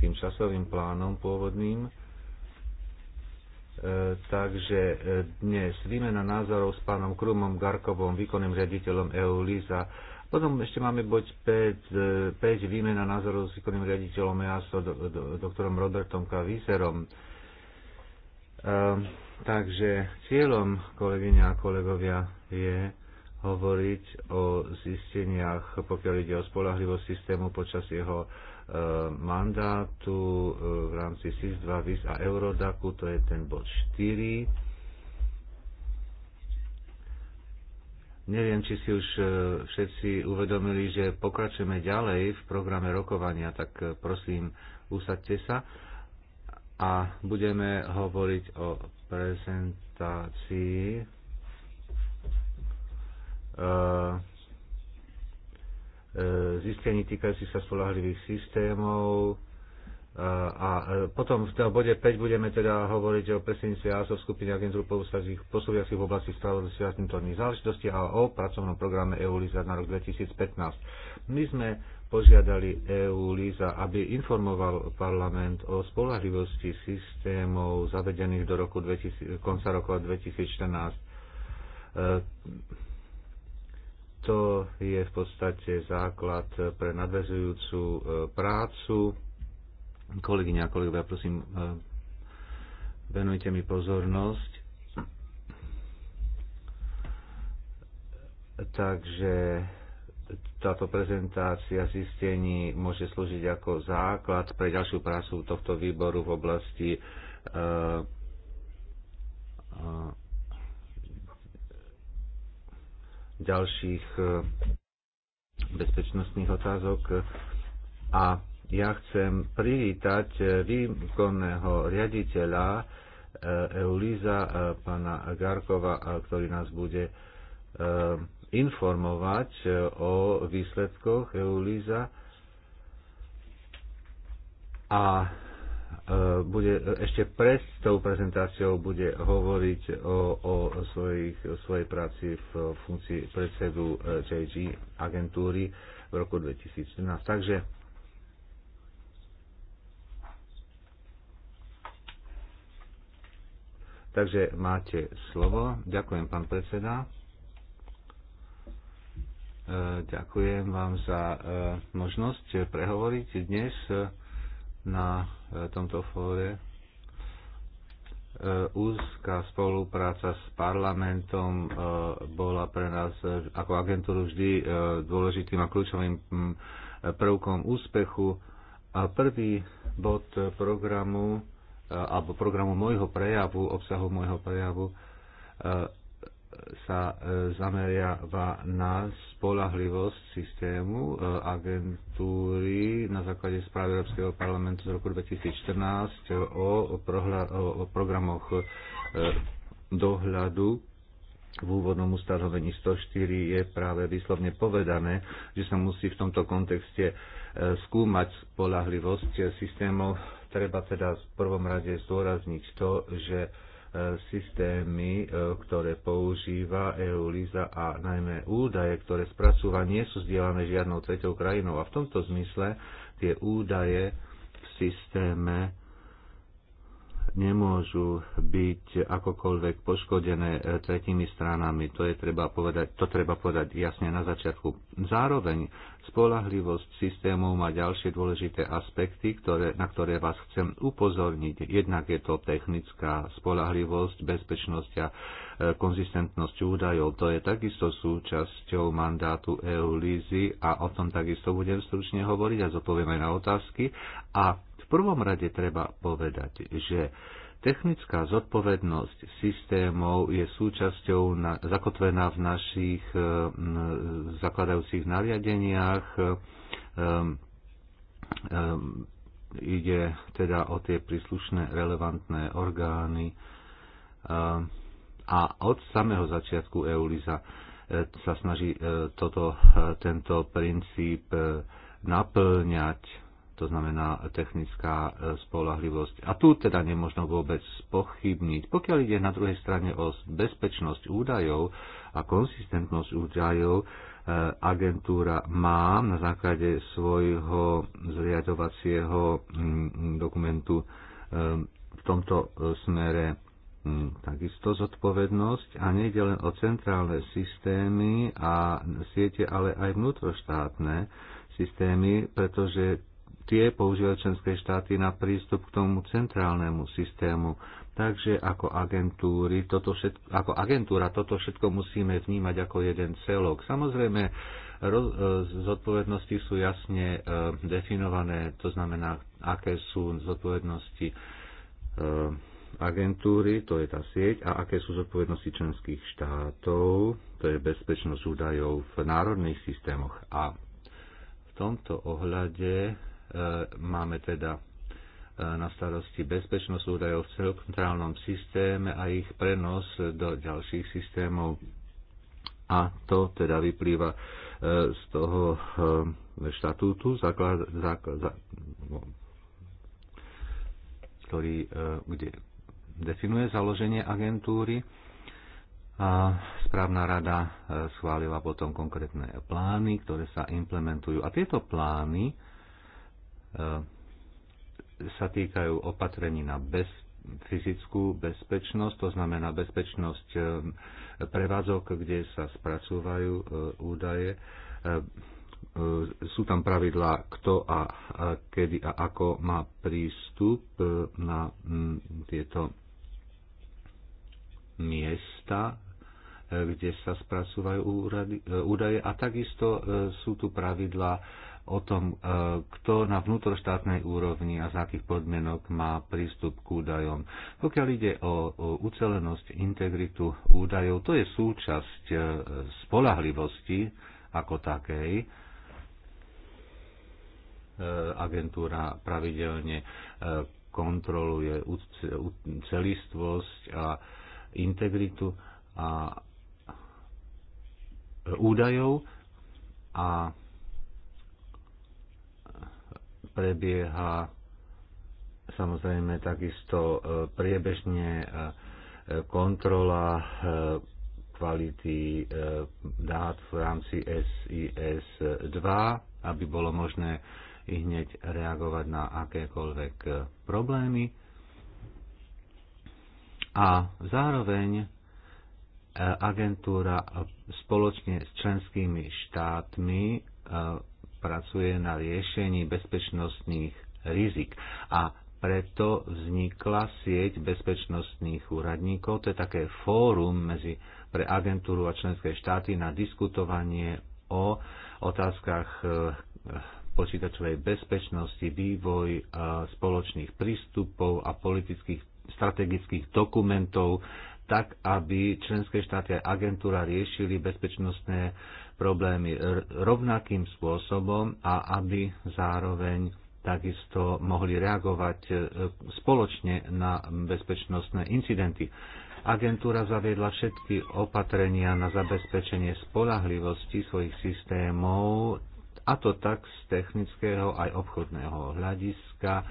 tým časovým plánom pôvodným. E, takže e, dnes výmena názorov s pánom Krumom Garkovom, výkonným riaditeľom EULISA. Potom ešte máme boť 5, 5 výmena názorov s výkonným riaditeľom EASO, do, do, doktorom Robertom Kaviserom. E, takže cieľom, kolegyňa a kolegovia, je hovoriť o zisteniach, pokiaľ ide o spolahlivosť systému počas jeho e, mandátu e, v rámci SIS-2, VIS a Eurodaku, to je ten bod 4. Neviem, či si už e, všetci uvedomili, že pokračujeme ďalej v programe rokovania, tak e, prosím, usadte sa a budeme hovoriť o prezentácii E, e, zistení týkajúcich sa spolahlivých systémov. E, a potom v bode 5 budeme teda hovoriť o predsedníctve ASO v skupine agentúr posúviacich v oblasti spravodlivosti a vnútorných záležitostí a o pracovnom programe EULIZA na rok 2015. My sme požiadali EULISA, aby informoval parlament o spolahlivosti systémov zavedených do roku 2000, konca roku 2014 to je v podstate základ pre nadvezujúcu e, prácu. Kolegyňa a kolegovia, prosím, e, venujte mi pozornosť. Takže táto prezentácia zistení môže slúžiť ako základ pre ďalšiu prácu tohto výboru v oblasti uh, uh, ďalších e, bezpečnostných otázok. A ja chcem privítať e, výkonného riaditeľa e, Eulíza, pána Garkova, ktorý nás bude informovať o výsledkoch Eulíza. A E, bude e, ešte pred tou prezentáciou bude hovoriť o, o svojich, svojej práci v funkcii predsedu e, JG agentúry v roku 2014. Takže Takže máte slovo. Ďakujem, pán predseda. Ďakujem vám za možnosť prehovoriť dnes na e, tomto fóre. E, úzka spolupráca s parlamentom e, bola pre nás ako agentúru vždy dôležitým a kľúčovým prvkom úspechu. A prvý bod programu alebo programu môjho prejavu, obsahu môjho prejavu sa e, zameriava na spolahlivosť systému e, agentúry na základe správy Európskeho parlamentu z roku 2014 o, prohla, o programoch e, dohľadu v úvodnom ustanovení 104 je práve výslovne povedané, že sa musí v tomto kontexte skúmať spolahlivosť systémov. Treba teda v prvom rade zdôrazniť to, že systémy, e, ktoré používa EULISA a najmä údaje, ktoré spracúva, nie sú zdieľané žiadnou tretou krajinou. A v tomto zmysle tie údaje v systéme nemôžu byť akokoľvek poškodené e, tretími stranami. To, je treba povedať, to treba povedať jasne na začiatku. Zároveň spolahlivosť systémov má ďalšie dôležité aspekty, ktoré, na ktoré vás chcem upozorniť. Jednak je to technická spolahlivosť, bezpečnosť a e, konzistentnosť údajov. To je takisto súčasťou mandátu EU Lízy a o tom takisto budem stručne hovoriť a zodpoviem aj na otázky. A prvom rade treba povedať, že technická zodpovednosť systémov je súčasťou na, zakotvená v našich e, zakladajúcich nariadeniach. E, e, ide teda o tie príslušné relevantné orgány. E, a od samého začiatku EULISA sa snaží toto, tento princíp naplňať to znamená technická e, spolahlivosť. A tu teda nemôžno vôbec pochybniť. Pokiaľ ide na druhej strane o bezpečnosť údajov a konsistentnosť údajov, e, agentúra má na základe svojho zriadovacieho dokumentu e, v tomto smere takisto zodpovednosť a nejde len o centrálne systémy a siete, ale aj vnútroštátne systémy, pretože tie používajú členské štáty na prístup k tomu centrálnemu systému. Takže ako, agentúry, toto všetko, ako agentúra toto všetko musíme vnímať ako jeden celok. Samozrejme, roz, e, zodpovednosti sú jasne e, definované, to znamená, aké sú zodpovednosti e, agentúry, to je tá sieť, a aké sú zodpovednosti členských štátov, to je bezpečnosť údajov v národných systémoch. A v tomto ohľade E, máme teda e, na starosti bezpečnosť údajov v centrálnom systéme a ich prenos do ďalších systémov. A to teda vyplýva e, z toho štatútu, základ, základ, zá, no, ktorý kde definuje založenie agentúry a správna rada schválila potom konkrétne plány, ktoré sa implementujú. A tieto plány E, sa týkajú opatrení na bez, fyzickú bezpečnosť, to znamená bezpečnosť e, prevádzok, kde sa spracúvajú e, údaje. Sú tam pravidlá, kto a kedy a ako má prístup na tieto miesta, kde sa spracúvajú údaje a takisto sú tu pravidlá o tom, e, kto na vnútroštátnej úrovni a z akých podmienok má prístup k údajom. Pokiaľ ide o ucelenosť, integritu údajov, to je súčasť e, spolahlivosti ako takej. E, agentúra pravidelne kontroluje celistvosť a integritu a údajov a prebieha samozrejme takisto e, priebežne e, e, kontrola kvality dát v rámci SIS 2, aby bolo možné i hneď reagovať na akékoľvek problémy. A zároveň agentúra spoločne s členskými štátmi pracuje na riešení bezpečnostných rizik. A preto vznikla sieť bezpečnostných úradníkov, to je také fórum medzi, pre agentúru a členské štáty na diskutovanie o otázkach e, počítačovej bezpečnosti, vývoj e, spoločných prístupov a politických strategických dokumentov, tak aby členské štáty a agentúra riešili bezpečnostné problémy rovnakým spôsobom a aby zároveň takisto mohli reagovať e, spoločne na bezpečnostné incidenty. Agentúra zaviedla všetky opatrenia na zabezpečenie spolahlivosti svojich systémov, a to tak z technického aj obchodného hľadiska,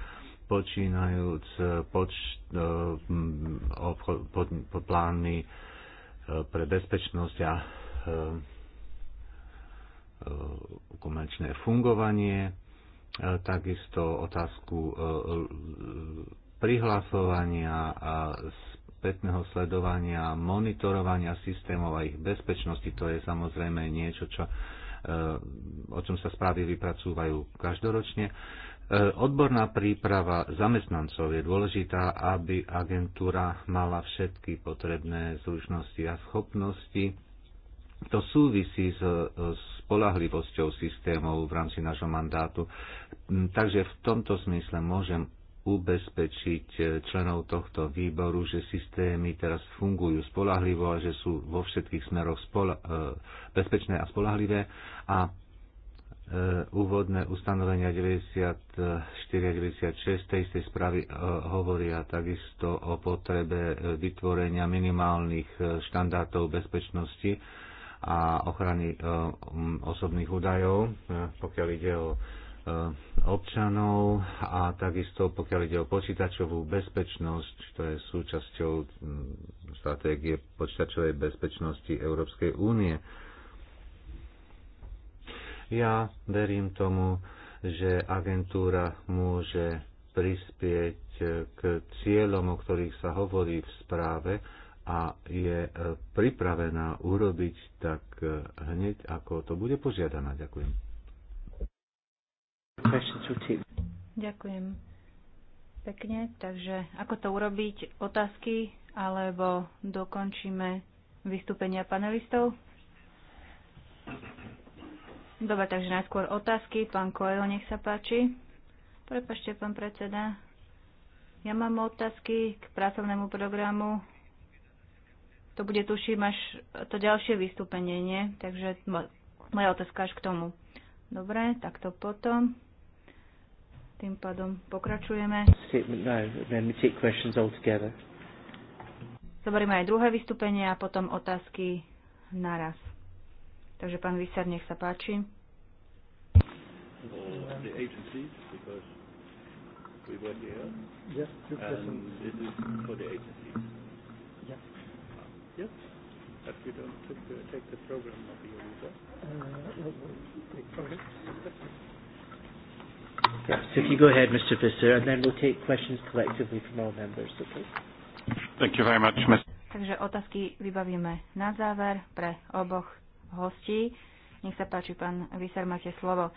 počínajúc e, poč- e, obchod, pod, pod pre bezpečnosť a E, komerčné fungovanie, e, takisto otázku e, prihlasovania a spätného sledovania, monitorovania systémov a ich bezpečnosti. To je samozrejme niečo, čo, o čom sa správy vypracúvajú každoročne. Odborná príprava zamestnancov je dôležitá, aby agentúra mala všetky potrebné zručnosti a schopnosti to súvisí s, spolahlivosťou systémov v rámci nášho mandátu. Mm, Takže v tomto smysle môžem ubezpečiť e, členov tohto výboru, že systémy teraz fungujú spolahlivo a že sú vo všetkých smeroch spola- e, bezpečné a spolahlivé a e, úvodné ustanovenia 94 a 96 tej istej správy hovoria takisto o potrebe vytvorenia minimálnych štandardov bezpečnosti a ochrany e, osobných údajov, e, pokiaľ ide o e, občanov a takisto pokiaľ ide o počítačovú bezpečnosť, to je súčasťou stratégie počítačovej bezpečnosti Európskej únie. Ja verím tomu, že agentúra môže prispieť k cieľom, o ktorých sa hovorí v správe, a je e, pripravená urobiť tak e, hneď, ako to bude požiadaná. Ďakujem. Ďakujem pekne. Takže ako to urobiť? Otázky alebo dokončíme vystúpenia panelistov? Dobre, takže najskôr otázky. Pán Koel, nech sa páči. Prepašte, pán predseda. Ja mám otázky k pracovnému programu to bude, tuším, až to ďalšie vystúpenie, nie? Takže moja otázka až k tomu. Dobre, tak to potom. Tým pádom pokračujeme. No, Zoberieme aj druhé vystúpenie a potom otázky naraz. Takže pán Vysar, nech sa páči. We here. Yes, two questions. is for the agencies. Yes. But we don't take the, take the program of the user. okay. Yeah, so if you go ahead, Mr. Visser, and then we'll take questions collectively from all members. Okay? Thank you very much, Ms. Takže otázky vybavíme na záver pre oboch hostí. Nech sa páči, pán Vyser, máte slovo.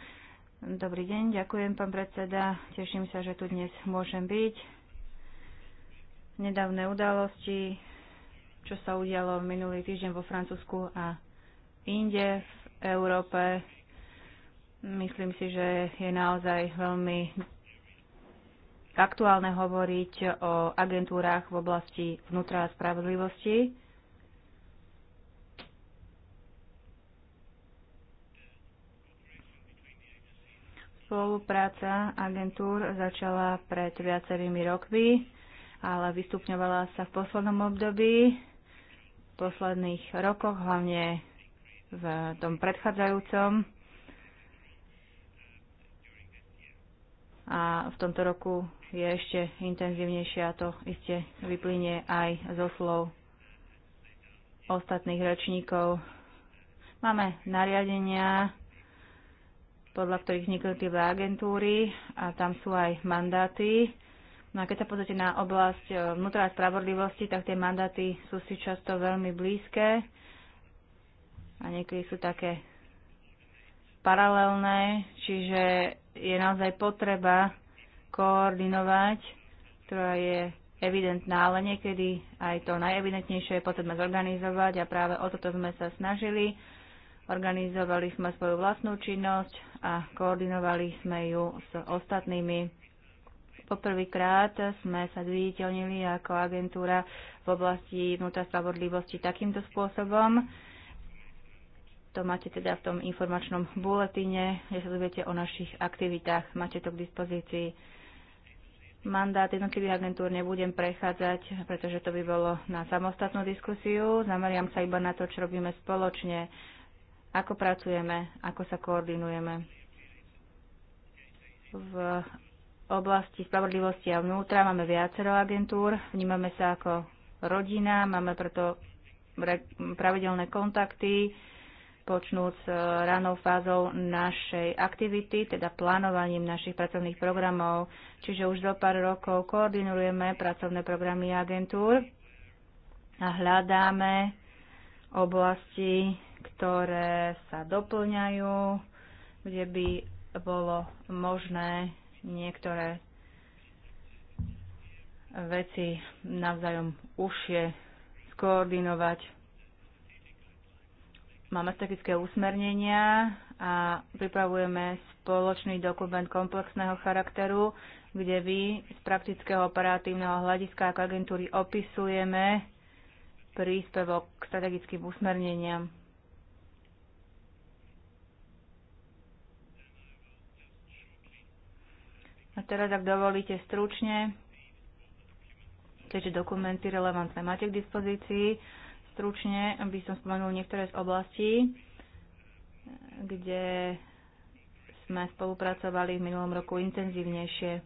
Dobrý deň, ďakujem, pán predseda. Teším sa, že tu dnes môžem byť. Nedávne udalosti čo sa udialo minulý týždeň vo Francúzsku a inde v Európe. Myslím si, že je naozaj veľmi aktuálne hovoriť o agentúrách v oblasti vnútra a spravodlivosti. Spolupráca agentúr začala pred viacerými rokmi, ale vystupňovala sa v poslednom období posledných rokoch, hlavne v tom predchádzajúcom. A v tomto roku je ešte intenzívnejšie a to iste vyplynie aj zo slov ostatných ročníkov. Máme nariadenia, podľa ktorých vznikli tie agentúry a tam sú aj mandáty No a keď sa pozrite na oblasť e, vnútra spravodlivosti, tak tie mandáty sú si často veľmi blízke a niekedy sú také paralelné, čiže je naozaj potreba koordinovať, ktorá je evidentná, ale niekedy aj to najevidentnejšie je potrebné zorganizovať a práve o toto sme sa snažili. Organizovali sme svoju vlastnú činnosť a koordinovali sme ju s ostatnými Poprvýkrát sme sa zviditeľnili ako agentúra v oblasti vnútra spravodlivosti takýmto spôsobom. To máte teda v tom informačnom buletine, kde sa dozviete o našich aktivitách. Máte to k dispozícii. Mandát jednotlivých agentúr nebudem prechádzať, pretože to by bolo na samostatnú diskusiu. Zameriam sa iba na to, čo robíme spoločne, ako pracujeme, ako sa koordinujeme. V oblasti spravodlivosti a vnútra máme viacero agentúr, vnímame sa ako rodina, máme preto pravidelné kontakty, počnúc e, ranou fázou našej aktivity, teda plánovaním našich pracovných programov. Čiže už do pár rokov koordinujeme pracovné programy agentúr a hľadáme oblasti, ktoré sa doplňajú, kde by bolo možné niektoré veci navzájom užšie skoordinovať. Máme strategické usmernenia a pripravujeme spoločný dokument komplexného charakteru, kde vy z praktického operatívneho hľadiska ako agentúry opisujeme príspevok k strategickým usmerneniam. A teraz, ak dovolíte stručne, keďže dokumenty relevantné máte k dispozícii, stručne by som spomenul niektoré z oblastí, kde sme spolupracovali v minulom roku intenzívnejšie.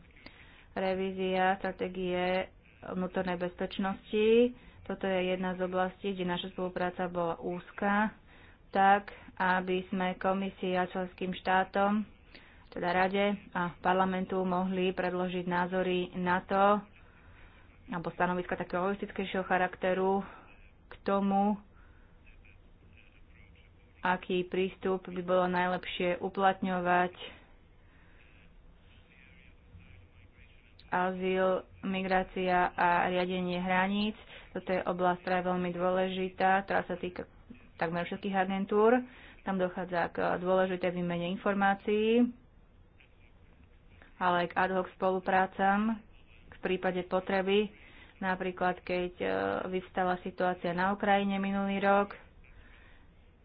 Revízia strategie vnútornej bezpečnosti. Toto je jedna z oblastí, kde naša spolupráca bola úzka, tak aby sme a členským štátom teda Rade a parlamentu mohli predložiť názory na to, alebo stanoviska takého holistickejšieho charakteru k tomu, aký prístup by bolo najlepšie uplatňovať azyl, migrácia a riadenie hraníc. Toto je oblasť, ktorá je veľmi dôležitá, ktorá sa týka takmer všetkých agentúr. Tam dochádza k dôležitej výmene informácií ale aj k ad hoc spoluprácam v prípade potreby. Napríklad, keď e, vyvstala situácia na Ukrajine minulý rok,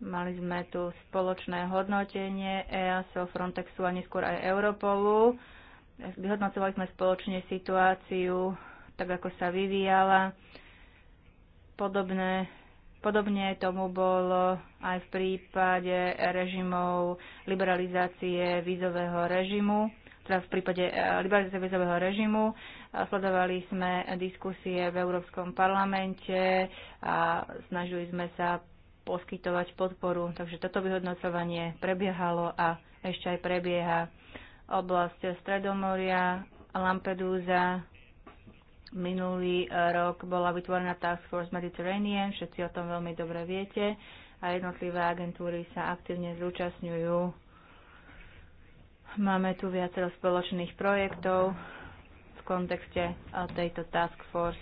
mali sme tu spoločné hodnotenie EASO, Frontexu a neskôr aj Europolu. Vyhodnocovali sme spoločne situáciu, tak ako sa vyvíjala. Podobné Podobne tomu bolo aj v prípade režimov liberalizácie vízového režimu teda v prípade eh, liberalizácie vizového režimu. Eh, sledovali sme diskusie v Európskom parlamente a snažili sme sa poskytovať podporu. Takže toto vyhodnocovanie prebiehalo a ešte aj prebieha oblasť Stredomoria, Lampedusa. Minulý eh, rok bola vytvorená Task Force Mediterranean, všetci o tom veľmi dobre viete a jednotlivé agentúry sa aktívne zúčastňujú Máme tu viacero spoločných projektov v kontekste tejto task force.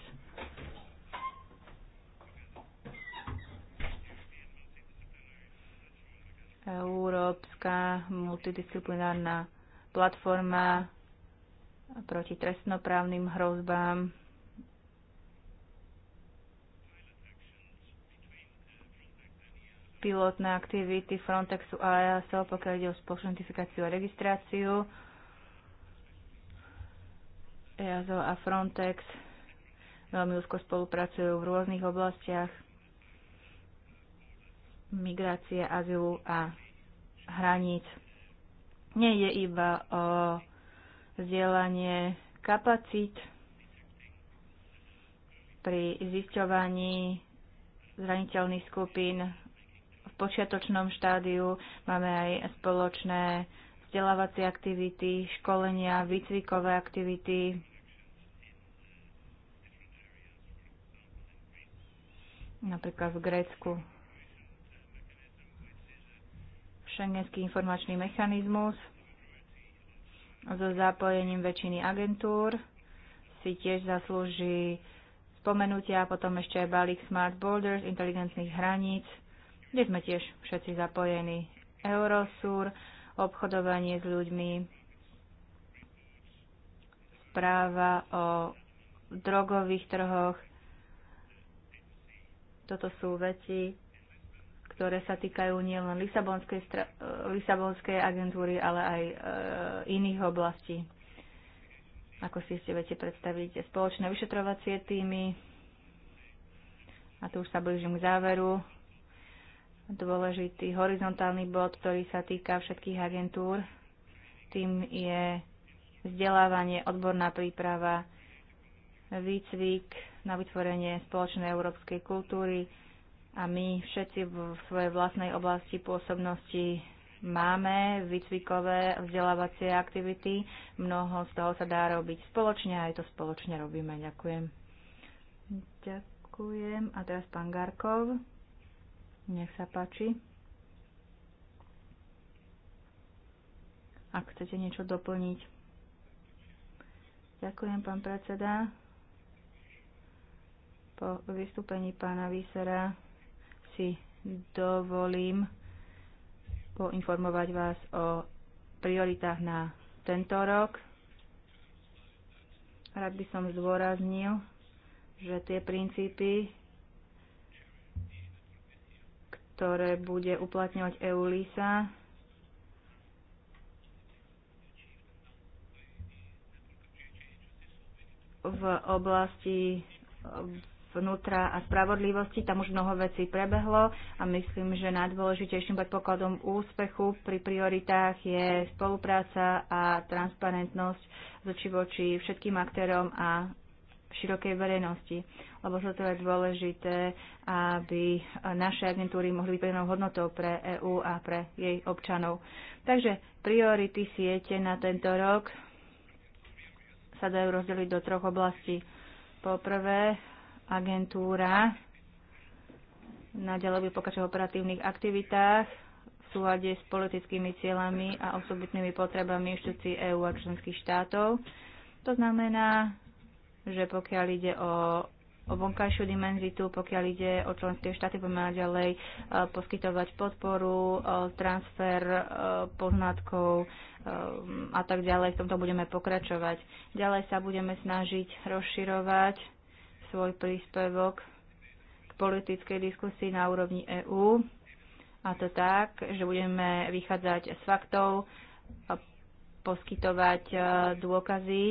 Európska multidisciplinárna platforma proti trestnoprávnym hrozbám pilotné aktivity Frontexu a EASO, pokiaľ ide o spoločnú notifikáciu a registráciu. EASO a Frontex veľmi úzko spolupracujú v rôznych oblastiach migrácie, azylu a hraníc. Nejde iba o vzdielanie kapacít pri zisťovaní zraniteľných skupín počiatočnom štádiu, máme aj spoločné vzdelávacie aktivity, školenia, výcvikové aktivity. Napríklad v Grécku. Šengenský informačný mechanizmus so zapojením väčšiny agentúr si tiež zaslúži spomenutia, potom ešte aj balík Smart Borders, inteligentných hraníc – kde sme tiež všetci zapojení. Eurosur, obchodovanie s ľuďmi, správa o drogových trhoch. Toto sú veci, ktoré sa týkajú nielen Lisabonskej, eh, Lisabonskej agentúry, ale aj e, iných oblastí. Ako si ste viete predstaviť, spoločné vyšetrovacie týmy. A tu už sa blížim k záveru Dôležitý horizontálny bod, ktorý sa týka všetkých agentúr, tým je vzdelávanie, odborná príprava, výcvik na vytvorenie spoločnej európskej kultúry a my všetci v svojej vlastnej oblasti pôsobnosti máme výcvikové vzdelávacie aktivity. Mnoho z toho sa dá robiť spoločne a aj to spoločne robíme. Ďakujem. Ďakujem. A teraz pán Garkov. Nech sa páči. Ak chcete niečo doplniť. Ďakujem, pán predseda. Po vystúpení pána Vysera si dovolím poinformovať vás o prioritách na tento rok. Rád by som zdôraznil, že tie princípy, ktoré bude uplatňovať EULISA, v oblasti eh, vnútra a spravodlivosti. Tam už mnoho vecí prebehlo a myslím, že najdôležitejším predpokladom úspechu pri prioritách je spolupráca a transparentnosť voči všetkým aktérom a širokej verejnosti, lebo toto je dôležité, aby naše agentúry mohli byť plnou hodnotou pre EÚ a pre jej občanov. Takže priority siete na tento rok sa dajú rozdeliť do troch oblastí. Poprvé, agentúra naďalej bude pokračovať v operatívnych aktivitách v súlade s politickými cieľami a osobitnými potrebami inštitúcií EÚ a členských štátov. To znamená, že pokiaľ ide o o vonkajšiu dimenzitu, pokiaľ ide o členské štáty, budeme ďalej e, poskytovať podporu, e, transfer e, poznatkov a tak ďalej. V tomto budeme pokračovať. Ďalej sa budeme snažiť rozširovať svoj príspevok k politickej diskusii na úrovni EÚ. A to tak, že budeme vychádzať z faktov, poskytovať e, dôkazy,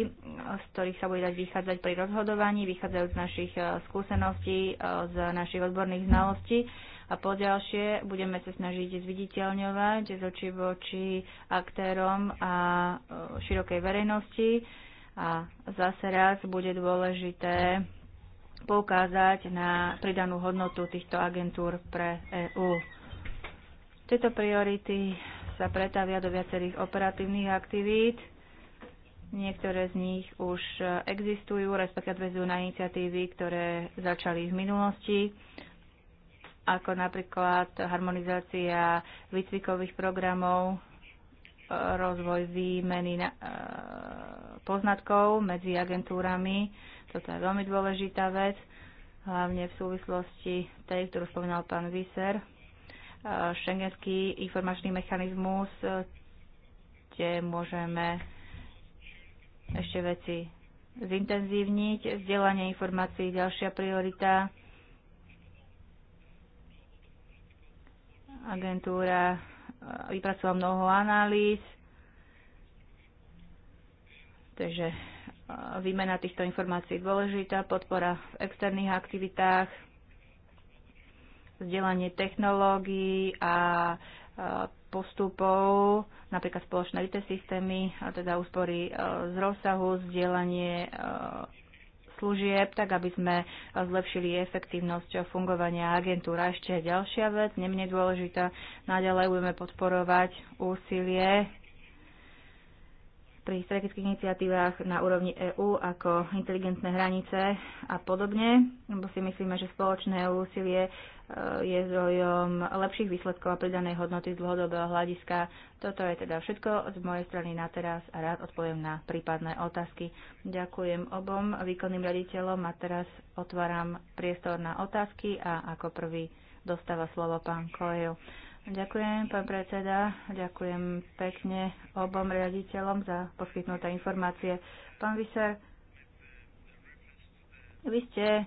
z ktorých sa bude dať vychádzať pri rozhodovaní, vychádzajú z našich e, skúseností, e, z našich odborných znalostí. A po ďalšie budeme sa snažiť zviditeľňovať z očí voči aktérom a širokej verejnosti. A zase raz bude dôležité poukázať na pridanú hodnotu týchto agentúr pre EÚ. Tieto priority sa pretavia do viacerých operatívnych aktivít. Niektoré z nich už existujú, respektíve vezujú na iniciatívy, ktoré začali v minulosti, ako napríklad harmonizácia výcvikových programov, rozvoj výmeny e, poznatkov medzi agentúrami. Toto je veľmi dôležitá vec, hlavne v súvislosti tej, ktorú spomínal pán Viser, šengenský informačný mechanizmus, kde môžeme ešte veci zintenzívniť. Vzdelanie informácií, ďalšia priorita. Agentúra eh, vypracovala mnoho analýz, takže eh, výmena týchto informácií je dôležitá, podpora v externých aktivitách, vzdelanie technológií a e, postupov, napríklad spoločné IT systémy, teda úspory e, z rozsahu, vzdelanie e, služieb, tak aby sme zlepšili efektívnosť fungovania agentúr. A ešte ďalšia vec, nemne dôležitá, naďalej budeme podporovať úsilie pri strategických iniciatívach na úrovni EÚ ako inteligentné hranice a podobne, lebo si myslíme, že spoločné úsilie Eh, je zdrojom lepších výsledkov a pridanej hodnoty z dlhodobého hľadiska. Toto je teda všetko z mojej strany na teraz a rád odpoviem na prípadné otázky. Ďakujem obom výkonným raditeľom a teraz otváram priestor na otázky a ako prvý dostáva slovo pán Kojo. Ďakujem, pán predseda. Ďakujem pekne obom riaditeľom za poskytnuté informácie. Pán Vyser, vy ste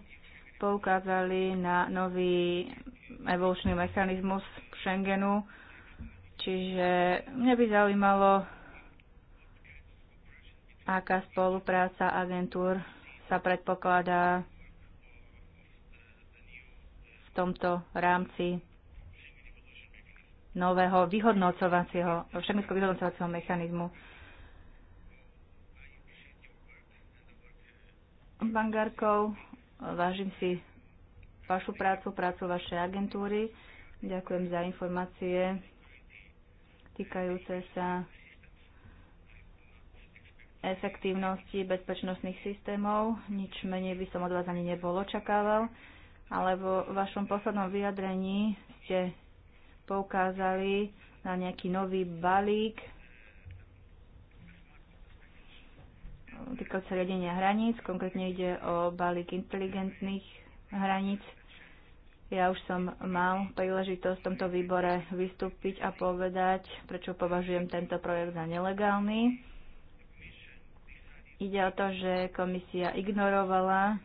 poukázali na nový evolučný mechanizmus Schengenu, čiže mňa by zaujímalo, aká spolupráca agentúr sa predpokladá v tomto rámci nového vyhodnocovacieho, všetkého vyhodnocovacieho mechanizmu. Bangarkov, Vážim si vašu prácu, prácu vašej agentúry. Ďakujem za informácie týkajúce sa efektívnosti bezpečnostných systémov. Nič menej by som od vás ani nebol očakával, ale vo vašom poslednom vyjadrení ste poukázali na nejaký nový balík týkajú sa riadenia hraníc, konkrétne ide o balík inteligentných hraníc. Ja už som mal príležitosť v tomto výbore vystúpiť a povedať, prečo považujem tento projekt za nelegálny. Ide o to, že komisia ignorovala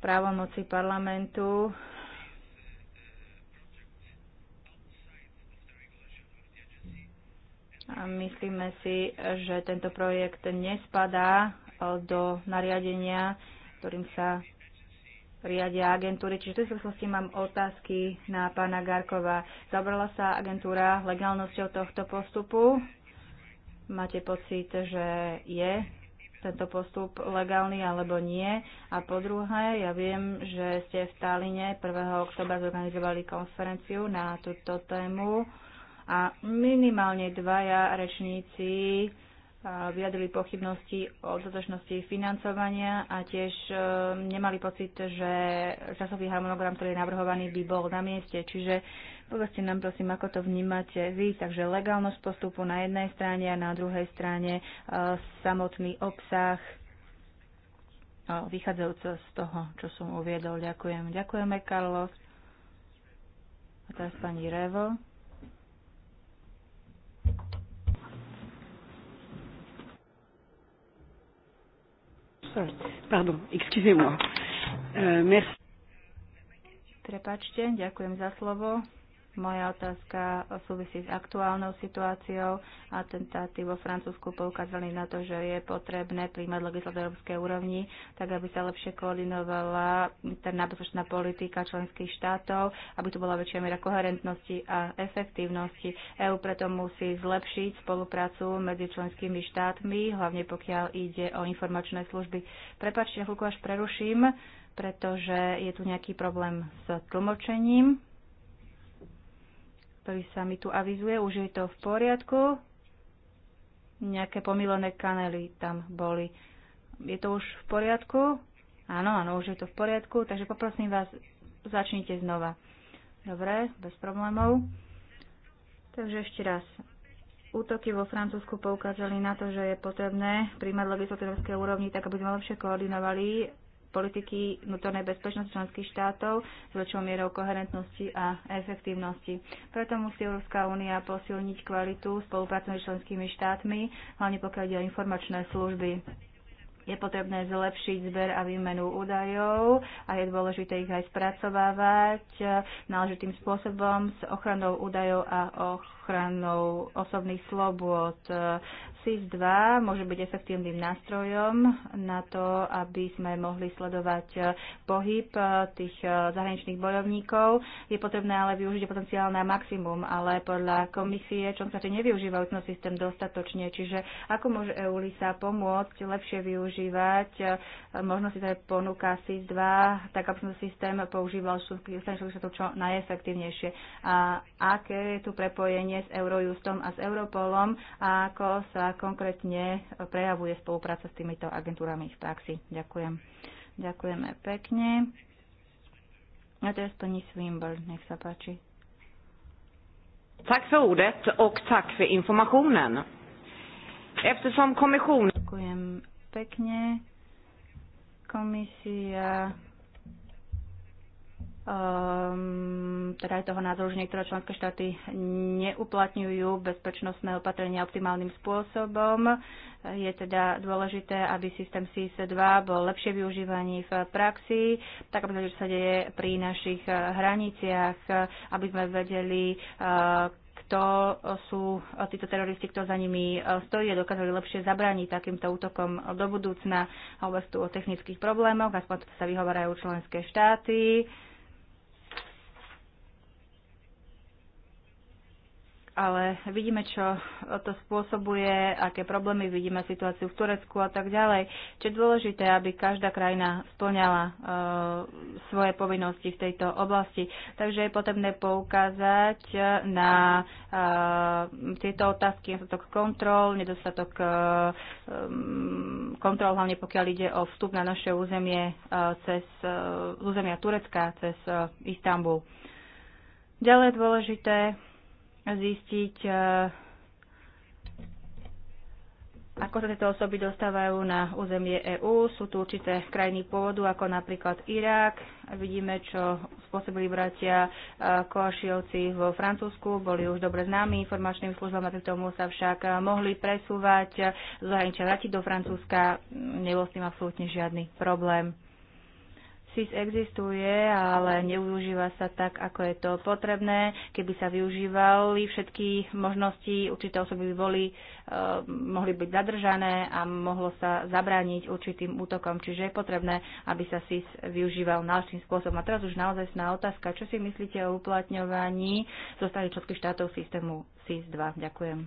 právomoci parlamentu Myslíme si, že tento projekt nespadá eh, do nariadenia, ktorým sa riadia agentúry. Čiže v tej súvislosti mám otázky na pána Garkova. Zabrala sa agentúra legálnosťou tohto postupu? Máte pocit, že je tento postup legálny alebo nie. A po druhé, ja viem, že ste v Taline 1. oktobra zorganizovali konferenciu na túto tému a minimálne dvaja rečníci vyjadrili pochybnosti o dotočnosti financovania a tiež e, nemali pocit, že časový harmonogram, ktorý je navrhovaný, by bol na mieste. Čiže povedzte nám prosím, ako to vnímate vy. Takže legálnosť postupu na jednej strane a na druhej strane e, samotný obsah e, vychádzajúce z toho, čo som uviedol. Ďakujem. Ďakujeme, Carlos. A teraz pani Revo. Pardon, excusez-moi. Euh, Merci. Prepačte, ďakujem za slovo. Moja otázka súvisí s aktuálnou situáciou. Atentáty vo Francúzsku poukázali na to, že je potrebné príjmať legislatívu európskej úrovni, tak aby sa lepšie koordinovala interná bezpečná politika členských štátov, aby tu bola väčšia miera koherentnosti a efektívnosti. EÚ preto musí zlepšiť spoluprácu medzi členskými štátmi, hlavne pokiaľ ide o informačné služby. Prepačte, chvíľku až preruším, pretože je tu nejaký problém s tlmočením ktorý sa mi tu avizuje. Už je to v poriadku. Nejaké pomilené kanely tam boli. Je to už v poriadku? Áno, áno, už je to v poriadku, takže poprosím vás, začnite znova. Dobre, bez problémov. Takže ešte raz. Útoky vo Francúzsku poukázali na to, že je potrebné príjmať legislatívne úrovni tak, aby sme lepšie koordinovali politiky vnútornej bezpečnosti členských štátov s väčšou mierou koherentnosti a efektívnosti. Preto musí Európska únia posilniť kvalitu spolupráce s členskými štátmi, hlavne pokiaľ ide o informačné služby. Je potrebné zlepšiť zber a výmenu údajov a je dôležité ich aj spracovávať náležitým spôsobom s ochranou údajov a ochranou osobných slobôd, SIS-2 môže byť efektívnym nástrojom na to, aby sme mohli sledovať eh, pohyb eh, tých eh, zahraničných bojovníkov. Je potrebné ale využiť potenciál na maximum, ale podľa komisie členské nevyužívajú ten systém dostatočne. Čiže ako môže EULISA pomôcť lepšie využívať možnosti, ktoré ponúka SIS-2, tak aby som systém používal štátov čo najefektívnejšie. A aké je tu prepojenie s Eurojustom a s Europolom a ako sa konkrétne prejavuje spolupráca s týmito agentúrami v praxi. Ďakujem. Ďakujeme pekne. A teraz pani Swinburne, nech sa páči. Tack för ordet och tack för informationen. Eftersom kommissionen... Ďakujem pekne. Komisia Um, teda aj toho názoru, že niektoré členské štáty neuplatňujú bezpečnostné opatrenia optimálnym spôsobom. Je teda dôležité, aby systém cis 2 bol lepšie využívaný v praxi, tak aby vedeli, sa deje pri našich eh, hraniciach, aby sme vedeli, uh, kto sú títo teroristi, kto za nimi eh, stojí a dokázali lepšie zabrániť takýmto útokom do budúcna. Hovorí tu o technických problémoch, aspoň sa vyhovarajú členské štáty. Uh, ale vidíme, čo to spôsobuje, aké problémy vidíme situáciu v Turecku a tak ďalej. Čo je dôležité, aby každá krajina splňala e, svoje povinnosti v tejto oblasti. Takže je potrebné poukázať e, na e, tieto otázky, nedostatok kontrol, nedostatok e, e, kontrol, hlavne pokiaľ ide o vstup na naše územie e, cez e, územia Turecka, cez e, Istanbul. Ďalej dôležité zistiť, e, ako sa tieto osoby dostávajú na územie EÚ. Sú tu určité krajiny pôvodu, ako napríklad Irak. Vidíme, čo spôsobili bratia e, Koašiovci vo Francúzsku. Boli už dobre známi informačným službám, napriek tomu sa však mohli presúvať, zahraničia vrátiť do Francúzska. Nebol s tým absolútne žiadny problém. SIS existuje, ale neužíva sa tak, ako je to potrebné. Keby sa využívali všetky možnosti, určité osoby by boli, uh, mohli byť zadržané a mohlo sa zabrániť určitým útokom. Čiže je potrebné, aby sa SIS využíval náležitým spôsobom. A teraz už naozaj sná otázka, čo si myslíte o uplatňovaní zo strany členských štátov systému SIS 2. Ďakujem.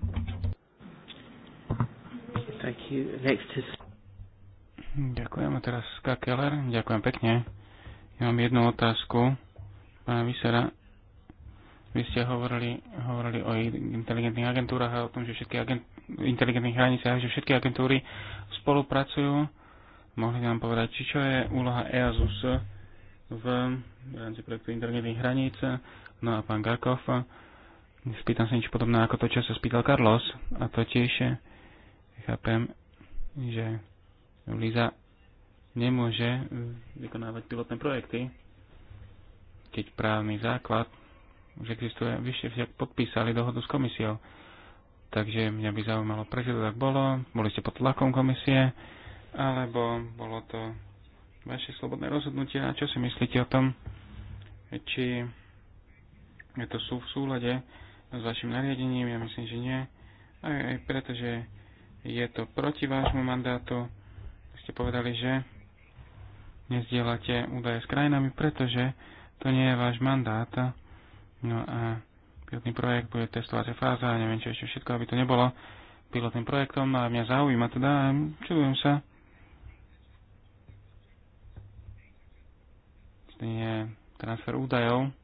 Thank you. Next is... Ďakujem a teraz Ska Keller. Ďakujem pekne. Ja mám jednu otázku. Pána Vysera, vy ste hovorili, hovorili o inteligentných agentúrach a o tom, že všetky agent, inteligentných hraniciach, že všetky agentúry spolupracujú. Mohli nám povedať, či čo je úloha EASUS v, v rámci projektu inteligentných hraníc. No a pán Garkov, spýtam sa niečo podobné ako to, čo sa spýtal Carlos. A to tiež chápem, že Liza nemôže vykonávať pilotné projekty, keď právny základ už existuje. Vy ste však podpísali dohodu s komisiou. Takže mňa by zaujímalo, prečo to tak bolo. Boli ste pod tlakom komisie, alebo bolo to vaše slobodné rozhodnutie. A čo si myslíte o tom, či je to sú v súlade s vašim nariadením? Ja myslím, že nie. Aj, aj preto, že je to proti vášmu mandátu. Ste povedali, že nezdielate údaje s krajinami, pretože to nie je váš mandát. No a pilotný projekt bude testovacia fáza a neviem čo ešte všetko, aby to nebolo pilotným projektom, ale mňa zaujíma teda a čudujem sa. To je transfer údajov,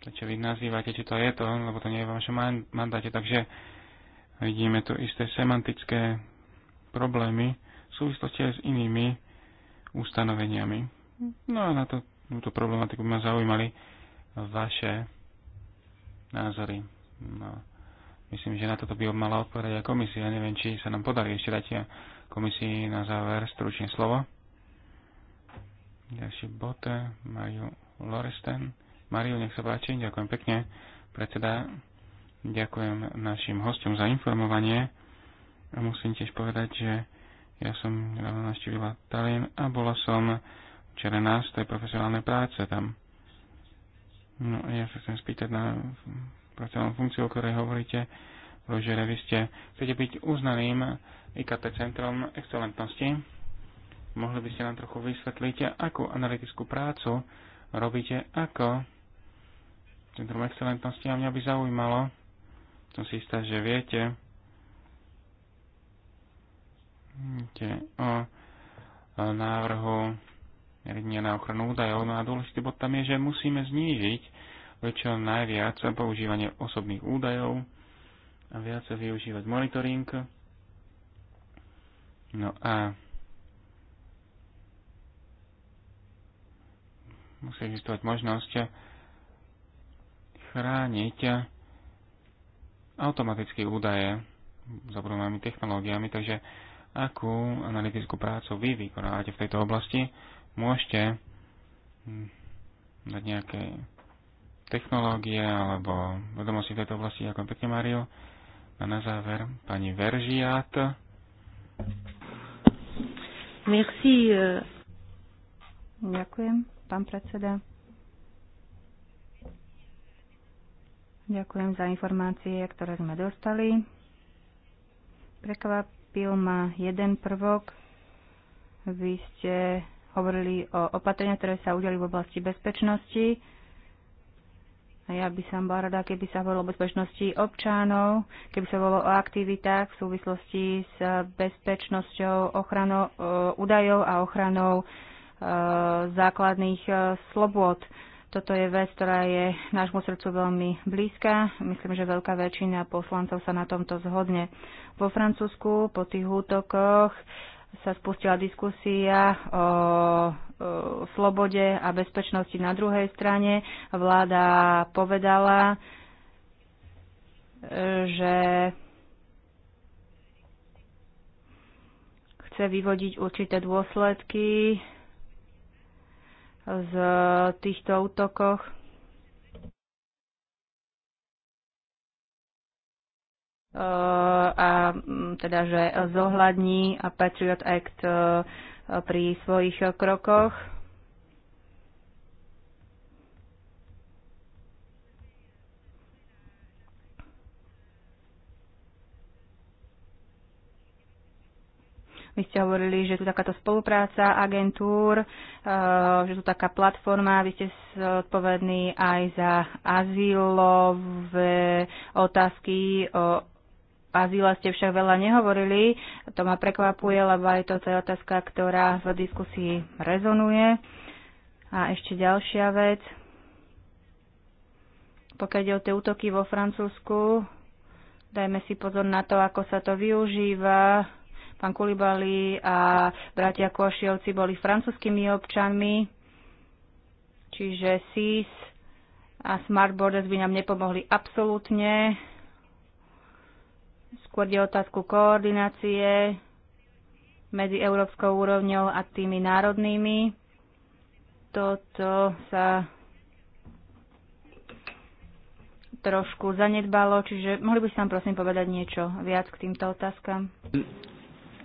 to čo vy nazývate, či to je to, lebo to nie je vo vašom mandáte, takže vidíme tu isté semantické problémy v súvislosti aj s inými ustanoveniami. No a na to, túto problematiku by ma zaujímali vaše názory. No, myslím, že na toto by mala odpovedať aj komisia. Neviem, či sa nám podarí ešte dať komisii na záver stručne slovo. Ďalší bote, Mariu Loresten. Mariu, nech sa páči, ďakujem pekne. Predseda, ďakujem našim hostom za informovanie. A musím tiež povedať, že ja som nedávno naštívila Tallinn a bola som včera na tej profesionálnej práce tam. No ja sa chcem spýtať na profesionálnu funkciu, o ktorej hovoríte, že vy ste, chcete byť uznaným IKT centrom excelentnosti. Mohli by ste nám trochu vysvetliť, akú analytickú prácu robíte, ako centrum excelentnosti a mňa by zaujímalo, som si istá, že viete, o e, návrhu riadenia na ochranu údajov. No a dôležitý bod tam je, že musíme znížiť čo najviac používanie osobných údajov a viac využívať monitoring. No a musí existovať možnosť chrániť automatické údaje s obrovnými technológiami, takže akú analytickú prácu vy vykonávate v tejto oblasti. Môžete hm, dať nejaké technológie alebo vedomosti v tejto oblasti. ako pekne, Mario. A na záver pani Veržiat. Merci. Eh. Ďakujem, pán predseda. Ďakujem za informácie, ktoré sme dostali. Prekvap, Pil má jeden prvok. Vy ste hovorili o opatreniach, ktoré sa udeli v oblasti bezpečnosti. A ja by som bola rada, keby sa hovorilo o bezpečnosti občanov, keby sa hovorilo o aktivitách v súvislosti s bezpečnosťou, ochranou e, údajov a ochranou e, základných e, slobod. Toto je vec, ktorá je nášmu srdcu veľmi blízka. Myslím, že veľká väčšina poslancov sa na tomto zhodne. Vo Francúzsku po tých útokoch sa spustila diskusia o, slobode a bezpečnosti na druhej strane. Vláda povedala, že chce vyvodiť určité dôsledky z týchto útokoch. E, a teda, že zohľadní Patriot Act e, pri svojich krokoch. Vy ste hovorili, že tu takáto spolupráca agentúr, e, že tu taká platforma, vy ste odpovední aj za azylové otázky, o azyle ste však veľa nehovorili. To ma prekvapuje, lebo aj to je otázka, ktorá v diskusii rezonuje. A ešte ďalšia vec. Pokiaľ ide o tie útoky vo Francúzsku, dajme si pozor na to, ako sa to využíva Pán Kulibali a bratia Košielci boli francúzskými občanmi, čiže SIS a Smart Borders by nám nepomohli absolútne. Skôr je otázku koordinácie medzi európskou úrovňou a tými národnými. Toto sa trošku zanedbalo, čiže mohli by ste nám prosím povedať niečo viac k týmto otázkam?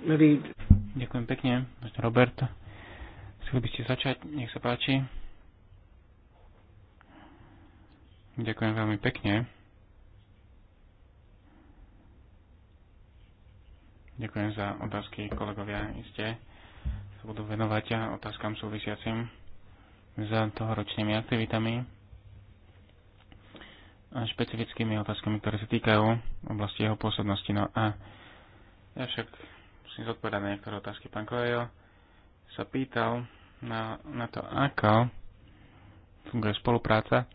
Ďakujem pekne, Robert. Chceli by ste začať, nech sa páči. Ďakujem veľmi pekne. Ďakujem za otázky, kolegovia. Iste sa budú venovať a otázkam súvisiacim za tohoročnými aktivitami a špecifickými otázkami, ktoré sa týkajú oblasti jeho pôsobnosti. No a ja však musím zodpovedať na niektoré otázky. Pán Kojo sa pýtal na, na to, ako funguje spolupráca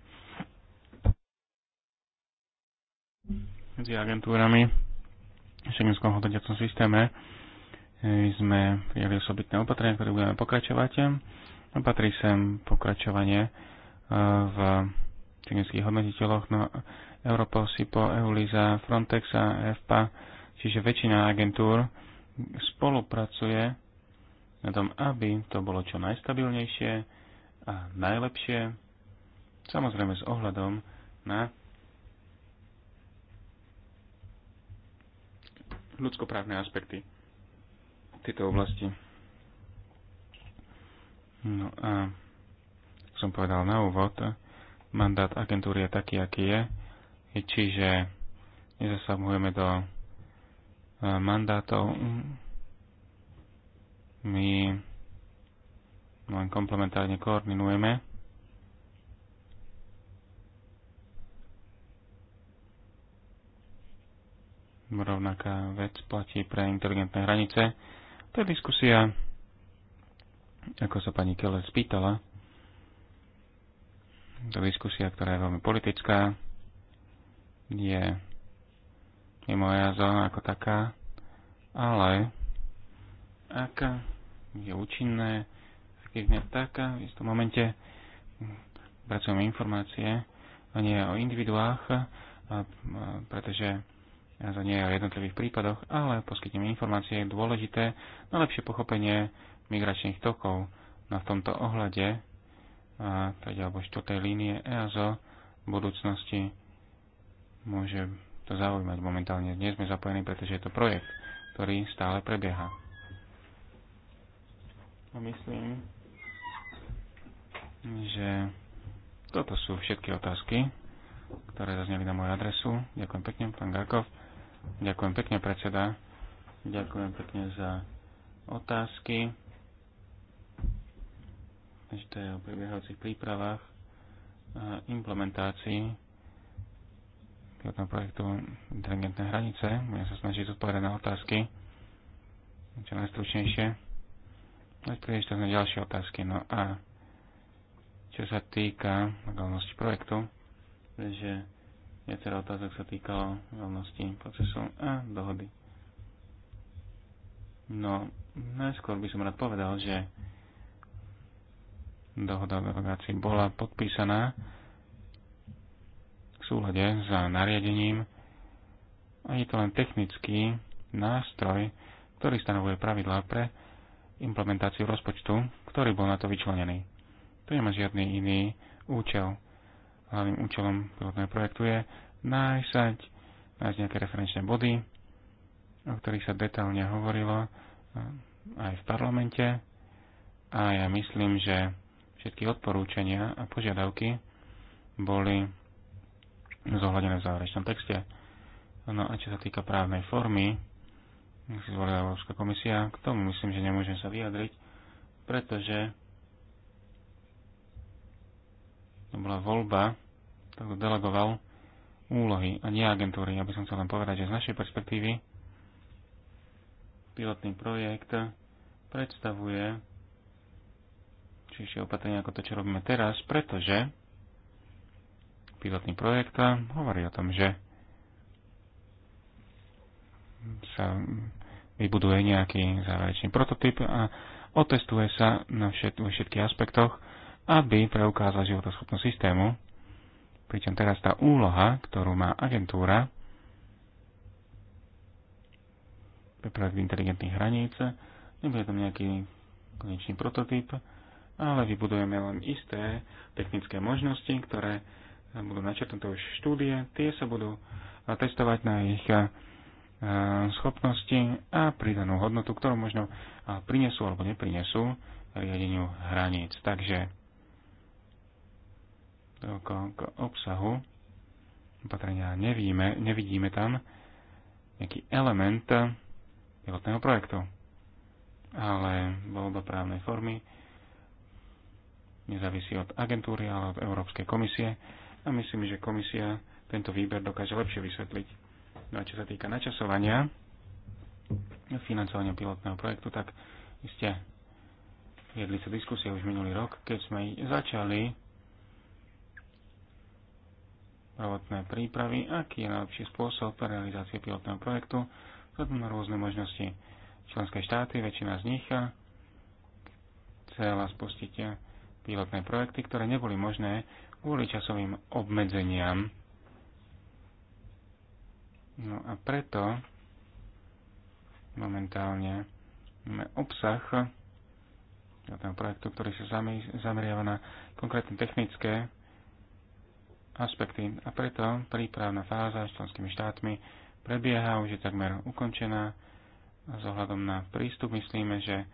medzi agentúrami v šengenskom hodnotiacom systéme. My e, sme prijali osobitné opatrenia, ktoré budeme pokračovať. Patrí sem pokračovanie e, v šengenských hodnotiteľoch, no Europol, SIPO, EULISA, Frontex a EFPA, čiže väčšina agentúr spolupracuje na tom, aby to bolo čo najstabilnejšie a najlepšie, samozrejme s ohľadom na ľudskoprávne aspekty tejto oblasti. No a som povedal na úvod, mandát agentúry je taký, aký je, čiže nezasahujeme do Eh, mandátov. My len komplementárne koordinujeme. Rovnaká vec platí pre inteligentné hranice. To je diskusia, ako sa pani Keller spýtala, to diskusia, ktorá je veľmi politická, je je moja zóna ako taká, ale aká je účinné, hneď taká, v istom momente pracujeme informácie, a nie o individuách, a, a, pretože to nie je o jednotlivých prípadoch, ale poskytneme informácie dôležité na lepšie pochopenie migračných tokov. No tomto ohľade, a, teda alebo štvrtej línie EASO v budúcnosti môže to zaujímať momentálne. Nie sme zapojení, pretože je to projekt, ktorý stále prebieha. A myslím, že toto sú všetky otázky, ktoré zazneli na moju adresu. Ďakujem pekne, pán Garkov. Ďakujem pekne, predseda. Ďakujem pekne za otázky. Takže to je o prebiehajúcich prípravách a implementácii pilotného projektu Inteligentné hranice. Budem sa snažiť odpovedať na otázky, čo najstručnejšie. Dať to na ďalšie otázky. No a čo sa týka legálnosti projektu, že viacero otázok sa týkalo legálnosti procesu a dohody. No, najskôr by som rád povedal, že dohoda o delegácii bola podpísaná súlade s nariadením a je to len technický nástroj, ktorý stanovuje pravidlá pre implementáciu rozpočtu, ktorý bol na to vyčlenený. To nemá žiadny iný účel. Hlavným účelom pilotného projektu je nájsať, nájsť nejaké referenčné body, o ktorých sa detálne hovorilo aj v parlamente. A ja myslím, že všetky odporúčania a požiadavky boli zohľadené v záverečnom texte. No a čo sa týka právnej formy, nech si zvolila Európska komisia, k tomu myslím, že nemôžem sa vyjadriť, pretože to bola voľba, tak delegoval úlohy a nie agentúry. Ja by som chcel len povedať, že z našej perspektívy pilotný projekt predstavuje čiže opatrenie ako to, čo robíme teraz, pretože pilotný projekt hovorí o tom, že sa vybuduje nejaký záverečný prototyp a otestuje sa na všet, vo všetkých aspektoch, aby preukázal životoschopnosť systému. Pričom teraz tá úloha, ktorú má agentúra pre projekt inteligentných hraníc, nebude tam nejaký konečný prototyp, ale vybudujeme len isté technické možnosti, ktoré budú načrtnuté už štúdie, tie sa budú testovať na ich schopnosti a pridanú hodnotu, ktorú možno prinesú alebo neprinesú riadeniu hraníc. Takže k, k obsahu opatrenia nevíme, nevidíme tam nejaký element pilotného projektu. Ale voľba právnej formy nezávisí od agentúry, ale od Európskej komisie a myslím, že komisia tento výber dokáže lepšie vysvetliť. No a čo sa týka načasovania a financovania pilotného projektu, tak ste viedli sa diskusie už minulý rok, keď sme začali prvotné prípravy, aký je najlepší spôsob realizácie pilotného projektu, vzhľadom na rôzne možnosti. Členské štáty, väčšina z nich chcela spustiť pilotné projekty, ktoré neboli možné kvôli časovým obmedzeniam. No a preto momentálne máme obsah toho projektu, ktorý sa zameriava na konkrétne technické aspekty. A preto prípravná fáza s členskými štátmi prebieha, už je takmer ukončená. A z ohľadom na prístup myslíme, že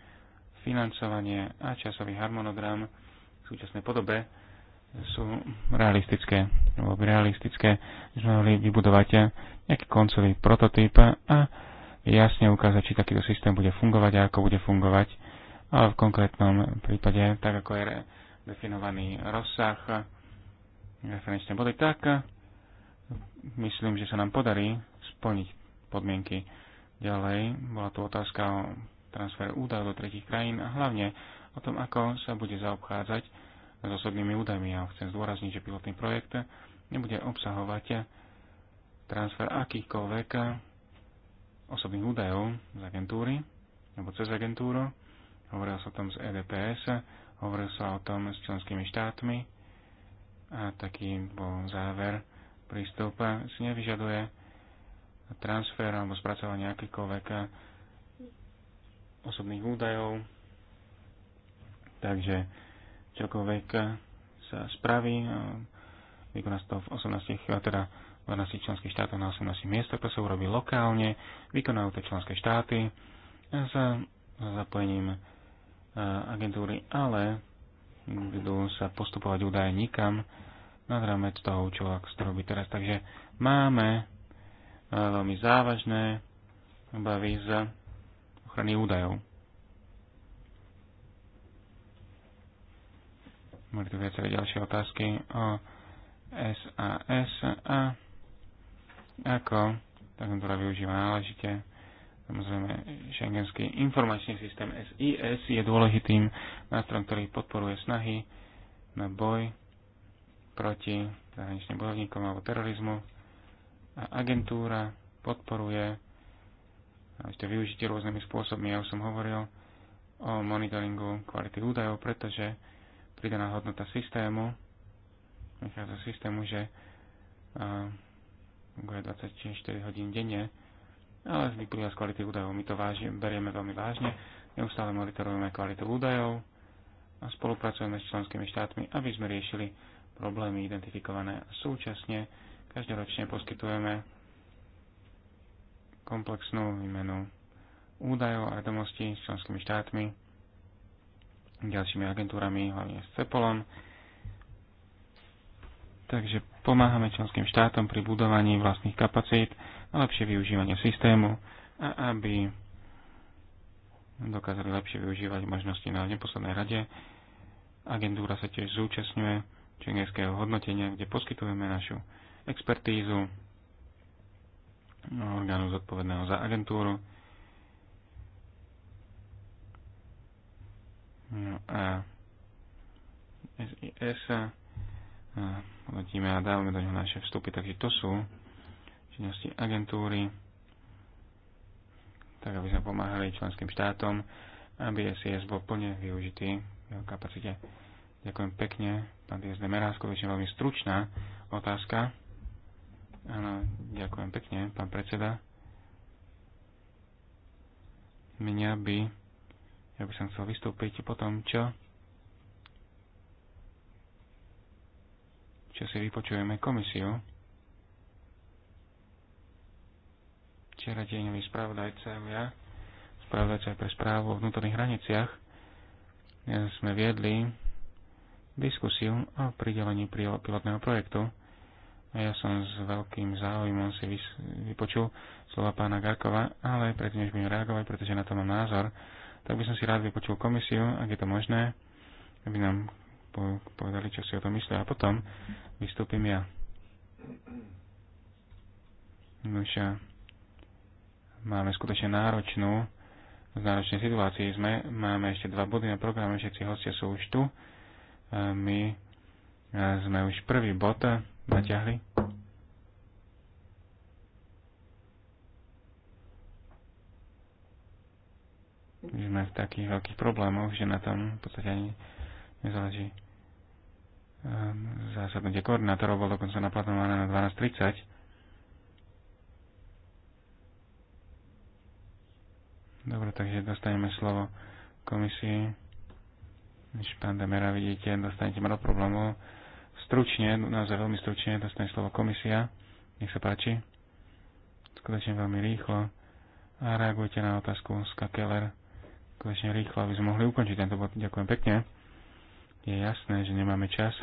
financovanie a časový harmonogram v súčasnej podobe sú realistické, alebo realistické, že mohli vybudovať nejaký koncový prototyp a jasne ukázať, či takýto systém bude fungovať a ako bude fungovať. Ale v konkrétnom prípade, tak ako je definovaný rozsah, referenčné body, tak myslím, že sa nám podarí splniť podmienky. Ďalej bola tu otázka o transfere údajov do tretich krajín a hlavne o tom, ako sa bude zaobchádzať s osobnými údajmi. Ja chcem zdôrazniť, že pilotný projekt nebude obsahovať transfer akýchkoľvek osobných údajov z agentúry alebo cez agentúru. Hovoril sa o tom z EDPS, hovoril sa o tom s členskými štátmi a taký bol záver prístup si nevyžaduje transfer alebo spracovanie akýchkoľvek osobných údajov. Takže čokoľvek sa spraví, vykoná to v 18, teda 12 členských štátov na 18 miestach, to sa urobí lokálne, vykonajú to členské štáty za zapojením e, agentúry, ale budú sa postupovať údaje nikam nad rámec toho, čo sa robí teraz. Takže máme e, veľmi závažné obavy z ochrany údajov. Mali tu viaceré ďalšie otázky o SAS a ako tak som teda využíva náležite. Samozrejme, šengenský informačný systém SIS je dôležitým nástrojom, ktorý podporuje snahy na boj proti zahraničným bojovníkom alebo terorizmu. A agentúra podporuje ešte využitie rôznymi spôsobmi. Ja už som hovoril o monitoringu kvality údajov, pretože pridaná hodnota systému vychádza z systému, že funguje 24 hodín denne, ale vyplýva z kvality údajov. My to váži, berieme veľmi vážne, neustále monitorujeme kvalitu údajov a spolupracujeme s členskými štátmi, aby sme riešili problémy identifikované a súčasne každoročne poskytujeme komplexnú výmenu údajov a vedomostí s členskými štátmi ďalšími agentúrami, hlavne s Cepolom. Takže pomáhame členským štátom pri budovaní vlastných kapacít a lepšie využívanie systému a aby dokázali lepšie využívať možnosti na neposlednej rade. Agentúra sa tiež zúčastňuje čengenského hodnotenia, kde poskytujeme našu expertízu orgánu zodpovedného za agentúru No a SIS hodnotíme a dávame do neho naše vstupy, takže to sú činnosti agentúry, tak aby sme pomáhali členským štátom, aby SIS bol plne využitý v jeho kapacite. Ďakujem pekne, pán Diezde Merásko, je veľmi stručná otázka. Áno, ďakujem pekne, pán predseda. Mňa by ja by som chcel vystúpiť po tom, čo, čo si vypočujeme komisiu. Včera deňový spravodajcovia, spravodajca pre správu o vnútorných hraniciach, ja eh, sme viedli diskusiu o pridelení pilotného projektu. A ja som s veľkým záujmom si vypočul slova pána Gakova, ale predtým, než budem reagovať, pretože na to mám názor, tak by som si rád vypočul komisiu, ak je to možné, aby nám povedali, čo si o tom myslia. A potom vystúpim ja. Nuša, máme skutočne náročnú, v náročnej situácii sme, máme ešte dva body na programe, všetci hostia sú už tu. My sme už prvý bod naťahli. sme v takých veľkých problémoch, že na tom v podstate ani nezáleží. Ehm, Zásadnutie koordinátorov bolo dokonca naplatované na 12.30. Dobre, takže dostaneme slovo komisii. Než pán Demera vidíte, dostanete ma do problémov. Stručne, naozaj veľmi stručne, dostane slovo komisia. Nech sa páči. Skutočne veľmi rýchlo. A reagujte na otázku Skakeller. Keller konečne rýchlo, aby sme mohli ukončiť tento bod. Ďakujem pekne. Je jasné, že nemáme čas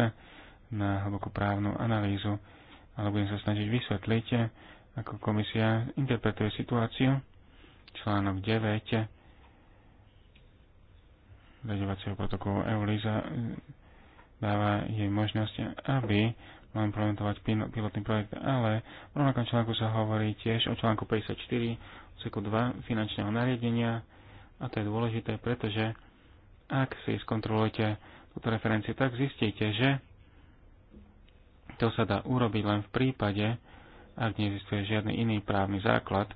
na hlbokú právnu analýzu, ale budem sa snažiť vysvetliť, ako komisia interpretuje situáciu. Článok 9 vedevacieho protokolu EULISA dáva jej možnosť, aby mal implementovať pilotný projekt, ale v rovnakom článku sa hovorí tiež o článku 54, 2 finančného nariadenia, a to je dôležité, pretože ak si skontrolujete túto referenciu, tak zistíte, že to sa dá urobiť len v prípade, ak neexistuje žiadny iný právny základ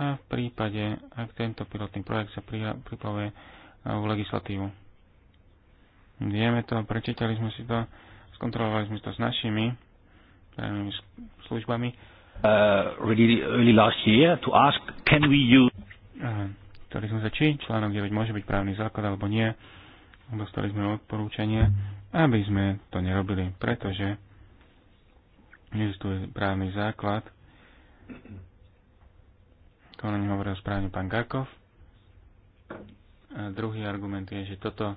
a v prípade, ak tento pilotný projekt sa pripravuje e, v legislatívu. Vieme to, prečítali sme si to, skontrolovali sme to s našimi právnymi službami. Uh, really, really last year to ask, can we use... Aha Pýtali sme sa, či článok 9 môže byť právny základ alebo nie. Dostali sme odporúčanie, aby sme to nerobili, pretože neexistuje právny základ. To na hovoril správne pán Garkov. A druhý argument je, že toto e,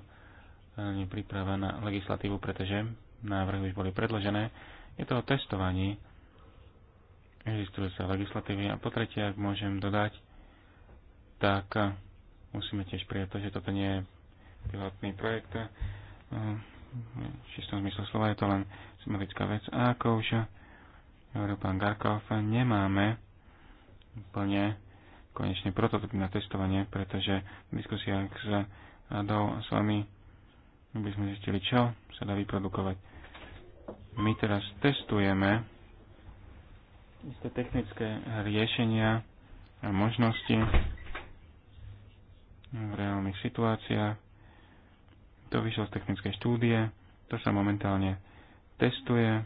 je príprava na legislatívu, pretože návrhy už boli predložené. Je to o testovaní sa legislatívy. A po tretie, ak môžem dodať, tak musíme tiež prijať to, že toto nie je pilotný projekt. V čistom zmysle slova je to len symbolická vec. A ako už hovoril pán Garkov, nemáme úplne konečne prototyp na testovanie, pretože v diskusiách s Adou a s vami by sme zistili, čo sa dá vyprodukovať. My teraz testujeme isté technické riešenia a možnosti v reálnych situáciách. To vyšlo z technickej štúdie, to sa momentálne testuje,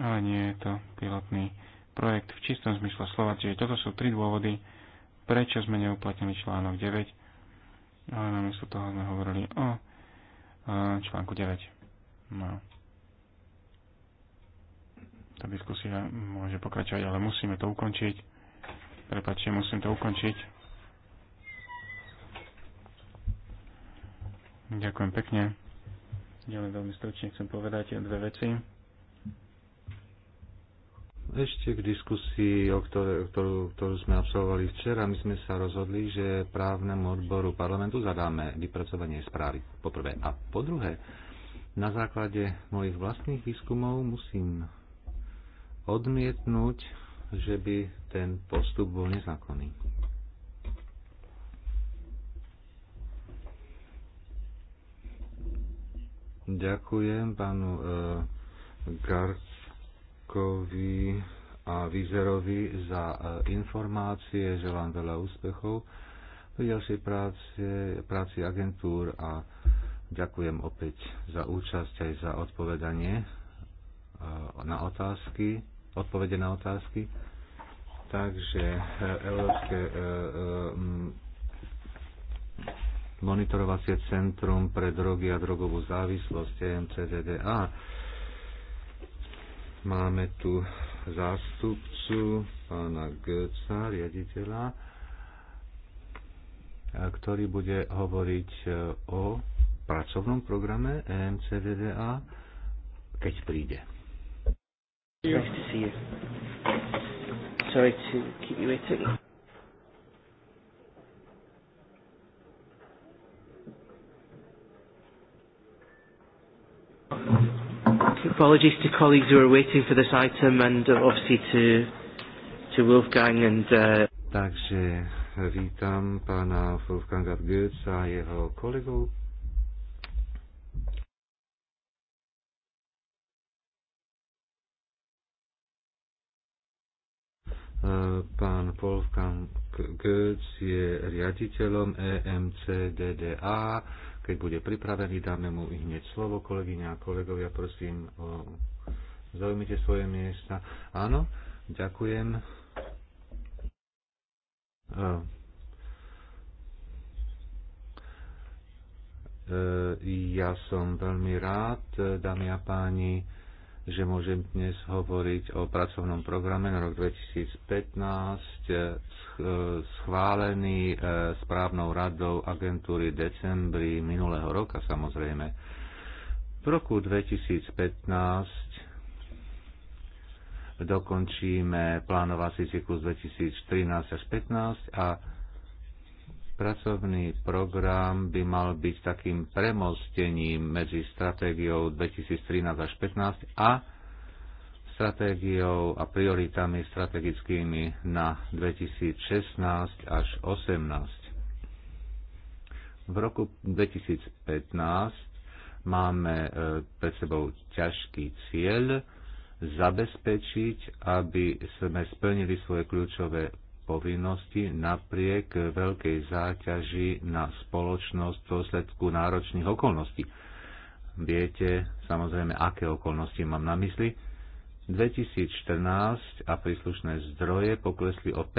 ale nie je to pilotný projekt v čistom zmysle slova. Čiže toto sú tri dôvody, prečo sme neuplatnili článok 9, ale namiesto toho sme hovorili o e, článku 9. No. Tá diskusia môže pokračovať, ale musíme to ukončiť. Prepačte, musím to ukončiť. Ďakujem pekne. Ďalej veľmi stručne chcem povedať dve veci. Ešte k diskusii, o ktoré, ktorú, ktorú sme absolvovali včera, my sme sa rozhodli, že právnemu odboru parlamentu zadáme vypracovanie správy. Po prvé. A po druhé, na základe mojich vlastných výskumov musím odmietnúť, že by ten postup bol nezákonný. Ďakujem pánu e, Garkovi a Vizerovi za e, informácie. Želám veľa úspechov v ďalšej práci, práci agentúr a ďakujem opäť za účasť aj za odpovedanie e, na otázky, odpovede na otázky. Takže e, európske e, e, monitorovacie centrum pre drogy a drogovú závislosť EMCDDA. Máme tu zástupcu pána Göca, riaditeľa, ktorý bude hovoriť e, o pracovnom programe EMCDDA, keď príde. Sorry to keep you waiting. Apologies to colleagues who are waiting for this item and uh, obviously to, to Wolfgang and... Uh... Takže vítam pána Wolfganga Goetz a jeho kolegov. E, pán Wolfgang Goetz je riaditeľom EMCDDA keď bude pripravený, dáme mu i hneď slovo. Kolegyňa a kolegovia, prosím, zaujmite svoje miesta. Áno, ďakujem. E, ja som veľmi rád, dámy a páni, že môžem dnes hovoriť o pracovnom programe na rok 2015 schválený e, správnou radou agentúry decembri minulého roka samozrejme. V roku 2015 dokončíme plánovací cyklus 2013 až 15 a Pracovný program by mal byť takým premostením medzi stratégiou 2013 až 15 a stratégiou a prioritami strategickými na 2016 až 18. V roku 2015 máme e, pred sebou ťažký cieľ zabezpečiť, aby sme splnili svoje kľúčové povinnosti napriek veľkej záťaži na spoločnosť v dôsledku náročných okolností. Viete samozrejme, aké okolnosti mám na mysli. 2014 a príslušné zdroje poklesli o 5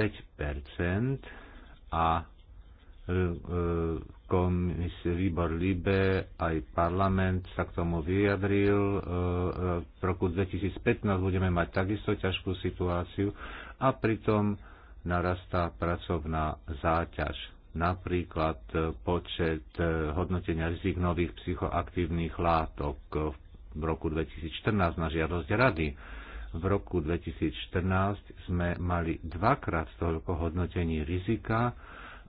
a e, e, komis, výbor Libe aj parlament sa k tomu vyjadril. E, v roku 2015 budeme mať takisto ťažkú situáciu a pritom narastá pracovná záťaž. Napríklad e, počet e, hodnotenia rizik nových psychoaktívnych látok e, v roku 2014 na žiadosť rady. V roku 2014 sme mali dvakrát toľko hodnotení rizika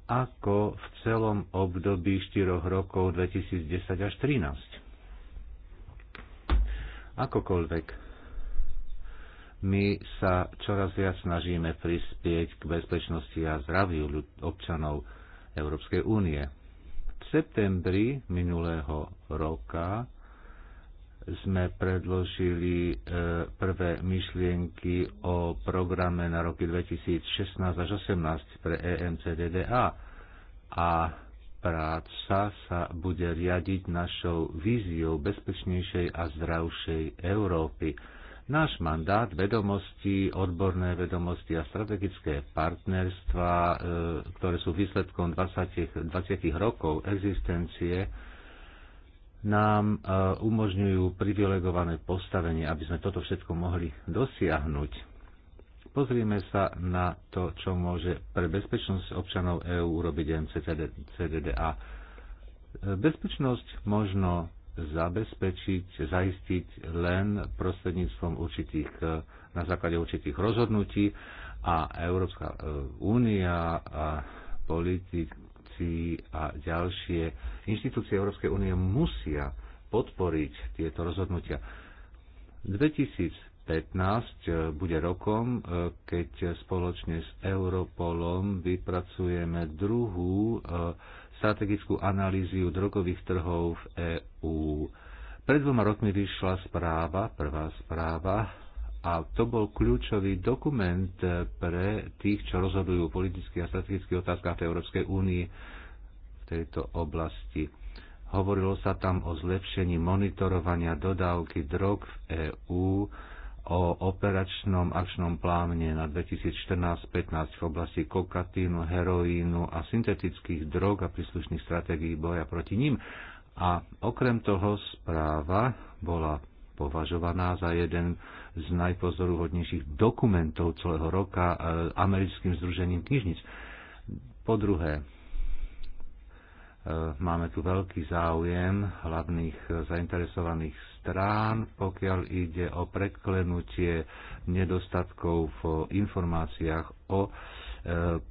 ako v celom období 4 rokov 2010 až 2013. Akokoľvek my sa čoraz viac snažíme prispieť k bezpečnosti a zdraviu občanov Európskej únie. V septembri minulého roka sme predložili e, prvé myšlienky o programe na roky 2016 až 2018 pre EMCDDA a práca sa bude riadiť našou víziou bezpečnejšej a zdravšej Európy. Náš mandát, vedomosti, odborné vedomosti a strategické partnerstva, e, ktoré sú výsledkom 20, 20 rokov existencie, nám e, umožňujú privilegované postavenie, aby sme toto všetko mohli dosiahnuť. Pozrieme sa na to, čo môže pre bezpečnosť občanov EÚ urobiť MCCDDA. E, bezpečnosť možno zabezpečiť, zaistiť len prostredníctvom určitých, na základe určitých rozhodnutí a Európska e, únia a politici a ďalšie inštitúcie Európskej únie musia podporiť tieto rozhodnutia. 2015 e, bude rokom, e, keď spoločne s Europolom vypracujeme druhú strategickú analýziu drogových trhov v EÚ. Pred dvoma rokmi vyšla správa, prvá správa, a to bol kľúčový dokument pre tých, čo rozhodujú politicky a strategických otázkach v Európskej únii v tejto oblasti. Hovorilo sa tam o zlepšení monitorovania dodávky drog v EÚ, o operačnom akčnom pláne na 2014-15 v oblasti kokatínu, heroínu a syntetických drog a príslušných stratégií boja proti ním. A okrem toho správa bola považovaná za jeden z najpozoruhodnejších dokumentov celého roka e, americkým združením knižnic. Po druhé, Eh, máme tu veľký záujem hlavných eh, zainteresovaných strán, pokiaľ ide o preklenutie nedostatkov v informáciách o eh,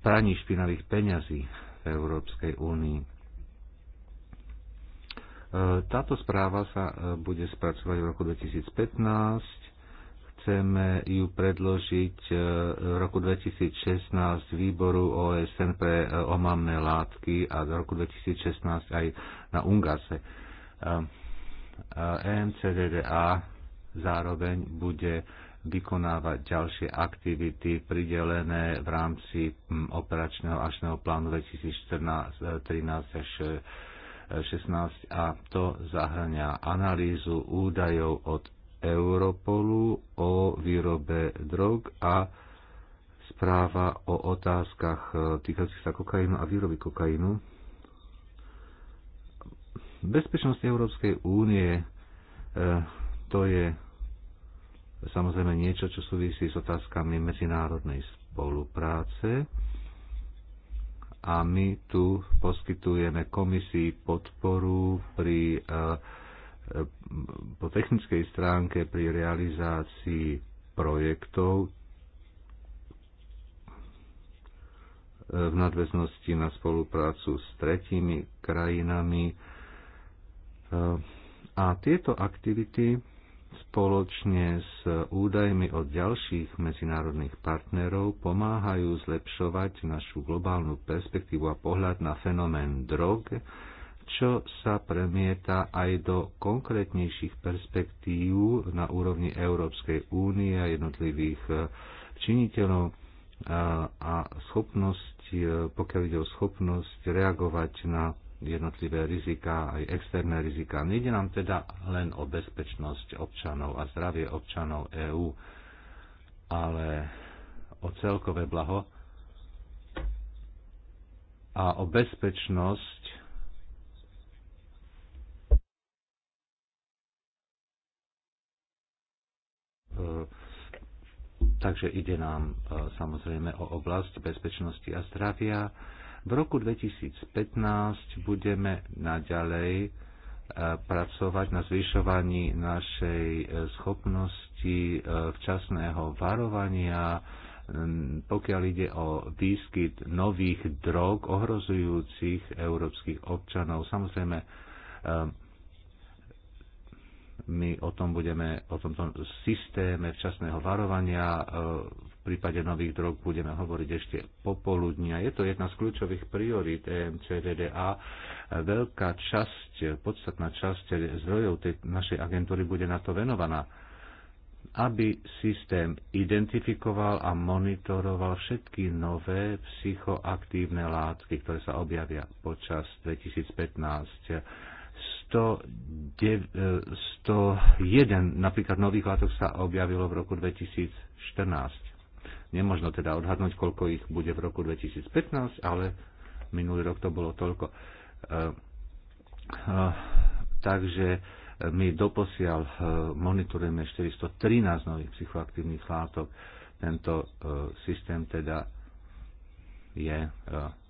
praní špinavých peňazí v Európskej únii. Táto správa sa bude spracovať v roku 2015 chceme ju predložiť e, v roku 2016 výboru OSN pre e, omamné látky a v roku 2016 aj na UNGASE. EMCDDA e, zároveň bude vykonávať ďalšie aktivity pridelené v rámci operačného ačného plánu 2014 až 16 a to zahrania analýzu údajov od Europolu o výrobe drog a správa o otázkach e, týkajúcich sa kokainu a výroby kokainu. Bezpečnosť Európskej únie e, to je samozrejme niečo, čo súvisí s otázkami medzinárodnej spolupráce a my tu poskytujeme komisii podporu pri uh, po technickej stránke pri realizácii projektov v nadväznosti na spoluprácu s tretími krajinami. Eh, a tieto aktivity spoločne s údajmi od ďalších medzinárodných partnerov pomáhajú zlepšovať našu globálnu perspektívu a pohľad na fenomén drog, čo sa premieta aj do konkrétnejších perspektív na úrovni Európskej únie a jednotlivých eh, činiteľov a schopnosť, eh, pokiaľ ide o schopnosť reagovať na jednotlivé rizika, aj externé rizika. Nejde nám teda len o bezpečnosť občanov a zdravie občanov EÚ, ale o celkové blaho a o bezpečnosť E, takže ide nám e, samozrejme o oblasť bezpečnosti a zdravia. V roku 2015 budeme naďalej e, pracovať na zvyšovaní našej schopnosti včasného varovania, pokiaľ ide o výskyt nových drog ohrozujúcich európskych občanov. Samozrejme, my o tom budeme, o tomto systéme včasného varovania e, v prípade nových drog budeme hovoriť ešte popoludnia. Je to jedna z kľúčových priorít EMCDDA. Veľká časť, podstatná časť zdrojov tej našej agentúry bude na to venovaná aby systém identifikoval a monitoroval všetky nové psychoaktívne látky, ktoré sa objavia počas 2015 101 napríklad nových látok sa objavilo v roku 2014. Nemožno teda odhadnúť, koľko ich bude v roku 2015, ale minulý rok to bolo toľko. E, e, takže my doposiaľ e, monitorujeme 413 nových psychoaktívnych látok. Tento systém teda je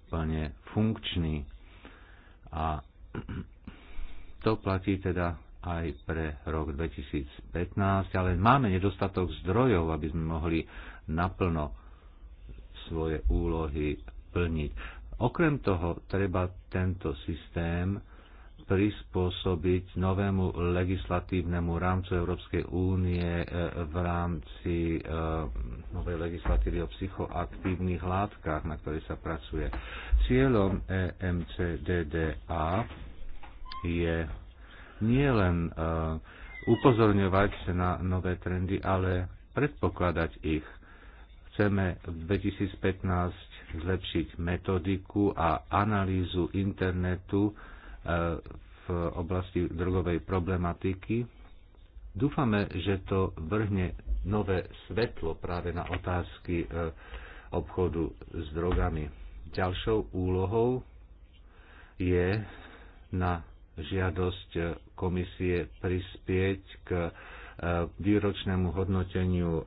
plne funkčný a to platí teda aj pre rok 2015, ale máme nedostatok zdrojov, aby sme mohli naplno svoje úlohy plniť. Okrem toho treba tento systém prispôsobiť novému legislatívnemu rámcu Európskej únie e, v rámci e, novej legislatívy o psychoaktívnych látkach, na ktorej sa pracuje. Cieľom EMCDDA je nielen eh, upozorňovať na nové trendy, ale predpokladať ich. Chceme v 2015 zlepšiť metodiku a analýzu internetu eh, v oblasti drogovej problematiky. Dúfame, že to vrhne nové svetlo práve na otázky eh, obchodu s drogami. Ďalšou úlohou je na žiadosť komisie prispieť k e, výročnému hodnoteniu e,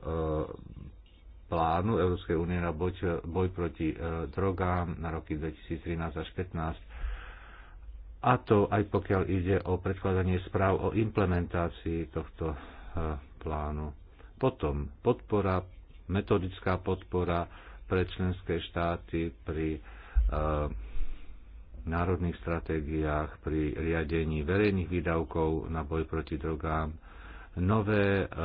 plánu Európskej únie na boj, boj proti e, drogám na roky 2013 až 2015 a to aj pokiaľ ide o predkladanie správ o implementácii tohto plánu. Potom podpora, metodická podpora pre členské štáty pri národných stratégiách, pri riadení verejných výdavkov na boj proti drogám, nové e, e,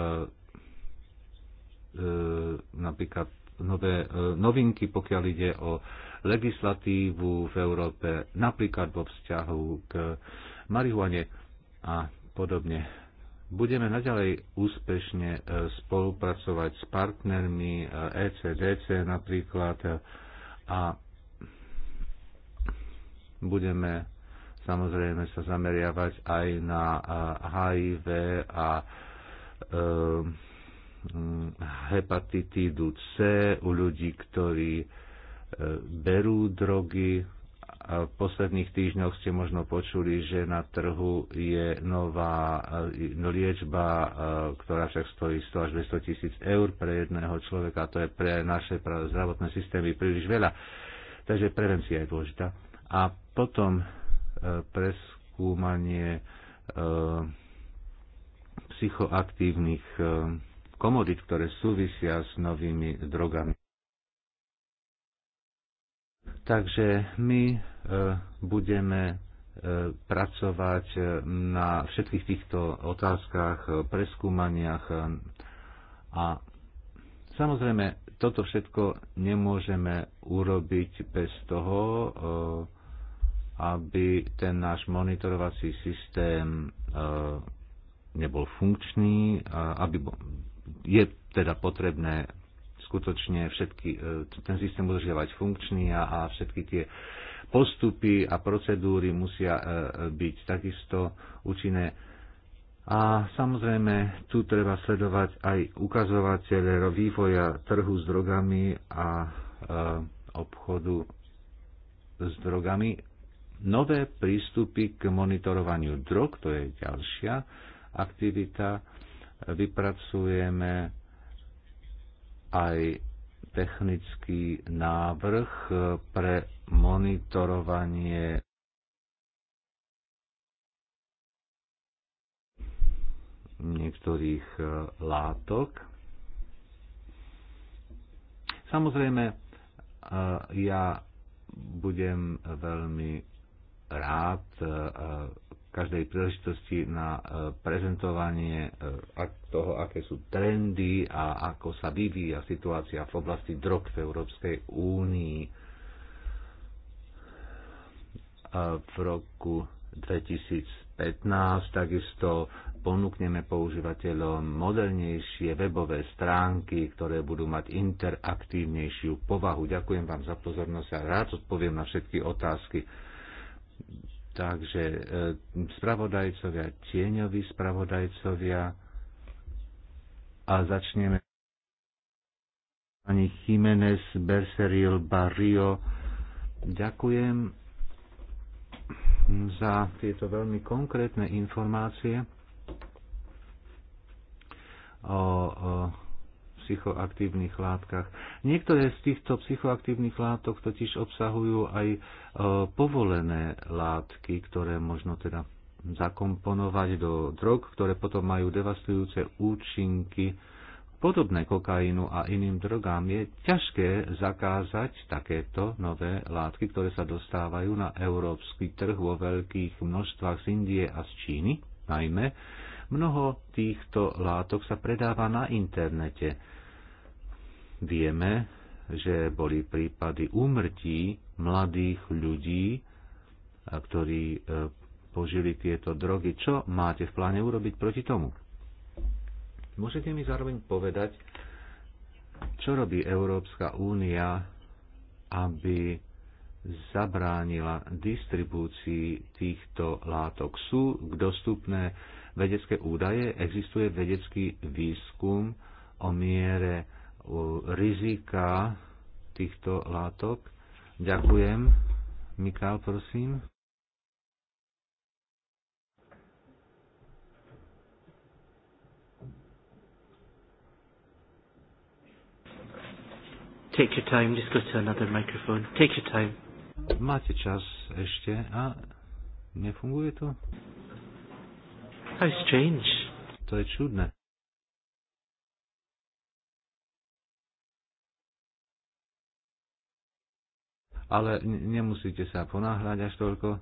napríklad nové e, novinky, pokiaľ ide o legislatívu v Európe, napríklad vo vzťahu k marihuane a podobne. Budeme naďalej úspešne spolupracovať s partnermi ECDC napríklad a Budeme samozrejme sa zameriavať aj na HIV a e, hepatitídu C u ľudí, ktorí e, berú drogy. A v posledných týždňoch ste možno počuli, že na trhu je nová e, no liečba, ktorá však stojí 100 až 200 tisíc eur pre jedného človeka. To je pre naše zdravotné systémy príliš veľa. Takže prevencia je dôležitá a potom e, preskúmanie e, psychoaktívnych e, komodít, ktoré súvisia s novými drogami. Takže my budeme pracovať na všetkých týchto otázkach, preskúmaniach a samozrejme toto všetko nemôžeme urobiť bez toho, aby ten náš monitorovací systém e, nebol funkčný, aby je teda potrebné skutočne všetky, e, ten systém udržiavať funkčný a, a všetky tie postupy a procedúry musia e, byť takisto účinné. A samozrejme, tu treba sledovať aj ukazovatele vývoja trhu s drogami a obchodu s drogami nové prístupy k monitorovaniu drog, to je ďalšia aktivita. Vypracujeme aj technický návrh pre monitorovanie niektorých e, látok. Samozrejme, e, ja budem veľmi rád e, e, každej príležitosti na e, prezentovanie toho, aké sú trendy a ako sa vyvíja situácia v oblasti drog v Európskej únii. V roku 2015 takisto ponúkneme používateľom modernejšie webové stránky, ktoré budú mať interaktívnejšiu povahu. Ďakujem vám za pozornosť a rád odpoviem na všetky otázky Takže e, spravodajcovia, tieňoví spravodajcovia a začneme pani Jiménez Berseril Barrio. Ďakujem za tieto veľmi konkrétne informácie o, o psychoaktívnych látkach. Niektoré z týchto psychoaktívnych látok totiž obsahujú aj e, povolené látky, ktoré možno teda zakomponovať do drog, ktoré potom majú devastujúce účinky podobné kokainu a iným drogám. Je ťažké zakázať takéto nové látky, ktoré sa dostávajú na európsky trh vo veľkých množstvách z Indie a z Číny, najmä Mnoho týchto látok sa predáva na internete. Vieme, že boli prípady úmrtí mladých ľudí, ktorí e, požili tieto drogy. Čo máte v pláne urobiť proti tomu? Môžete mi zároveň povedať, čo robí Európska únia, aby zabránila distribúcii týchto látok. Sú dostupné vedecké údaje, existuje vedecký výskum o miere rizika týchto látok. Ďakujem. Mikál, prosím. Take your time, just go to another microphone. Take your time. Máte čas ešte a nefunguje to? That's strange. To je čudné. Ale nemusíte sa ponáhľať až toľko. E,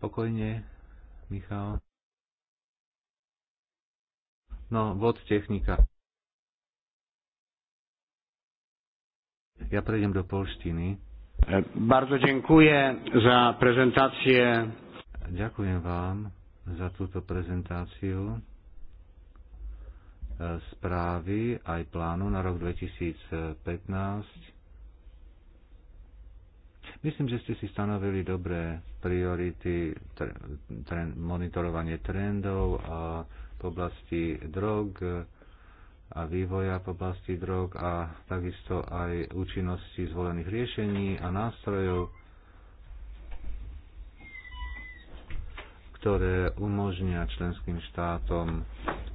pokojne, Michal. No, vod technika. Ja prejdem do polštiny. E, bardzo dziękuję za prezentację. Ďakujem vám za túto prezentáciu e, správy aj plánu na rok 2015. Myslím, že ste si stanovili dobré priority, trend, monitorovanie trendov a v oblasti drog a vývoja v oblasti drog a takisto aj účinnosti zvolených riešení a nástrojov ktoré umožnia členským štátom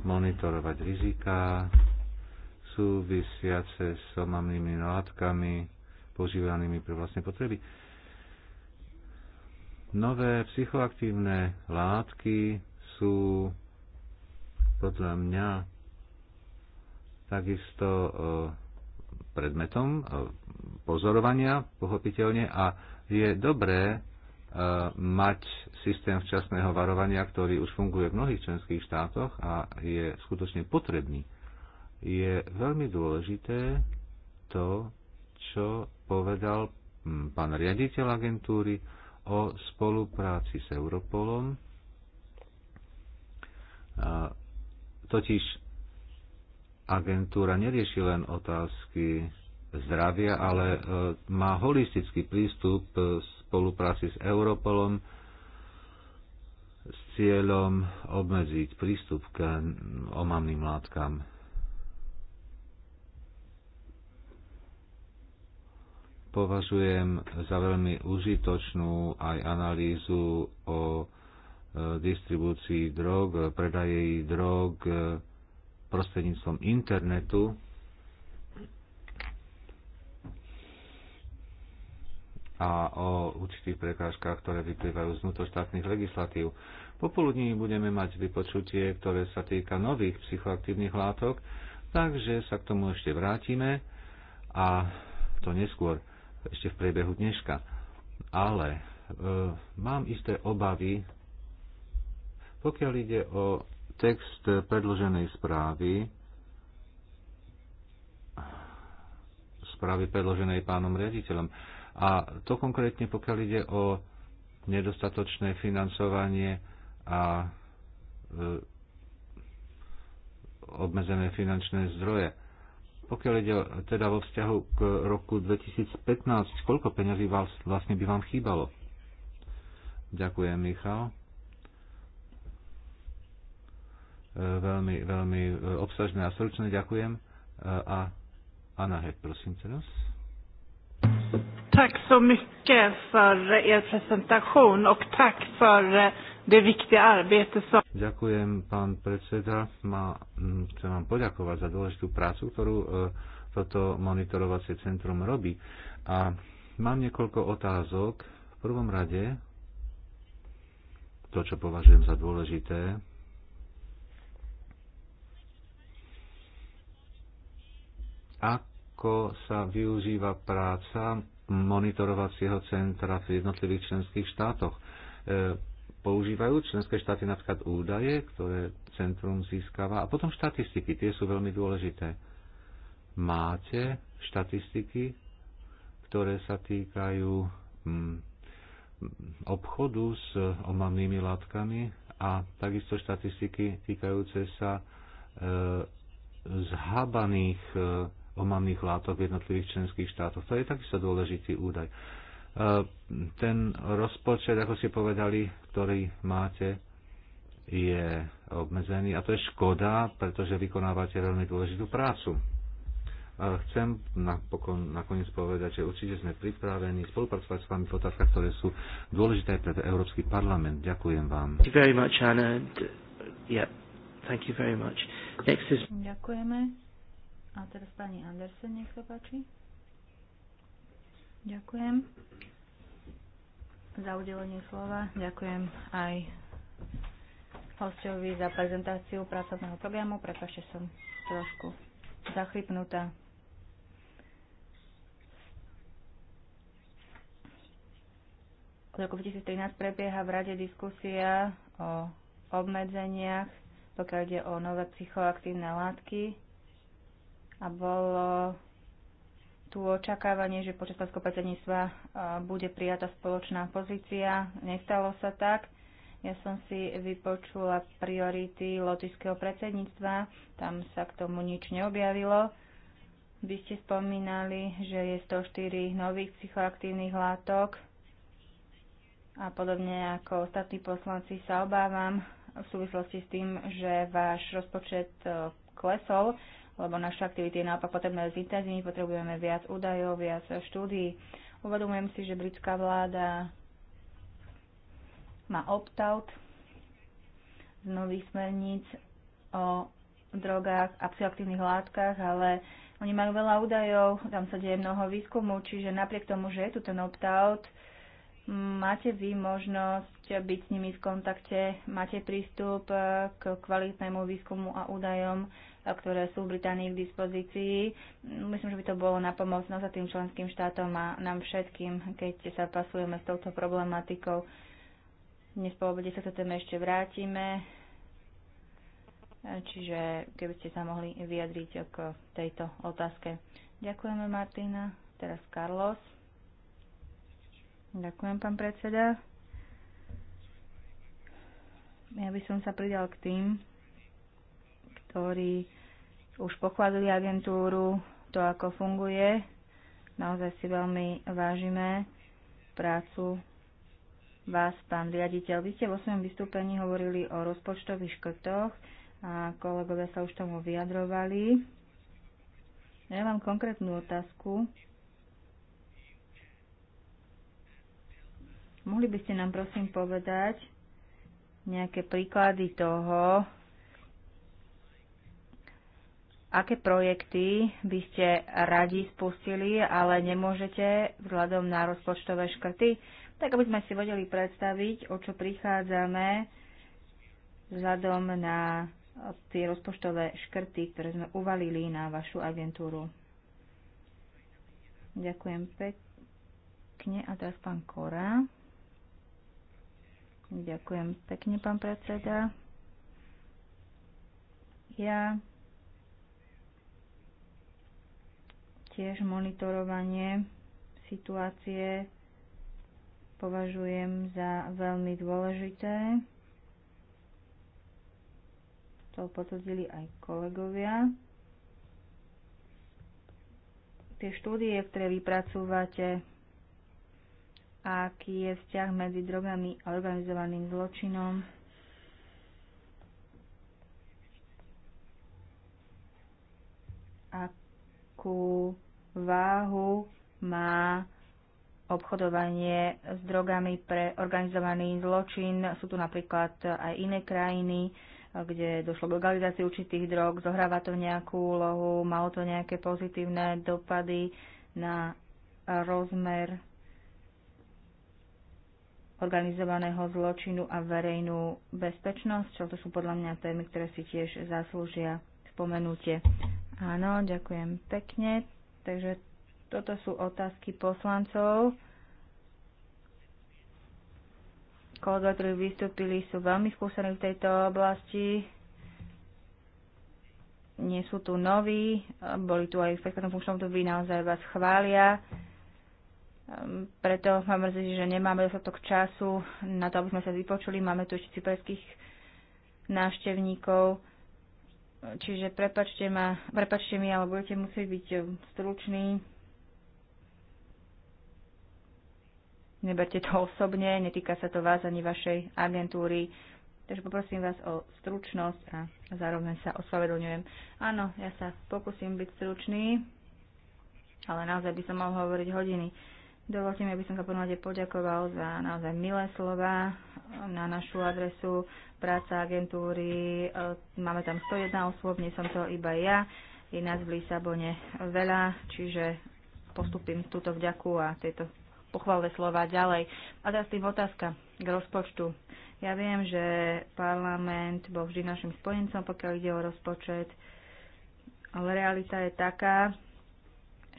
monitorovať riziká súvisiace s omamnými látkami používanými pre vlastné potreby. Nové psychoaktívne látky sú podľa mňa takisto e, predmetom e, pozorovania, pochopiteľne, a je dobré mať systém včasného varovania, ktorý už funguje v mnohých členských štátoch a je skutočne potrebný. Je veľmi dôležité to, čo povedal hm, pán riaditeľ agentúry o spolupráci s Europolom. Totiž agentúra nerieši len otázky zdravia, ale e, má holistický prístup e, s spolupráci s Europolom s cieľom obmedziť prístup k omamným látkam. Považujem za veľmi užitočnú aj analýzu o e, distribúcii drog, predaje drog e, prostredníctvom internetu a o určitých prekážkach, ktoré vyplývajú z vnútroštátnych legislatív. Popoludní budeme mať vypočutie, ktoré sa týka nových psychoaktívnych látok, takže sa k tomu ešte vrátime a to neskôr, ešte v priebehu dneška. Ale e, mám isté obavy, pokiaľ ide o text predloženej správy, správy predloženej pánom riaditeľom a to konkrétne, pokiaľ ide o nedostatočné financovanie a e, obmedzené finančné zdroje. Pokiaľ ide teda vo vzťahu k roku 2015, koľko peňazí vás vlastne by vám chýbalo? Ďakujem, Michal. E, veľmi, veľmi e, obsažné a stručné ďakujem. A Anna prosím teraz. Tack så mycket för er presentation och tack för eh, det viktiga arbete som... Ďakujem, pán predseda. Ma, mm, chcem vám poďakovať za dôležitú prácu, ktorú e, toto monitorovacie centrum robí. A mám niekoľko otázok. V prvom rade, to, čo považujem za dôležité, ak ako sa využíva práca monitorovacieho centra v jednotlivých členských štátoch. E, používajú členské štáty napríklad údaje, ktoré centrum získava a potom štatistiky, tie sú veľmi dôležité. Máte štatistiky, ktoré sa týkajú mm, obchodu s omamnými látkami a takisto štatistiky týkajúce sa e, zhabaných e, omamných látok v jednotlivých členských štátoch. To je takisto dôležitý údaj. E, ten rozpočet, ako ste povedali, ktorý máte, je obmedzený a to je škoda, pretože vykonávate veľmi dôležitú prácu. E, chcem napokon, nakoniec povedať, že určite sme pripravení spolupracovať s vami v otázkach, ktoré sú dôležité pre Európsky parlament. Ďakujem vám. Ďakujeme. A teraz pani Andersen, nech sa páči. Ďakujem za udelenie slova. Ďakujem aj hostovi za prezentáciu pracovného programu. Prepašte, som trošku zachrypnutá. V roku 2013 prebieha v rade diskusia o obmedzeniach, pokiaľ ide o nové psychoaktívne látky a bolo tu očakávanie, že počas pánskeho predsedníctva e, bude prijatá spoločná pozícia. Nestalo sa tak. Ja som si vypočula priority lotišského predsedníctva, tam sa k tomu nič neobjavilo. Vy ste spomínali, že je 104 nových psychoaktívnych látok a podobne ako ostatní poslanci sa obávam v súvislosti s tým, že váš rozpočet e, klesol, lebo naše aktivity je naopak potrebné zintenzívniť, potrebujeme viac údajov, viac štúdií. Uvedomujem si, že britská vláda má opt-out z nových smerníc o drogách a psychoaktívnych látkach, ale oni majú veľa údajov, tam sa deje mnoho výskumu, čiže napriek tomu, že je tu ten opt-out, máte vy možnosť byť s nimi v kontakte, máte prístup k kvalitnému výskumu a údajom, ktoré sú v Británii k dispozícii. Myslím, že by to bolo na pomoc no, za tým členským štátom a nám všetkým, keď sa pasujeme s touto problematikou. Dnes po obede sa k téme ešte vrátime. Čiže keby ste sa mohli vyjadriť k tejto otázke. Ďakujeme Martina. Teraz Carlos. Ďakujem, pán predseda. Ja by som sa pridal k tým, ktorí už pochválili agentúru, to ako funguje. Naozaj si veľmi vážime prácu vás, pán riaditeľ. Vy ste vo svojom vystúpení hovorili o rozpočtových škrtoch a kolegovia sa už tomu vyjadrovali. Ja mám konkrétnu otázku. Mohli by ste nám prosím povedať nejaké príklady toho, aké projekty by ste radi spustili, ale nemôžete vzhľadom na rozpočtové škrty, tak aby sme si vedeli predstaviť, o čo prichádzame vzhľadom na tie rozpočtové škrty, ktoré sme uvalili na vašu agentúru. Ďakujem pekne. A teraz pán Kora. Ďakujem pekne, pán predseda. Ja Tiež monitorovanie situácie považujem za veľmi dôležité. To potvrdili aj kolegovia. Tie štúdie, ktoré vypracúvate, aký je vzťah medzi drogami a organizovaným zločinom, akú váhu má obchodovanie s drogami pre organizovaný zločin. Sú tu napríklad aj iné krajiny, kde došlo k legalizácii určitých drog, zohráva to nejakú úlohu, malo to nejaké pozitívne dopady na rozmer organizovaného zločinu a verejnú bezpečnosť, čo to sú podľa mňa témy, ktoré si tiež zaslúžia spomenutie. Áno, ďakujem pekne. Takže toto sú otázky poslancov. Kolegovia, ktorí vystúpili, sú veľmi skúsení v tejto oblasti. Nie sú tu noví, boli tu aj v predchádzajúcom funkčnom období, naozaj vás chvália. Ehm, preto mám mrzí, že nemáme dostatok času na to, aby sme sa vypočuli. Máme tu ešte cyperských návštevníkov Čiže prepačte, ma, prepačte mi, ale budete musieť byť um, stručný. Neberte to osobne, netýka sa to vás ani vašej agentúry. Takže poprosím vás o stručnosť a zároveň sa ospravedlňujem. Áno, ja sa pokúsim byť stručný, ale naozaj by som mal hovoriť hodiny. Dovolte mi, aby som sa prvnáde poďakoval za naozaj milé slova na našu adresu práca agentúry. E, máme tam 101 osôb, nie som to iba ja. Je nás v Lisabone veľa, čiže postupím túto vďaku a tieto pochvalné slova ďalej. A teraz tým otázka k rozpočtu. Ja viem, že parlament bol vždy našim spojencom, pokiaľ ide o rozpočet, ale realita je taká,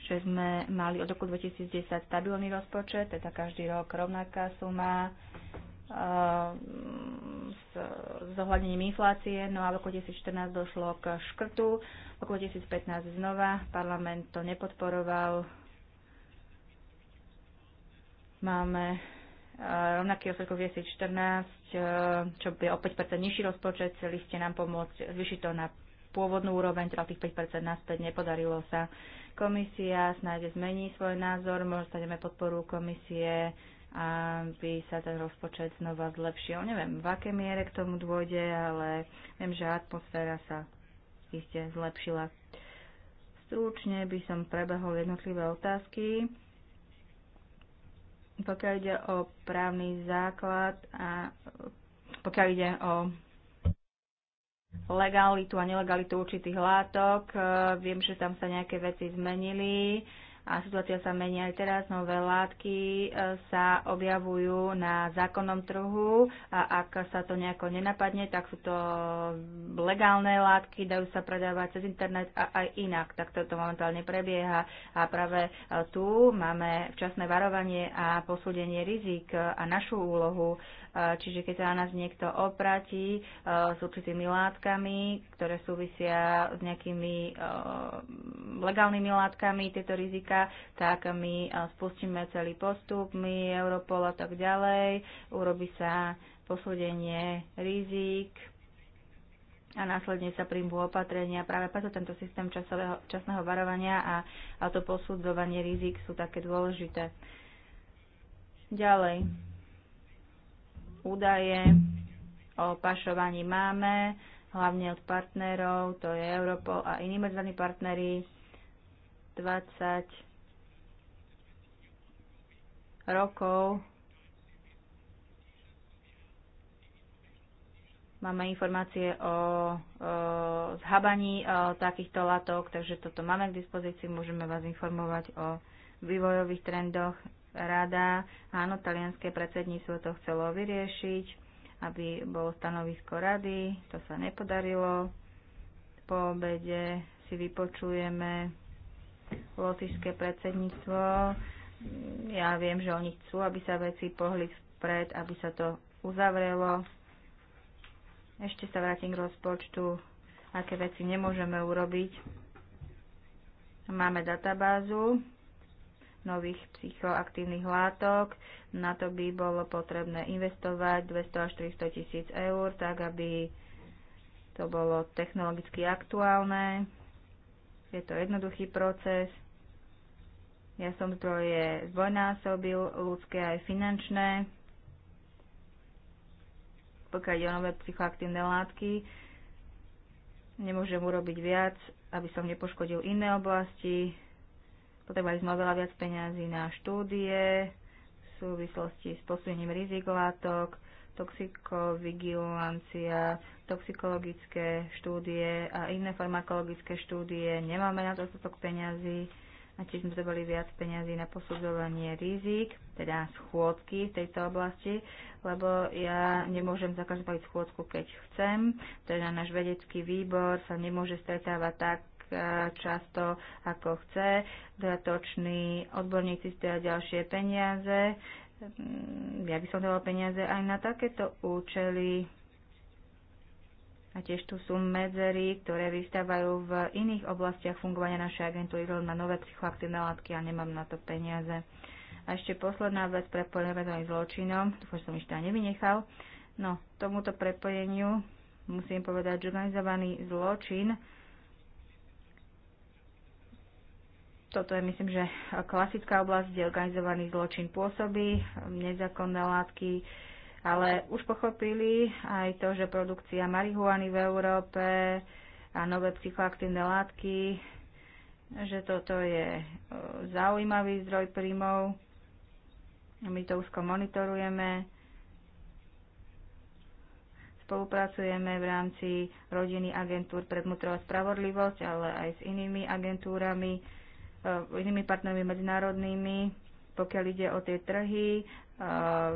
že sme mali od roku 2010 stabilný rozpočet, teda každý rok rovnaká suma, s zohľadnením inflácie, no a v roku 2014 došlo k škrtu, v roku 2015 znova, parlament to nepodporoval. Máme e, rovnaký rozpočet 2014, e, čo je o 5% nižší rozpočet, chceli ste nám pomôcť zvyšiť to na pôvodnú úroveň, teda tých 5% naspäť nepodarilo sa. Komisia snáď zmení svoj názor, možno staneme podporu komisie aby sa ten rozpočet znova zlepšil. Neviem, v aké miere k tomu dôjde, ale viem, že atmosféra sa iste zlepšila. Stručne by som prebehol jednotlivé otázky. Pokiaľ ide o právny základ a pokiaľ ide o legalitu a nelegalitu určitých látok, viem, že tam sa nejaké veci zmenili a situácia sa mení aj teraz. Nové látky e, sa objavujú na zákonnom trhu a ak sa to nejako nenapadne, tak sú to legálne látky, dajú sa predávať cez internet a aj inak. Tak toto momentálne prebieha a práve e, tu máme včasné varovanie a posúdenie rizik a našu úlohu e, čiže keď sa na nás niekto opratí e, s určitými látkami, ktoré súvisia s nejakými e, legálnymi látkami, tieto rizika, tak my e, spustíme celý postup, my, Europol a tak ďalej, urobi sa posúdenie rizik, a následne sa príjmú opatrenia. Práve preto tento systém časového, časného varovania a, a to posudzovanie rizik sú také dôležité. Ďalej údaje o pašovaní máme, hlavne od partnerov, to je Europol a iní medzinárodní partnery. 20 rokov máme informácie o, o zhabaní o takýchto látok, takže toto máme k dispozícii, môžeme vás informovať o vývojových trendoch rada, áno, talianské predsedníctvo to chcelo vyriešiť, aby bolo stanovisko rady, to sa nepodarilo. Po obede si vypočujeme lotišské predsedníctvo. Ja viem, že oni chcú, aby sa veci pohli vpred, aby sa to uzavrelo. Ešte sa vrátim k rozpočtu, aké veci nemôžeme urobiť. Máme databázu, nových psychoaktívnych látok. Na to by bolo potrebné investovať 200 až 400 tisíc eur, tak aby to bolo technologicky aktuálne. Je to jednoduchý proces. Ja som zdroje zdvojnásobil, ľudské aj finančné. Pokiaľ ide o nové psychoaktívne látky, nemôžem urobiť viac, aby som nepoškodil iné oblasti, Potrebovali sme oveľa viac peňazí na štúdie v súvislosti s posunením rizik látok, toxikovigilancia, toxikologické štúdie a iné farmakologické štúdie. Nemáme na to dostatok peňazí a tiež sme potrebovali viac peňazí na posudzovanie rizik, teda schôdky v tejto oblasti, lebo ja nemôžem zakazovať schôdku, keď chcem, teda náš vedecký výbor sa nemôže stretávať tak, často ako chce. Dodatoční odborníci stojí ďalšie peniaze. Mm, ja by som dala peniaze aj na takéto účely. A tiež tu sú medzery, ktoré vystávajú v iných oblastiach fungovania našej agentúry na nové psychoaktívne látky a nemám na to peniaze. A ešte posledná vec prepojená s zločinom, dúfam, že som ešte nevynechal. No, tomuto prepojeniu musím povedať, že organizovaný zločin Toto je, myslím, že klasická oblasť, kde organizovaný zločin pôsobí, nezákonné látky, ale už pochopili aj to, že produkcia marihuany v Európe a nové psychoaktívne látky, že toto je e, zaujímavý zdroj príjmov. My to úzko monitorujeme spolupracujeme v rámci rodiny agentúr pre vnútrová spravodlivosť, ale aj s inými agentúrami Eh, inými partnermi medzinárodnými, pokiaľ ide o tie trhy, eh,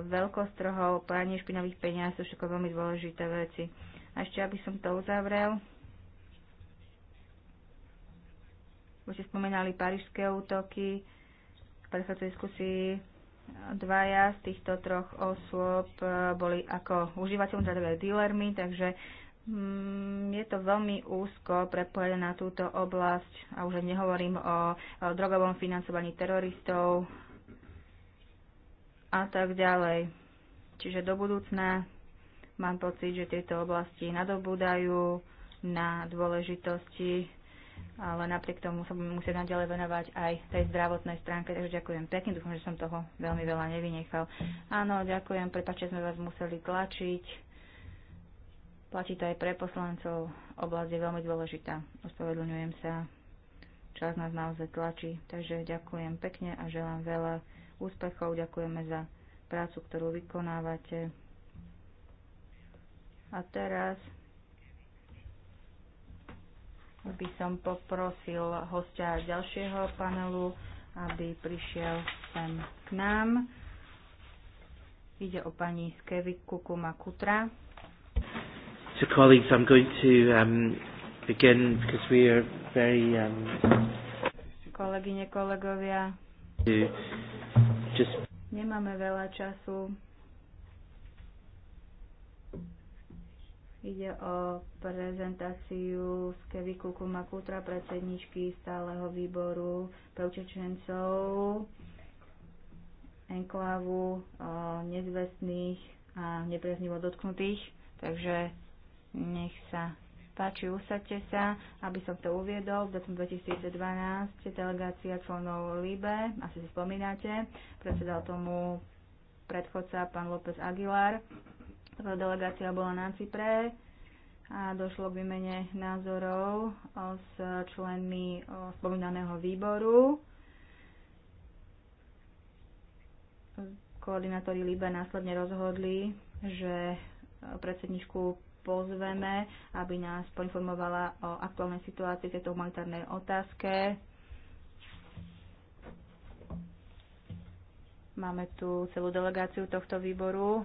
veľkosť trhov, pojanie špinavých peniaz sú všetko veľmi dôležité veci. A ešte, aby som to uzavrel, už ste spomenali parížské útoky, v predchádzajúcej diskusii eh, dvaja z týchto troch osôb boli ako užívateľmi, teda dealermi, takže Mm, je to veľmi úzko prepojené na túto oblasť a už nehovorím o drogovom financovaní teroristov a tak ďalej. Čiže do budúcna mám pocit, že tieto oblasti nadobúdajú na dôležitosti, ale napriek tomu sa budeme musieť naďalej venovať aj tej zdravotnej stránke, takže ďakujem pekne, dúfam, že som toho veľmi veľa nevynechal. Áno, ďakujem, prepáčte, sme vás museli tlačiť. Platí to aj pre poslancov. Oblasť je veľmi dôležitá. Ospravedlňujem sa. Čas nás naozaj tlačí. Takže ďakujem pekne a želám veľa úspechov. Ďakujeme za prácu, ktorú vykonávate. A teraz by som poprosil hostia ďalšieho panelu, aby prišiel sem k nám. Ide o pani Skevi Kukuma Kutra. So, colleagues, I'm going to um, begin because we are very. Um, Kolegyne, kolegovia. just... Nemáme veľa času. Ide o prezentáciu z Keviku Kumakutra, predsedničky stáleho výboru pre učečencov enklávu eh, nezvestných a nepriaznivo dotknutých. Takže nech sa páči, usadte sa, aby som to uviedol. V roku 2012 delegácia členov LIBE, asi si spomínate, predsedal tomu predchodca pán López Aguilar. Táto delegácia bola na Cypre a došlo k výmene názorov s členmi spomínaného výboru. Koordinátori LIBE následne rozhodli, že predsedničku pozveme, aby nás poinformovala o aktuálnej situácii tejto humanitárnej otázke. Máme tu celú delegáciu tohto výboru.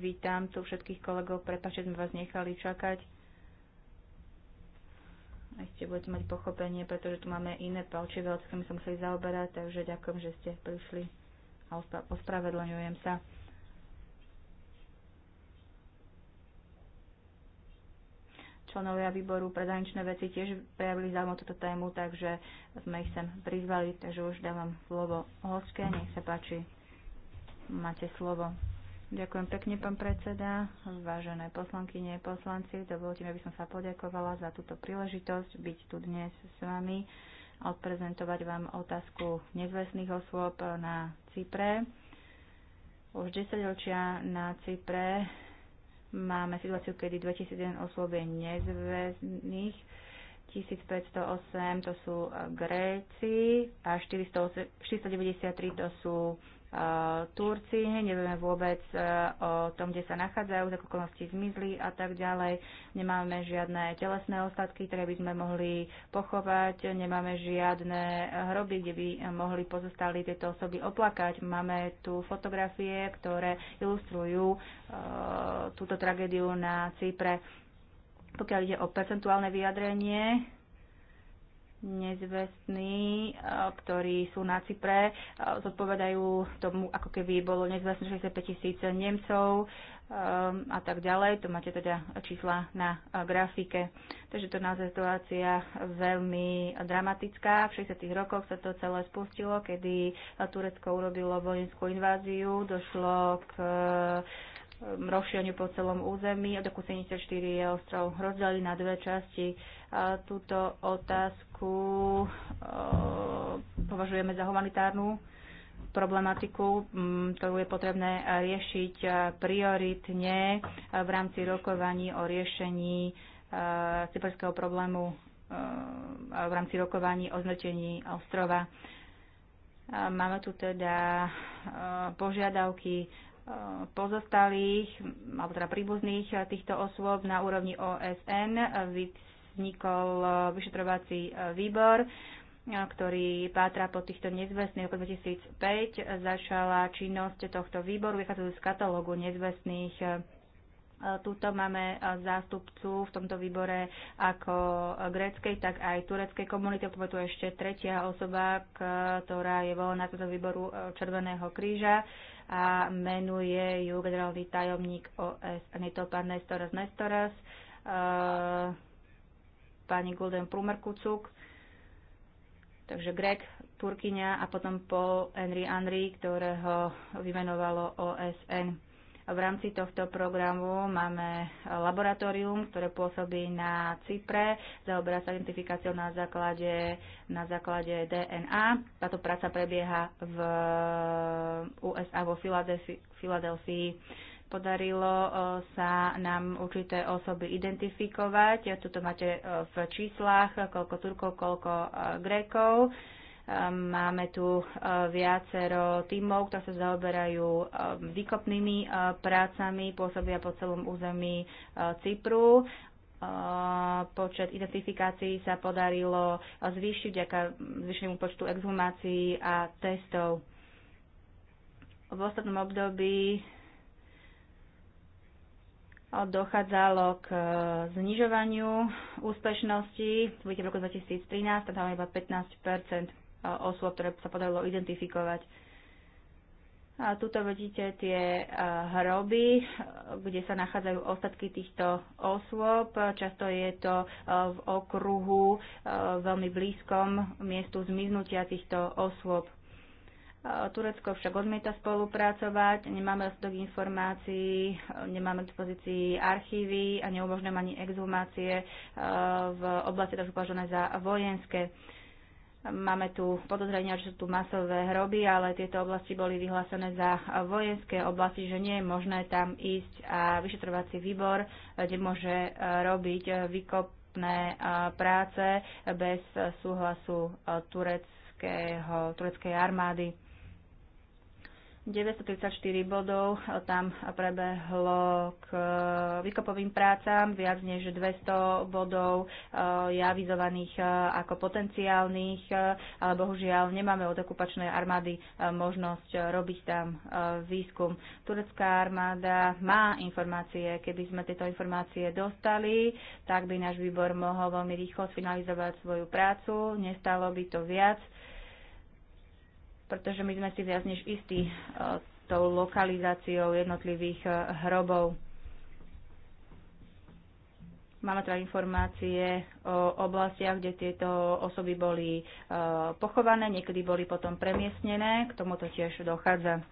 Vítam tu všetkých kolegov. Prepačte, sme vás nechali čakať. A ste budete mať pochopenie, pretože tu máme iné palčivé, ktorými sa museli zaoberať, takže ďakujem, že ste prišli a ospravedlňujem sa. Členovia výboru pre zahraničné veci tiež prejavili záujem o túto tému, takže sme ich sem prizvali, takže už dávam slovo hoske, nech sa páči, máte slovo. Ďakujem pekne, pán predseda, vážené poslankyne, poslanci. Dovolte mi, aby som sa poďakovala za túto príležitosť byť tu dnes s vami a odprezentovať vám otázku nezvestných osôb na Cypre. Už 10 ročia na Cypre Máme situáciu, kedy 2001 osôb je nezväzných, 1508 to sú Gréci a 493 to sú Turci, nevieme vôbec e, o tom, kde sa nachádzajú, za okolností zmizli a tak ďalej. Nemáme žiadne telesné ostatky, ktoré by sme mohli pochovať, nemáme žiadne hroby, kde by mohli pozostali tieto osoby oplakať. Máme tu fotografie, ktoré ilustrujú e, túto tragédiu na Cypre. Pokiaľ ide o percentuálne vyjadrenie, nezvestní, eh, ktorí sú na Cypre, eh, zodpovedajú tomu, ako keby bolo nezvestné 65 tisíc Nemcov eh, a tak ďalej. To máte teda čísla na grafike. Takže to naozaj situácia veľmi dramatická. V 60. rokoch sa to celé spustilo, kedy Turecko urobilo vojenskú inváziu, došlo k rozšíreniu po celom území. Od roku 74 je ostrov rozdelili na dve časti túto otázku e, považujeme za humanitárnu problematiku, ktorú je potrebné riešiť prioritne v rámci rokovaní o riešení e, cyperského problému e, v rámci rokovaní o zmrtení ostrova. Máme tu teda požiadavky pozostalých, alebo teda príbuzných týchto osôb na úrovni OSN vznikol e, vyšetrovací e, výbor, e, ktorý pátra po týchto nezvestných. Okolo 2005 začala činnosť tohto výboru, vychádzajú z katalógu nezvestných Tuto máme zástupcu v tomto výbore ako gréckej, tak aj tureckej komunity. To tu ešte tretia osoba, ktorá je volená do výboru Červeného kríža a menuje ju generálny tajomník OS Je to Nestoras Nestoras pani Golden Prumerkucuk, takže Greg, Turkyňa a potom Paul Henry Henry, ktorého vymenovalo OSN. V rámci tohto programu máme laboratórium, ktoré pôsobí na Cypre, zaoberá sa identifikáciou na základe, na základe DNA. Táto práca prebieha v USA vo Filadelfii. Podarilo e, sa nám určité osoby identifikovať. Tuto máte e, v číslach, koľko Turkov, koľko e, Grékov. Máme tu viacero tímov, ktoré sa zaoberajú výkopnými prácami, pôsobia po celom území Cypru. Počet identifikácií sa podarilo zvýšiť vďaka zvýšenému počtu exhumácií a testov. V ostatnom období dochádzalo k e, znižovaniu úspešnosti. v roku 2013, tam iba 15 e, osôb, ktoré sa podarilo identifikovať. A tuto vidíte tie e, hroby, kde sa nachádzajú ostatky týchto osôb. Často je to v okruhu veľmi blízkom miestu zmiznutia týchto osôb. Turecko však odmieta spolupracovať, nemáme dostatok informácií, nemáme k dispozícii archívy a neumožňujem ani exhumácie e, v oblasti, ktoré sú považované za vojenské. Máme tu podozrenia, že sú tu masové hroby, ale tieto oblasti boli vyhlásené za vojenské oblasti, že nie je možné tam ísť a vyšetrovací výbor, kde môže e, robiť výkopné e, práce bez súhlasu tureckého, tureckej armády. 934 bodov tam prebehlo k eh, vykopovým prácam, viac než 200 bodov eh, je avizovaných eh, ako potenciálnych, ale bohužiaľ nemáme od okupačnej armády možnosť robiť tam výskum. Turecká armáda má informácie, keby sme tieto informácie dostali, tak by náš výbor mohol veľmi rýchlo sfinalizovať svoju prácu, nestalo by to viac pretože my sme si viac než istí e, tou lokalizáciou jednotlivých e, hrobov. Máme teda informácie o oblastiach, kde tieto osoby boli e, pochované, niekedy boli potom premiestnené, k tomu to tiež dochádza.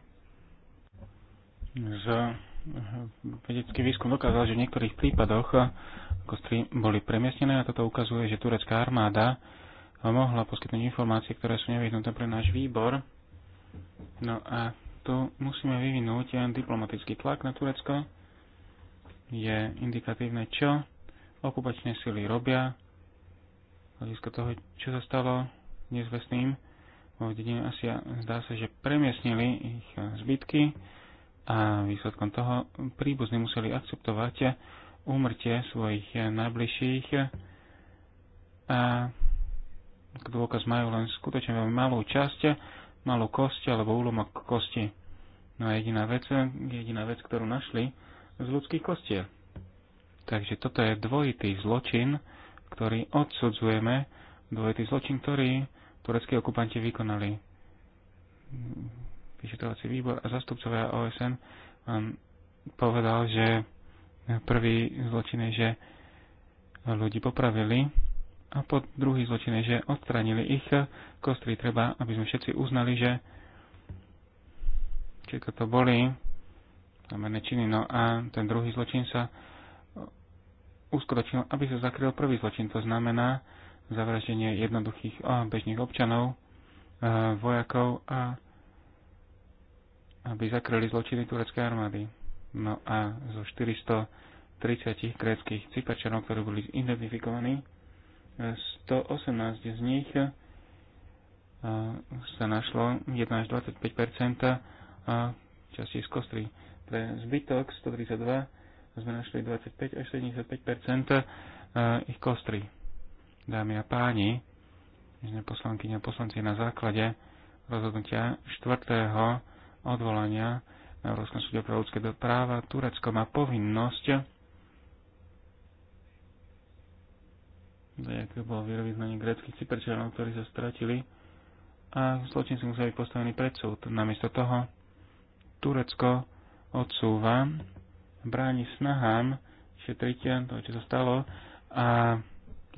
Za vedecký výskum dokázal, že v niektorých prípadoch kostry boli premiestnené a toto ukazuje, že turecká armáda mohla poskytnúť informácie, ktoré sú nevyhnuté pre náš výbor. No a tu musíme vyvinúť diplomatický tlak na Turecko. Je indikatívne, čo okupačné sily robia, hľadiska toho, čo sa stalo nezvestným vo dedine Asia. Zdá sa, že premiesnili ich zbytky a výsledkom toho príbuzní museli akceptovať úmrtie svojich najbližších a ako dôkaz majú len skutočne veľmi malú časť, malú kosť alebo úlomok kosti. No a jediná vec, jediná vec, ktorú našli, z ľudských kostiel. Takže toto je dvojitý zločin, ktorý odsudzujeme, dvojitý zločin, ktorý tureckí okupanti vykonali. Vyšetrovací výbor a zastupcovia OSN um, povedal, že prvý zločin je, že ľudí popravili, a pod druhý zločin že odstranili ich kostry. Treba, aby sme všetci uznali, že všetko to boli znamené činy. No a ten druhý zločin sa uskutočnil, aby sa zakryl prvý zločin. To znamená zavraždenie jednoduchých a bežných občanov, eh, vojakov a aby zakryli zločiny tureckej armády. No a zo 430 gréckých cipačanov, ktorí boli identifikovaní, 118 z nich eh, sa našlo 1 až 25 častí z kostry. Pre zbytok 132 sme našli 25 až 75 eh, ich kostry. Dámy a páni, my poslankyňa a poslanci na základe rozhodnutia 4. odvolania na Európskom súde pre ľudské práva Turecko má povinnosť aké bolo vyrovýznanie greckých cyperčanov, ktorí sa stratili a zločinci museli byť postavení pred súd. Namiesto toho Turecko odsúva, bráni snahám šetriť to, čo sa stalo a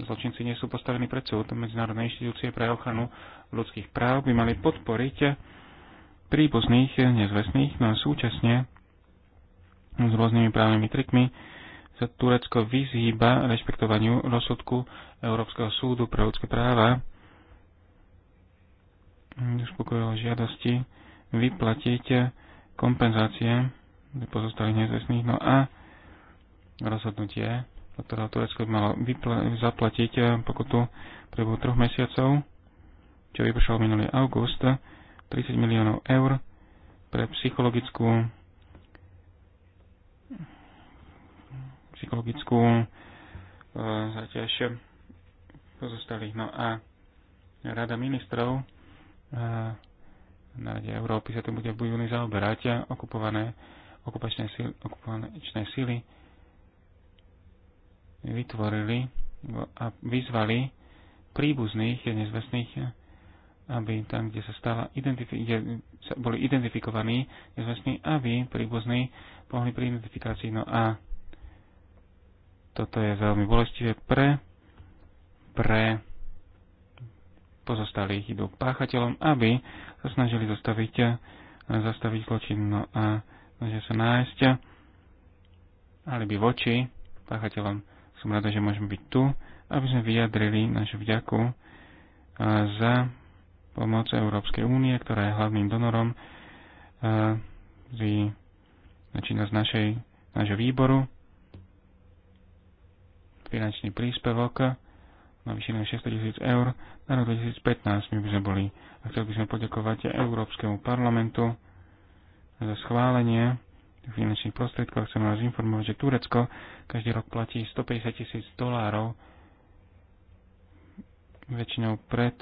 zločinci nie sú postavení pred súd. Medzinárodné inštitúcie pre ochranu ľudských práv by mali podporiť príbuzných nezvestných, no súčasne s rôznymi právnymi trikmi sa Turecko vyzýba rešpektovaniu rozsudku Európskeho súdu pre ľudské práva, uspokojilo žiadosti vyplatiť kompenzácie pre pozostalých nezvestných, no a rozhodnutie, od ktorého Turecko by malo zaplatiť pokutu prebu troch mesiacov, čo vypršalo minulý august, 30 miliónov eur pre psychologickú psychologickú e, zaťaž pozostalých. No a Rada ministrov e, na Rade Európy sa tu bude v júni zaoberať a okupované, okupačné síly, okupačné síly vytvorili a vyzvali príbuzných nezvestných, aby tam, kde sa stala, identifi- kde sa boli identifikovaní nezvestní, aby príbuzní pohli pri identifikácii. No a toto je veľmi bolestivé pre, pre pozostalých idú páchateľom, aby sa snažili zastaviť, zastaviť zločin no a snažia sa nájsť alibi voči páchateľom. Som rada, že môžeme byť tu, aby sme vyjadrili našu vďaku za pomoc Európskej únie, ktorá je hlavným donorom z, začína z našej, nášho výboru finančný príspevok na výšinu 600 tisíc eur na rok 2015 my by sme boli. A chcel by sme poďakovať Európskemu parlamentu za schválenie finančných prostriedkov. Chcem vás informovať, že Turecko každý rok platí 150 tisíc dolárov väčšinou pred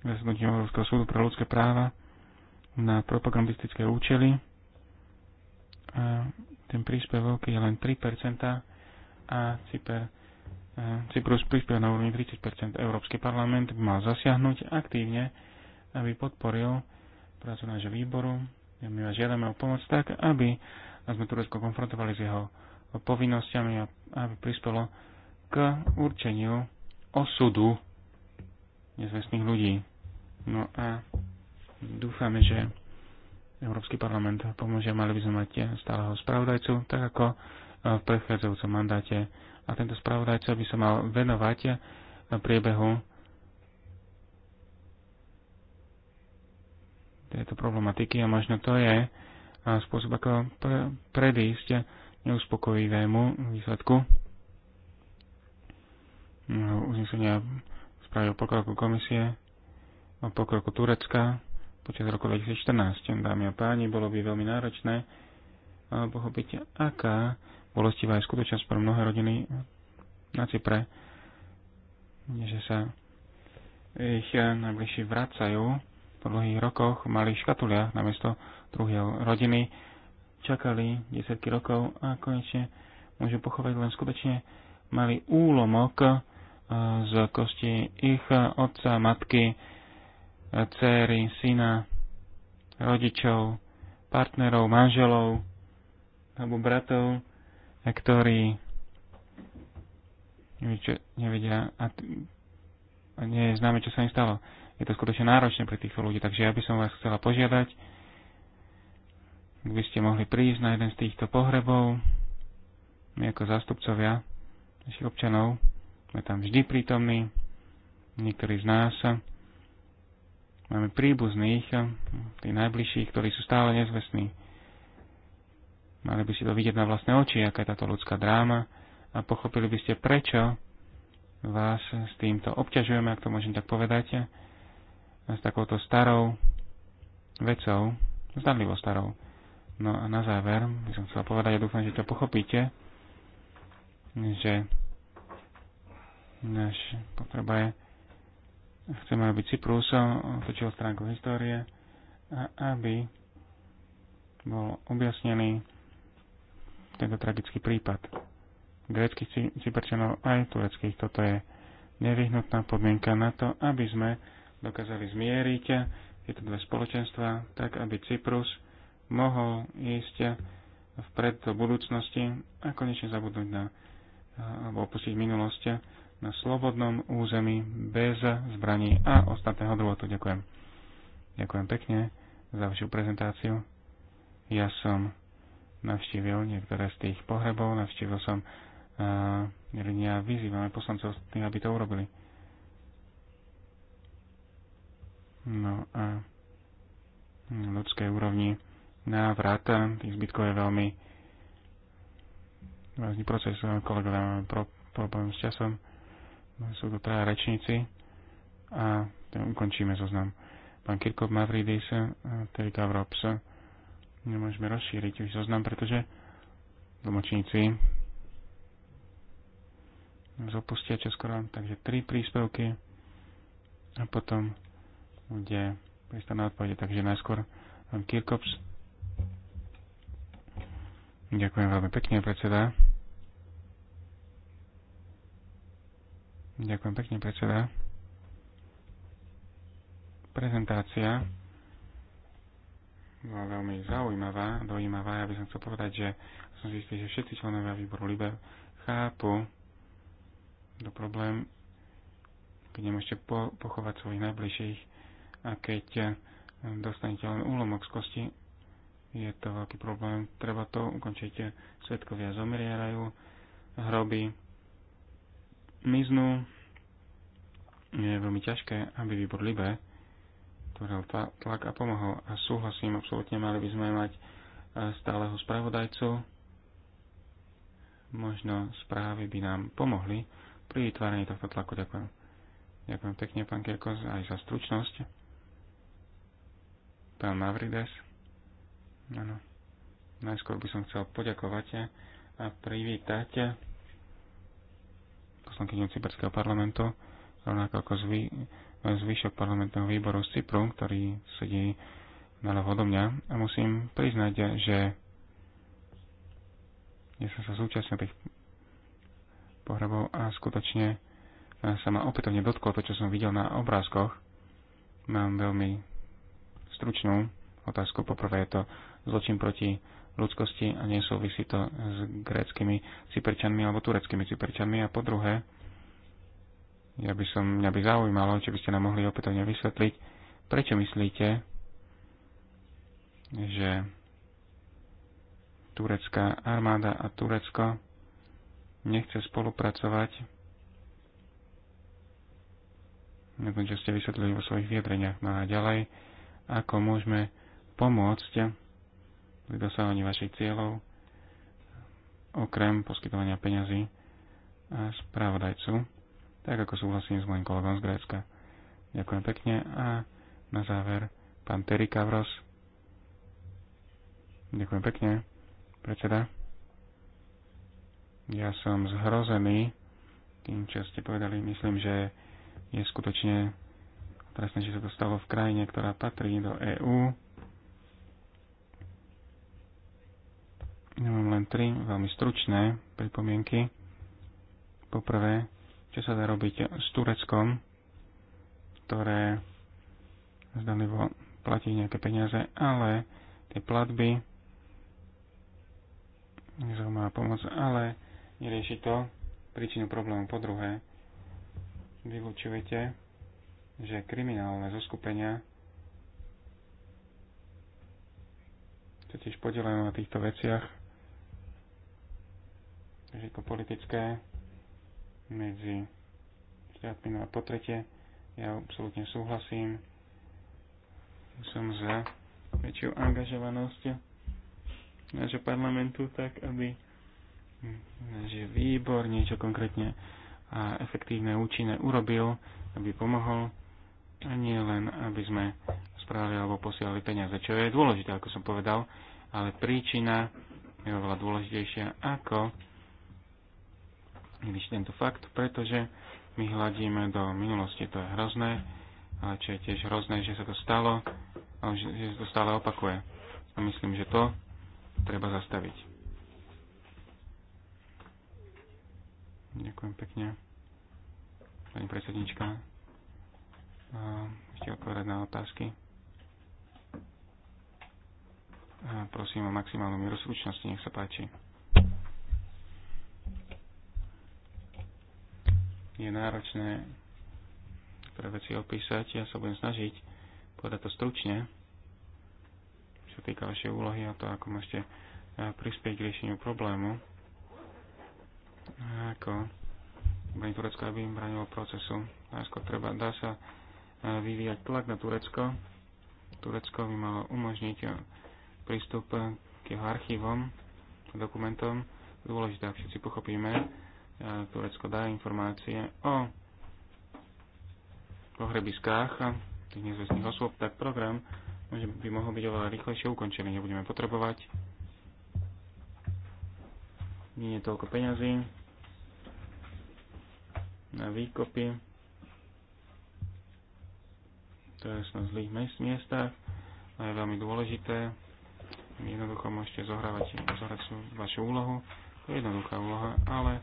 rozhodnutím Európskeho súdu pre ľudské práva na propagandistické účely. A ten príspevok je len 3% a Cyper Cyprus prispieva na úrovni 30 Európsky parlament by mal zasiahnuť aktívne, aby podporil prácu nášho výboru. My vás žiadame o pomoc tak, aby sme Turecko konfrontovali s jeho povinnosťami a aby prispelo k určeniu osudu nezvestných ľudí. No a dúfame, že Európsky parlament pomôže, mali by sme mať stáleho spravodajcu, tak ako v predchádzajúcom mandáte a tento spravodajca by sa mal venovať na priebehu tejto problematiky a možno to je spôsob, ako predísť neuspokojivému výsledku no, uznesenia spravil pokroku komisie o pokroku Turecka počas roku 2014. Dámy a páni, bolo by veľmi náročné pochopiť, aká bolestivá je skutočnosť pre mnohé rodiny na Cypre, že sa ich najbližší vracajú po dlhých rokoch, mali na namiesto druhého rodiny, čakali desiatky rokov a konečne môžu pochovať len skutočne mali úlomok e, z kosti ich otca, matky, e, céry, syna, rodičov, partnerov, manželov alebo bratov, ktorí nevedia a nie je známe, čo sa im stalo. Je to skutočne náročné pre týchto ľudí, takže ja by som vás chcela požiadať, ak by ste mohli prísť na jeden z týchto pohrebov, my ako zástupcovia našich občanov sme tam vždy prítomní, niektorí z nás máme príbuzných, tých najbližších, ktorí sú stále nezvestní. Mali by si to vidieť na vlastné oči, aká je táto ľudská dráma a pochopili by ste, prečo vás s týmto obťažujeme, ak to môžem tak povedať, a s takouto starou vecou, zdanlivo starou. No a na záver by som chcel povedať, a ja dúfam, že to pochopíte, že náš potreba je, chceme, aby Cyprus otočil stránku histórie a aby bol objasnený tento tragický prípad gréckých cyperčanov aj tureckých. Toto je nevyhnutná podmienka na to, aby sme dokázali zmieriť tieto dve spoločenstva, tak aby Cyprus mohol ísť vpred do budúcnosti a konečne zabudnúť na, alebo opustiť minulosť na slobodnom území bez zbraní a ostatného druhotu. Ďakujem. Ďakujem pekne za vašu prezentáciu. Ja som navštívil niektoré z tých pohrebov, navštívil som eh, rinia vyzývame poslancov tým, aby to urobili. No a na ľudskej úrovni návrat eh, tých zbytkov je veľmi vážny proces. Eh, kolegovia máme pro, problém s časom. No, sú to traja rečníci a ukončíme zoznam. Pán Kirkov Mavridis, Terika Vrops, nemôžeme rozšíriť už zoznam, pretože domočníci nás opustia čoskoro, takže tri príspevky a potom bude priestor na odpovede, takže najskôr pán Kirkops. Ďakujem veľmi pekne, predseda. Ďakujem pekne, predseda. Prezentácia bola veľmi zaujímavá, dojímavá. Ja by som chcel povedať, že som zistil, že všetci členovia výboru liber chápu do problém, keď nemôžete po- pochovať svojich najbližších a keď eh, dostanete len úlomok z kosti, je to veľký problém. Treba to ukončiť. Eh, svetkovia zomierajú, hroby miznú. Je veľmi ťažké, aby výbor LIBE vytvoril tlak a pomohol. A súhlasím, absolútne mali by sme mať e, stáleho spravodajcu. Možno správy by nám pomohli pri vytváraní tohto tlaku. Ďakujem. Ďakujem pekne, pán Kirkos, aj za stručnosť. Pán Mavrides. Áno. Najskôr by som chcel poďakovať a privítať poslankyňu Cyperského parlamentu, rovnako ako zvy, zvyšok parlamentného výboru z Cypru, ktorý sedí na odo mňa a musím priznať, že ja som sa zúčastnil tých pohrebov a skutočne eh, sa ma opätovne dotklo to, čo som videl na obrázkoch. Mám veľmi stručnú otázku. Poprvé je to zločin proti ľudskosti a nesúvisí to s gréckými cyperčanmi alebo tureckými cyperčanmi. A po druhé, ja by som, mňa by zaujímalo, či by ste nám mohli opätovne vysvetliť, prečo myslíte, že turecká armáda a Turecko nechce spolupracovať na tom, čo ste vysvetlili vo svojich vyjadreniach. No a ďalej, ako môžeme pomôcť pri dosahovaní vašich cieľov, okrem poskytovania peňazí a spravodajcu tak ako súhlasím s mojim kolegom z Grécka. Ďakujem pekne a na záver pán Terry Kavros. Ďakujem pekne, predseda. Ja som zhrozený tým, čo ste povedali. Myslím, že je skutočne trestné, že sa to stalo v krajine, ktorá patrí do EÚ. Ja mám len tri veľmi stručné pripomienky. Poprvé, čo sa dá robiť s Tureckom, ktoré zdanivo platí nejaké peniaze, ale tie platby nezaujímavá pomoc, ale nerieši to príčinu problému. Po druhé, vylúčujete, že kriminálne zoskupenia sa tiež podielajú na týchto veciach, že politické medzi štátmi. No a po tretie, ja absolútne súhlasím, som za väčšiu angažovanosť nášho parlamentu, tak aby že výbor niečo konkrétne a efektívne účinné urobil, aby pomohol a nie len, aby sme spravili alebo posielali peniaze, čo je dôležité, ako som povedal, ale príčina je oveľa dôležitejšia ako riešiť tento fakt, pretože my hľadíme do minulosti, to je hrozné, ale čo je tiež hrozné, že sa to stalo, ale že, že sa to stále opakuje. A myslím, že to treba zastaviť. Ďakujem pekne. Pani predsednička, ešte odpovedať na otázky. A prosím o maximálnu mieru slučnosti, nech sa páči. je náročné pre veci opísať. Ja sa budem snažiť povedať to stručne, čo týka vašej úlohy a to, ako môžete e, prispieť k riešeniu problému. A ako Brani Turecko, aby im bránilo procesu. Najskôr treba, dá sa e, vyvíjať tlak na Turecko. Turecko by malo umožniť e, prístup k jeho archívom, dokumentom. Dôležité, ak všetci pochopíme, Turecko dá informácie o pohrebiskách tých nezvestných osôb, tak program by mohol byť oveľa rýchlejšie ukončený. Nebudeme potrebovať nie je toľko peňazí na výkopy. To je na zlých miestach a je veľmi dôležité. Jednoducho môžete zohrávať, zohrať vašu úlohu. To je jednoduchá úloha, ale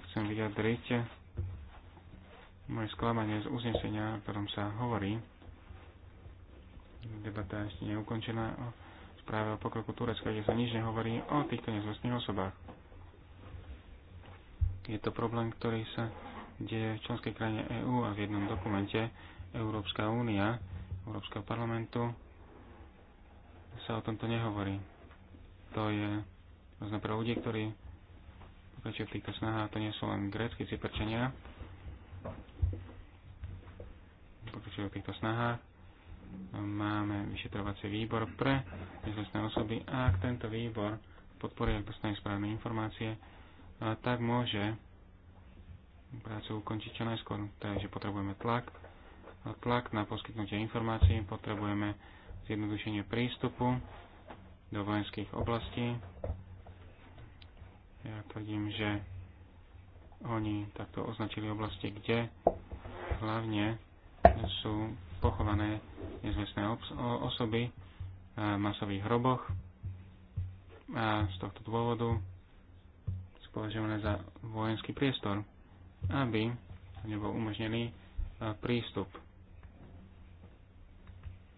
chcem vyjadriť moje sklamanie z uznesenia, o ktorom sa hovorí. Debata je ešte neukončená o správe o pokroku Turecka, kde sa nič nehovorí o týchto nezvestných osobách. Je to problém, ktorý sa deje v členskej krajine EÚ a v jednom dokumente Európska únia, Európskeho parlamentu sa o tomto nehovorí. To je možno pre ľudí, ktorí pokračuje v týchto snahách, to nie sú len grécky cyperčania, pokračujú v týchto snahách. Máme vyšetrovací výbor pre nezvestné osoby a ak tento výbor podporuje, dostane správne informácie, tak môže prácu ukončiť čo najskôr. Takže potrebujeme tlak, tlak na poskytnutie informácií, potrebujeme zjednodušenie prístupu do vojenských oblastí, ja tvrdím, že oni takto označili oblasti, kde hlavne sú pochované nezvestné osoby v masových hroboch a z tohto dôvodu sú považované za vojenský priestor, aby nebol umožnený e, prístup.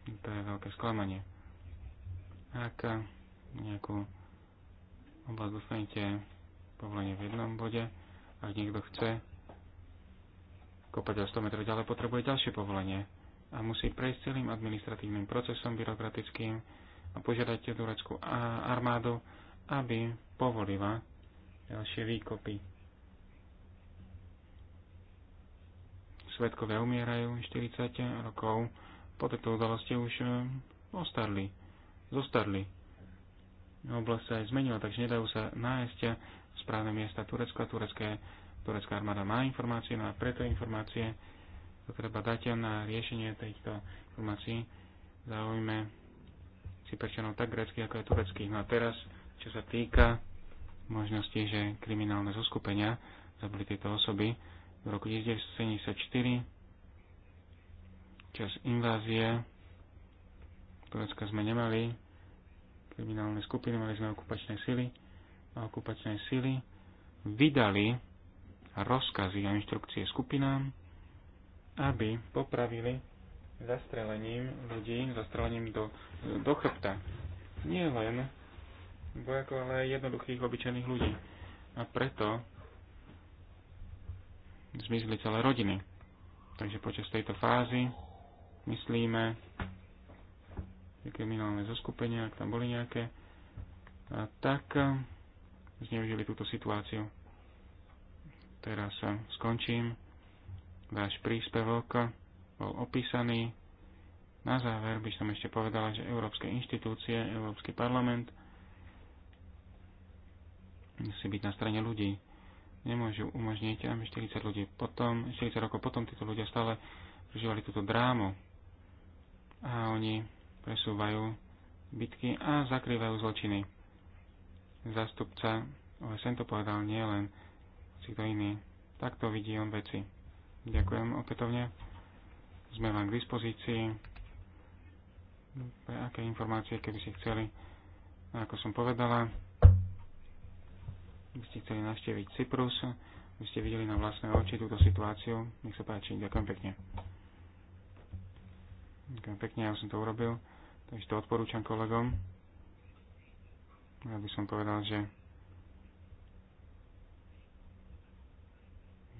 To je veľké sklamanie. Ak nejakú oblasť dostanete povolenie v jednom bode. Ak niekto chce kopať o 100 metrov ďalej, potrebuje ďalšie povolenie a musí prejsť celým administratívnym procesom byrokratickým a požiadať tureckú armádu, aby povolila ďalšie výkopy. Svetkovia umierajú 40 rokov, po tejto udalosti už eh, ostarli, zostarli. Oblasť sa aj zmenila, takže nedajú sa nájsť správne miesta Turecka. Turecké, turecká armáda má informácie, no a preto informácie to treba dať na riešenie týchto informácií si Cyperčanov tak greckých, ako aj turecký. No a teraz, čo sa týka možnosti, že kriminálne zoskupenia zabili tieto osoby v roku 1974 čas invázie Turecka sme nemali kriminálne skupiny, mali sme okupačné sily a okupačné sily vydali rozkazy a inštrukcie skupinám, aby popravili zastrelením ľudí, zastrelením do, do chrbta. Nie len vojakov, ale aj jednoduchých, obyčajných ľudí. A preto zmizli celé rodiny. Takže počas tejto fázy myslíme, tie kriminálne zoskupenia, ak tam boli nejaké, a tak zneužili túto situáciu. Teraz skončím. Váš príspevok bol opísaný. Na záver by som ešte povedala, že európske inštitúcie, Európsky parlament musí byť na strane ľudí. Nemôžu umožniť, aby 40, ľudí potom, 40 rokov potom títo ľudia stále prežívali túto drámu. A oni presúvajú bitky a zakrývajú zločiny. Zastupca sem to povedal nie len si to iný. Takto vidí on veci. Ďakujem opätovne. Sme vám k dispozícii. Pre aké informácie, keby ste chceli, ako som povedala, by ste chceli navštíviť Cyprus, by ste videli na vlastné oči túto situáciu. Nech sa páči, ďakujem pekne. Ďakujem pekne, ja som to urobil, takže to odporúčam kolegom. Ja by som povedal, že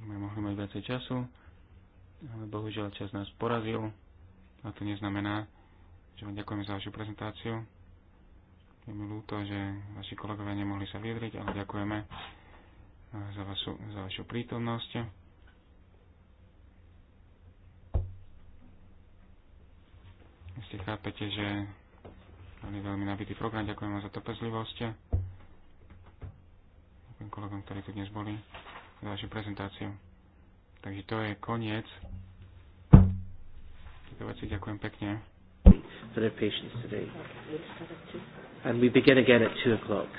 sme mohli mať viacej času, ale bohužiaľ čas nás porazil a to neznamená, že vám ďakujeme za vašu prezentáciu. Je mi ľúto, že vaši kolegovia nemohli sa vyjadriť, ale ďakujeme eh, za vašu, za vašu prítomnosť. ste chápete, že Máme veľmi nabitý program, ďakujem vám za trpezlivosť. Ďakujem kolegom, ktorí tu dnes boli, za vašu prezentáciu. Takže to je koniec. Tieto veci ďakujem pekne. For their patience today. And we begin again at 2 o'clock.